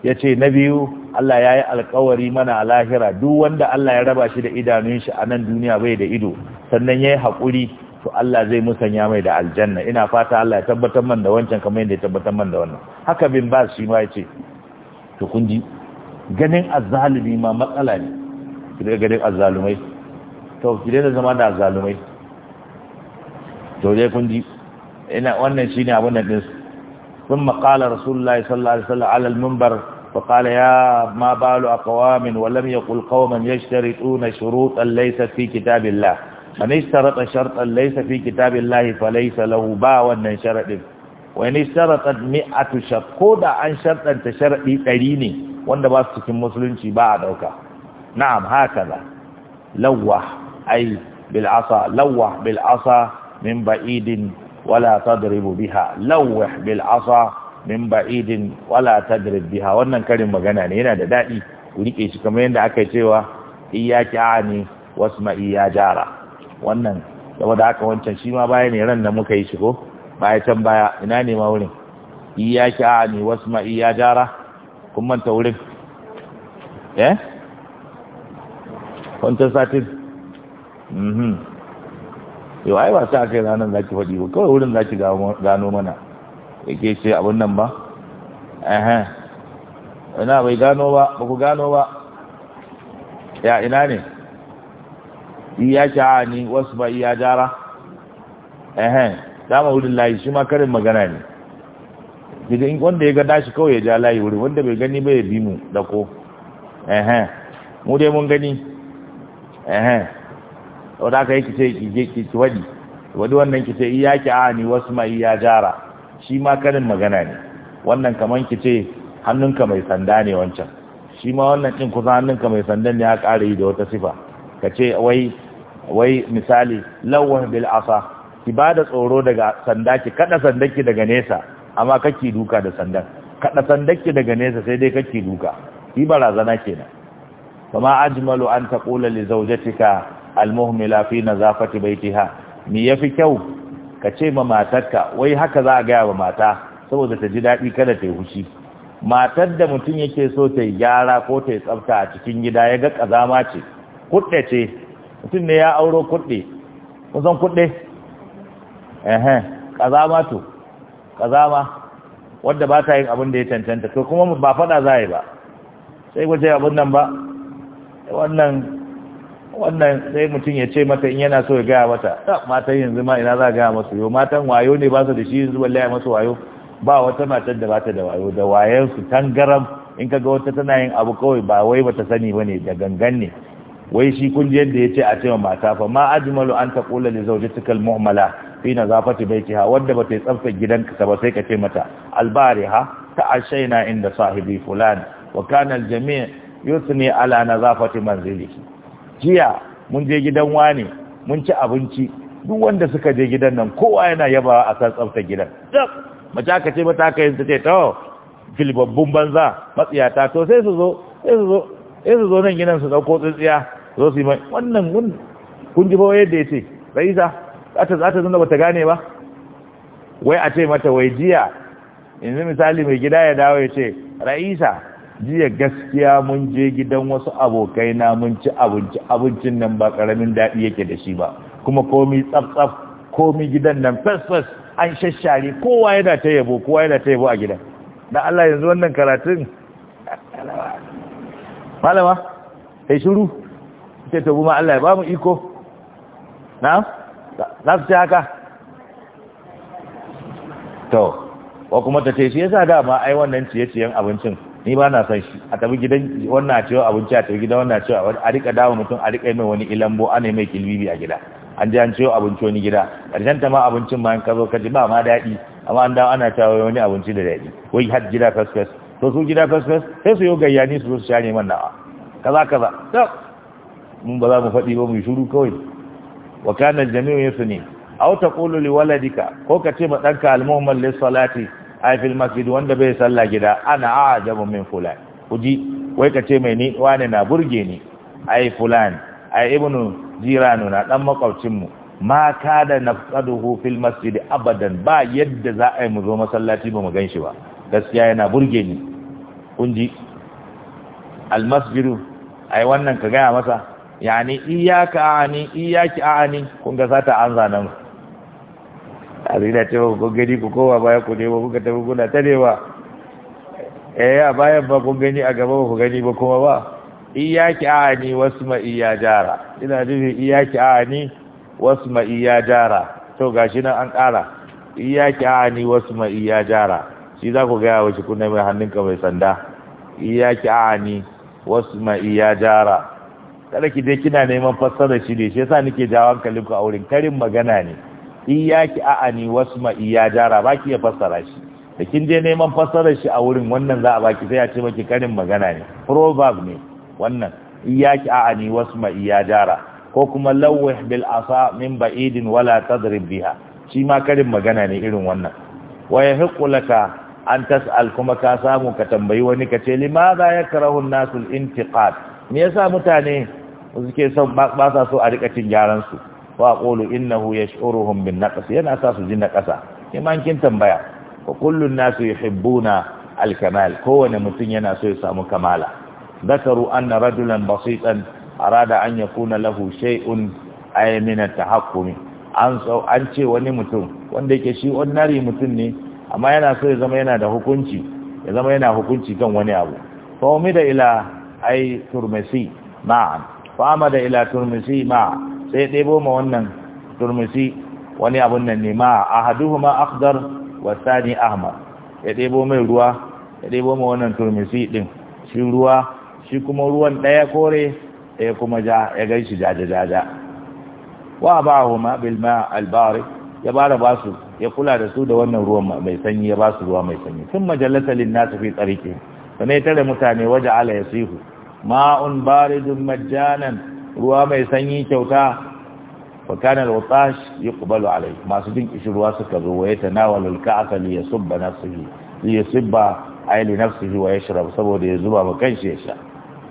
ya ce na biyu Allah ya yi alkawari mana a lahira duk wanda Allah ya raba shi da idanun shi a nan duniya bai da ido sannan ya yi haƙuri to Allah zai musanya mai da aljanna ina fata Allah ya tabbatar man da wancan kamar yadda ya tabbatar man da wannan haka bin ba shi ma ya ce to kun ji ganin azzalumi ma matsala ne ki daga ganin azzalumai to ki daina zama da azzalumai to dai kun ji ina wannan shine abin da din ثم قال رسول الله صلى الله عليه وسلم على المنبر فقال يا ما بال أقوام ولم يقل قوما يشترطون شروطا ليست في كتاب الله من اشترط شرطا ليس في كتاب الله فليس له باع وأن شرط وإن اشترطت مئة شرط كودا عن شرطا تشرطي تريني وأن باستك المسلم باع دوكا نعم هكذا لوح أي بالعصا لوح بالعصا من بعيد wala tadribu biha lawih bil asa min ba'idin wala tadrib biha wannan karin magana ne yana da dadi ku rike shi kamar yadda aka cewa iyyaki ani wasma iya jara wannan saboda haka wancan shi ma baya ne ran da muka yi shi ko baya can baya ina ne ma wurin iyyaki ani wasma iya jara kun manta wurin eh wancan satin mhm yau ai ba sa kai ranar zaki faɗi ba kawai wurin zaki gano mana ya ke ce abin nan ba ehem ina bai gano ba ba ku gano ba ya ina ne iya sha'a ni wasu ba iya jara ehem dama wurin layi shi ma karin magana ne daga wanda ya ga dashi kawai ya ja layi wuri wanda bai gani ba ya bi mu da ko ehem mu dai mun gani ehem wata ka yi ki ce ki je ki wadi wadi wannan ki ce iya ki wasu ma iya jara shi ma karin magana ne wannan kaman ki ce hannunka mai sanda ne wancan shi ma wannan ɗin kusa hannunka mai sanda ne ya ƙara yi da wata sifa ka ce wai wai misali lawan bil asa ki ba da tsoro daga sanda ki kada ki daga nesa amma kake duka da sandan kada ki daga nesa sai dai kake duka yi barazana kenan kuma ajmalu an taqula li zawjatika almuhmila fi nazafati baitiha mi yafi kyau ka ce ma matarka wai haka za a gaya wa mata saboda ta ji daɗi kada ta yi matar da mutum yake so ta yi gyara ko ta yi tsafta a cikin gida ya ga kazama ce kudde ce mutum ne ya auro kuɗe kusan kuɗe ehe kazama to kazama wadda ba ta yin abin da ya cancanta to kuma ba faɗa za yi ba sai gwaje abin nan ba wannan wannan sai mutum ya ce mata in yana so ya gaya mata matan yanzu ma ina za gaya masu yau matan wayo ne ba su da shi yanzu balle ya masu wayo ba wata matar da bata da wayo da wayan su tangaram in ka ga wata tana yin abu kawai ba wai bata sani ba ne da gangan ne wai shi kungiyar da ya ce a ce wa mata fa ma ajmalu an taqula li zawjatika al mu'mala fi nazafati baytiha wanda bata tsafta gidanka ba sai ka ce mata ta ashe na inda sahibi fulan wa kana al jami' yuthni ala nazafati manzilihi jiya mun je gidan wani mun ci abinci duk wanda suka je gidan nan kowa yana yabawa a san tsafta gidan mace aka ce mata aka ce to filibabbun banza matsiyata to sai su zo sai su zo sai su zo nan gidan su dauko tsintsiya zo su yi mai wannan kun ji ba yadda ya ce raisa za ta za ta bata gane ba wai a ce mata wai jiya yanzu misali mai gida ya dawo ya ce raisa jiya gaskiya mun je gidan wasu abokai na mun ci abinci abincin nan ba karamin daɗi yake da shi ba kuma komi tsaf-tsaf komi gidan nan fes-fes an shashare kowa yana ta yabo kowa yana ta yabo a gidan da Allah yanzu wannan karatun malama sai shiru sai ta ma Allah ya ba mu iko na na ci haka to wa kuma ta ce shi yasa dama ai wannan ciye-ciyen abincin ni ba na son shi a tabi gidan wannan a cewa abinci a tabi gidan wannan a cewa a rika dawo mutum a rika mai wani ilambo ana mai kilbibi a gida an ji an cewa abinci wani gida ƙarshen ta ma abincin ma ka zo ka ji ba ma daɗi amma an dawo ana cewa wani abinci da daɗi wai har gida fesfes to su gida fesfes sai su yi ni su zo su share man nawa kaza kaza to mun ba za mu faɗi ba mu shiru kawai wa kana jami'u yasni aw taqulu li waladika ko ka ce ma danka al-mu'min lis salati ai fil masjid wanda bai salla gida ana ajabu min fulan kuji wai ka ce mai ni wane na burge ni ai fulan ai ibnu jiranu na dan makwabcin mu ma da nafsaduhu fil masjid abadan ba yadda za a yi mu zo masallaci ba mu ganshi ba gaskiya yana burge ni kunji al masjid ai wannan ka gaya masa yani iyaka ani iyaki ani kun ga sata an zanan a zina ce wa kun gani ku kowa baya ku nema kuka tafi kuna ta nema eh a bayan ba kun gani a gaba ba ku gani ba kuma ba iyaki a ni wasu ma iya jara ina nufin iyaki a ni wasu ma iya jara to gashi nan an ƙara iyaki a ni wasu ma iya jara shi za ku gaya wace kuna mai hannunka mai sanda iyaki a ni wasu ma iya jara kada ki je kina neman fassara shi ne shi yasa nake jawo hankalinku a wurin karin magana ne iyaki a'ani ma iya jara baki ya fassara shi da kin je neman fassarar shi a wurin wannan za a baki sai a ce maki karin magana ne proverb ne wannan iyaki a'ani ma iya jara ko kuma lawih bil asa min ba'idin wala tadrib biha shi ma karin magana ne irin wannan wa yahiqu laka an tas'al kuma ka samu ka tambayi wani ka ce limadha yakrahu an-nasu al-intiqad me yasa mutane suke son ba sa so a rika cin gyaran su wa aqulu innahu yash'uruhum bin naqs yana sa su ji naqasa iman kin tambaya wa kullun nasu yuhibbuna al kamal kowane mutum yana so ya samu kamala zakaru anna rajulan basitan arada an yakuna lahu shay'un ay tahakkumi an so an ce wani mutum wanda yake shi ordinary mutum ne amma yana so ya zama yana da hukunci ya zama yana hukunci kan wani abu fa umida ila ay turmisi ma'an fa amada ila turmisi ma'an sai ɗebo ma wannan turmusi wani abun nan ne ma haduhu ma wa thani ahmar ya ɗebo mai ruwa ya ɗebo ma wannan turmusi din shi ruwa shi kuma ruwan ɗaya kore ɗaya kuma ja ya gaishe jaja jaja wa ba'ahuma bil ma al ya ya kula da su da wannan ruwan mai sanyi ya ba su ruwa mai sanyi sun majalata linnasu fi tsarki sanai tare mutane waje ala ya sihu ma'un baridun majanan ruwa mai sanyi kyauta fa kana al-watash yuqbalu masu jin kishirwa suka zo waye tanawalu al-ka'sa li yasubba nafsihi li yasubba ay nafsihi wa yashrab saboda ya zuba ba shi ya sha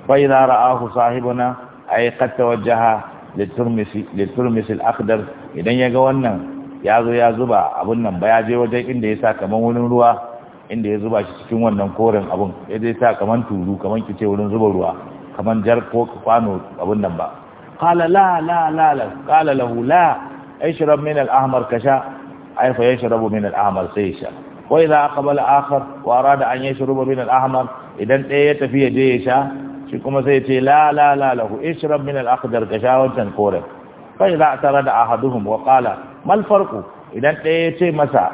fa idza ra'ahu sahibuna ay qad tawajjaha liturmisi liturmisi al-akhdar idan ga wannan ya zo ya zuba abun nan ba ya je wajen inda ya sa kaman wurin ruwa inda ya zuba shi cikin wannan koren abun ya je sa kaman turu kaman kice wurin zuba ruwa kaman jar ko kwano abin nan ba Kala la la la la qala lahu la ishrab min al-ahmar kasha ay fa yashrabu min al-ahmar sai sha wa idha aqbala akhar wa arada an yashruba min al-ahmar idan ɗaya ya tafi ya je ya sha shi kuma sai ya ce la la la lahu ishrab min al-akhdar kasha wancan kore fa idha atarada ahaduhum wa qala mal farqu idan ɗaya ya ce masa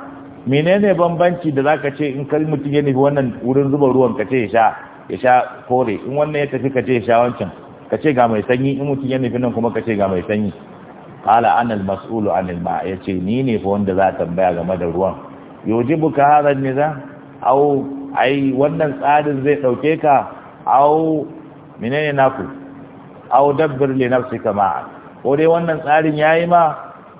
menene bambanci da zaka ce in kai mutum ya nufi wannan wurin zuba ruwan ka ce ya sha ya sha kore in wannan ya tafi ka ce sha wancan ka ce ga mai sanyi in mutum ya nufi nan kuma ka ce ga mai sanyi qala ana al-mas'ulu anil ma ce ni ne fa wanda za tambaya game da ruwan yujibuka hadha an-niza au ai wannan tsarin zai dauke ka au menene naku au dabbir li nafsika ma ko dai wannan tsarin yayi ma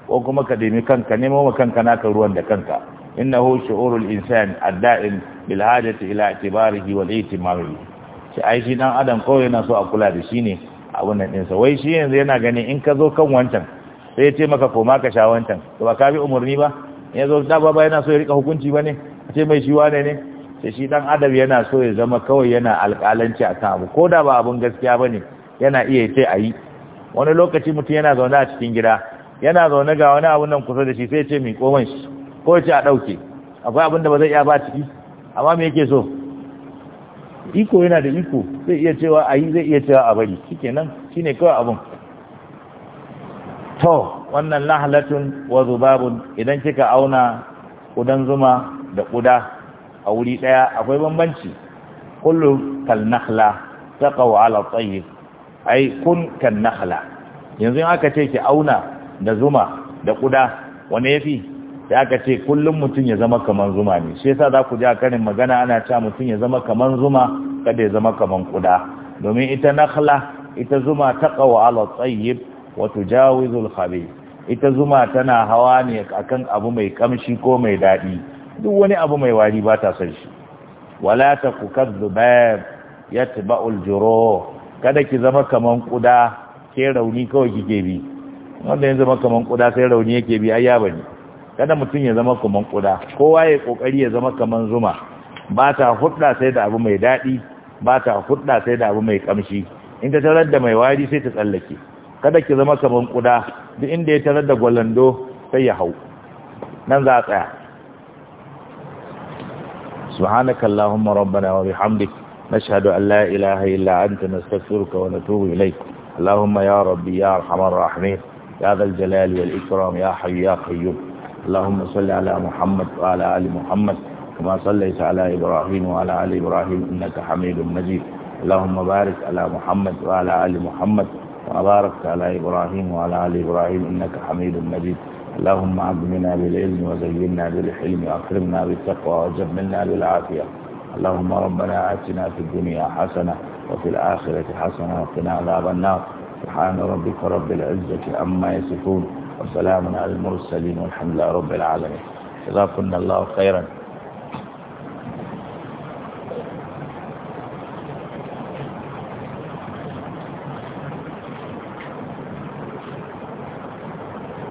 ko kuma ka demi kanka nemo ma kanka naka ruwan da kanka innahu shu'urul insan adda'im bil hajati ila i'tibarihi wal ihtimami shi ai shi dan adam kawai yana so a kula da shi ne din sa wai shi yanzu yana ganin in ka zo kan wancan sai ya ce maka koma ka sha wancan to ba ka bi umarni ba ya zo da baba yana so ya rika hukunci ba ne a ce mai shi wane ne sai shi dan adam yana so ya zama kawai yana alƙalanci a abu ko da ba abun gaskiya ba ne yana iya ce ayi yi wani lokaci mutum yana zaune a cikin gida yana zaune ga wani abun nan kusa da shi sai ya ce mai koman shi ko ya ce a ɗauke akwai abin da ba zai iya ba ciki amma mai yake so iko yana da iko zai iya cewa a yi zai iya cewa a bari shi nan shi ne kawai abin to wannan lahalatun wa zubabun idan kika auna kudan zuma da ƙuda a wuri ɗaya akwai bambanci kullu kal nakhla taqaw ala tayyib ai kun kan nahla yanzu in aka ce ki auna da zuma da kuda wane yafi Da aka ce kullum mutum ya zama kaman zuma ne shi yasa za ku ji a karin magana ana cewa mutum ya zama kaman zuma kada ya zama kaman kuda domin ita nakhla ita zuma ta qawa ala tayyib wa tujawizul khabith ita zuma tana hawa ne akan abu mai kamshi ko mai dadi duk wani abu mai wari ba ta son shi wala taku yatba'u al-juru kada ki zama kaman kuda ke rauni kawai kike bi wanda ya zama kaman kuda sai rauni yake bi ayyaba ya kada mutum ya zama kaman kuda kowa ya kokari ya zama kaman zuma ba ta hudda sai da abu mai daɗi ba ta hudda sai da abu mai kamshi in ta tarar da mai wari sai ta tsallake kada ki zama kaman kuda duk inda ya tarar da gwalando sai ya hau nan za a tsaya subhanaka allahumma rabbana wa bihamdik nashhadu an la ilaha illa anta nastaghfiruka wa natubu اللهم يا ربي يا ارحم الراحمين يا ذا الجلال والاكرام يا حي يا قيوم اللهم صل على محمد وعلى آل محمد كما صليت على إبراهيم وعلى آل إبراهيم إنك حميد مجيد اللهم بارك على محمد وعلى آل محمد باركت على إبراهيم وعلى آل إبراهيم إنك حميد مجيد اللهم عظمنا بالعلم وزينا بالحلم وأكرمنا بالتقوى وجملنا بالعافية اللهم ربنا آتنا في الدنيا حسنة وفي الآخرة حسنة وقنا عذاب النار سبحان ربك رب العزة عما يصفون وسلام على المرسلين والحمد لله رب العالمين جزاكم الله خيرا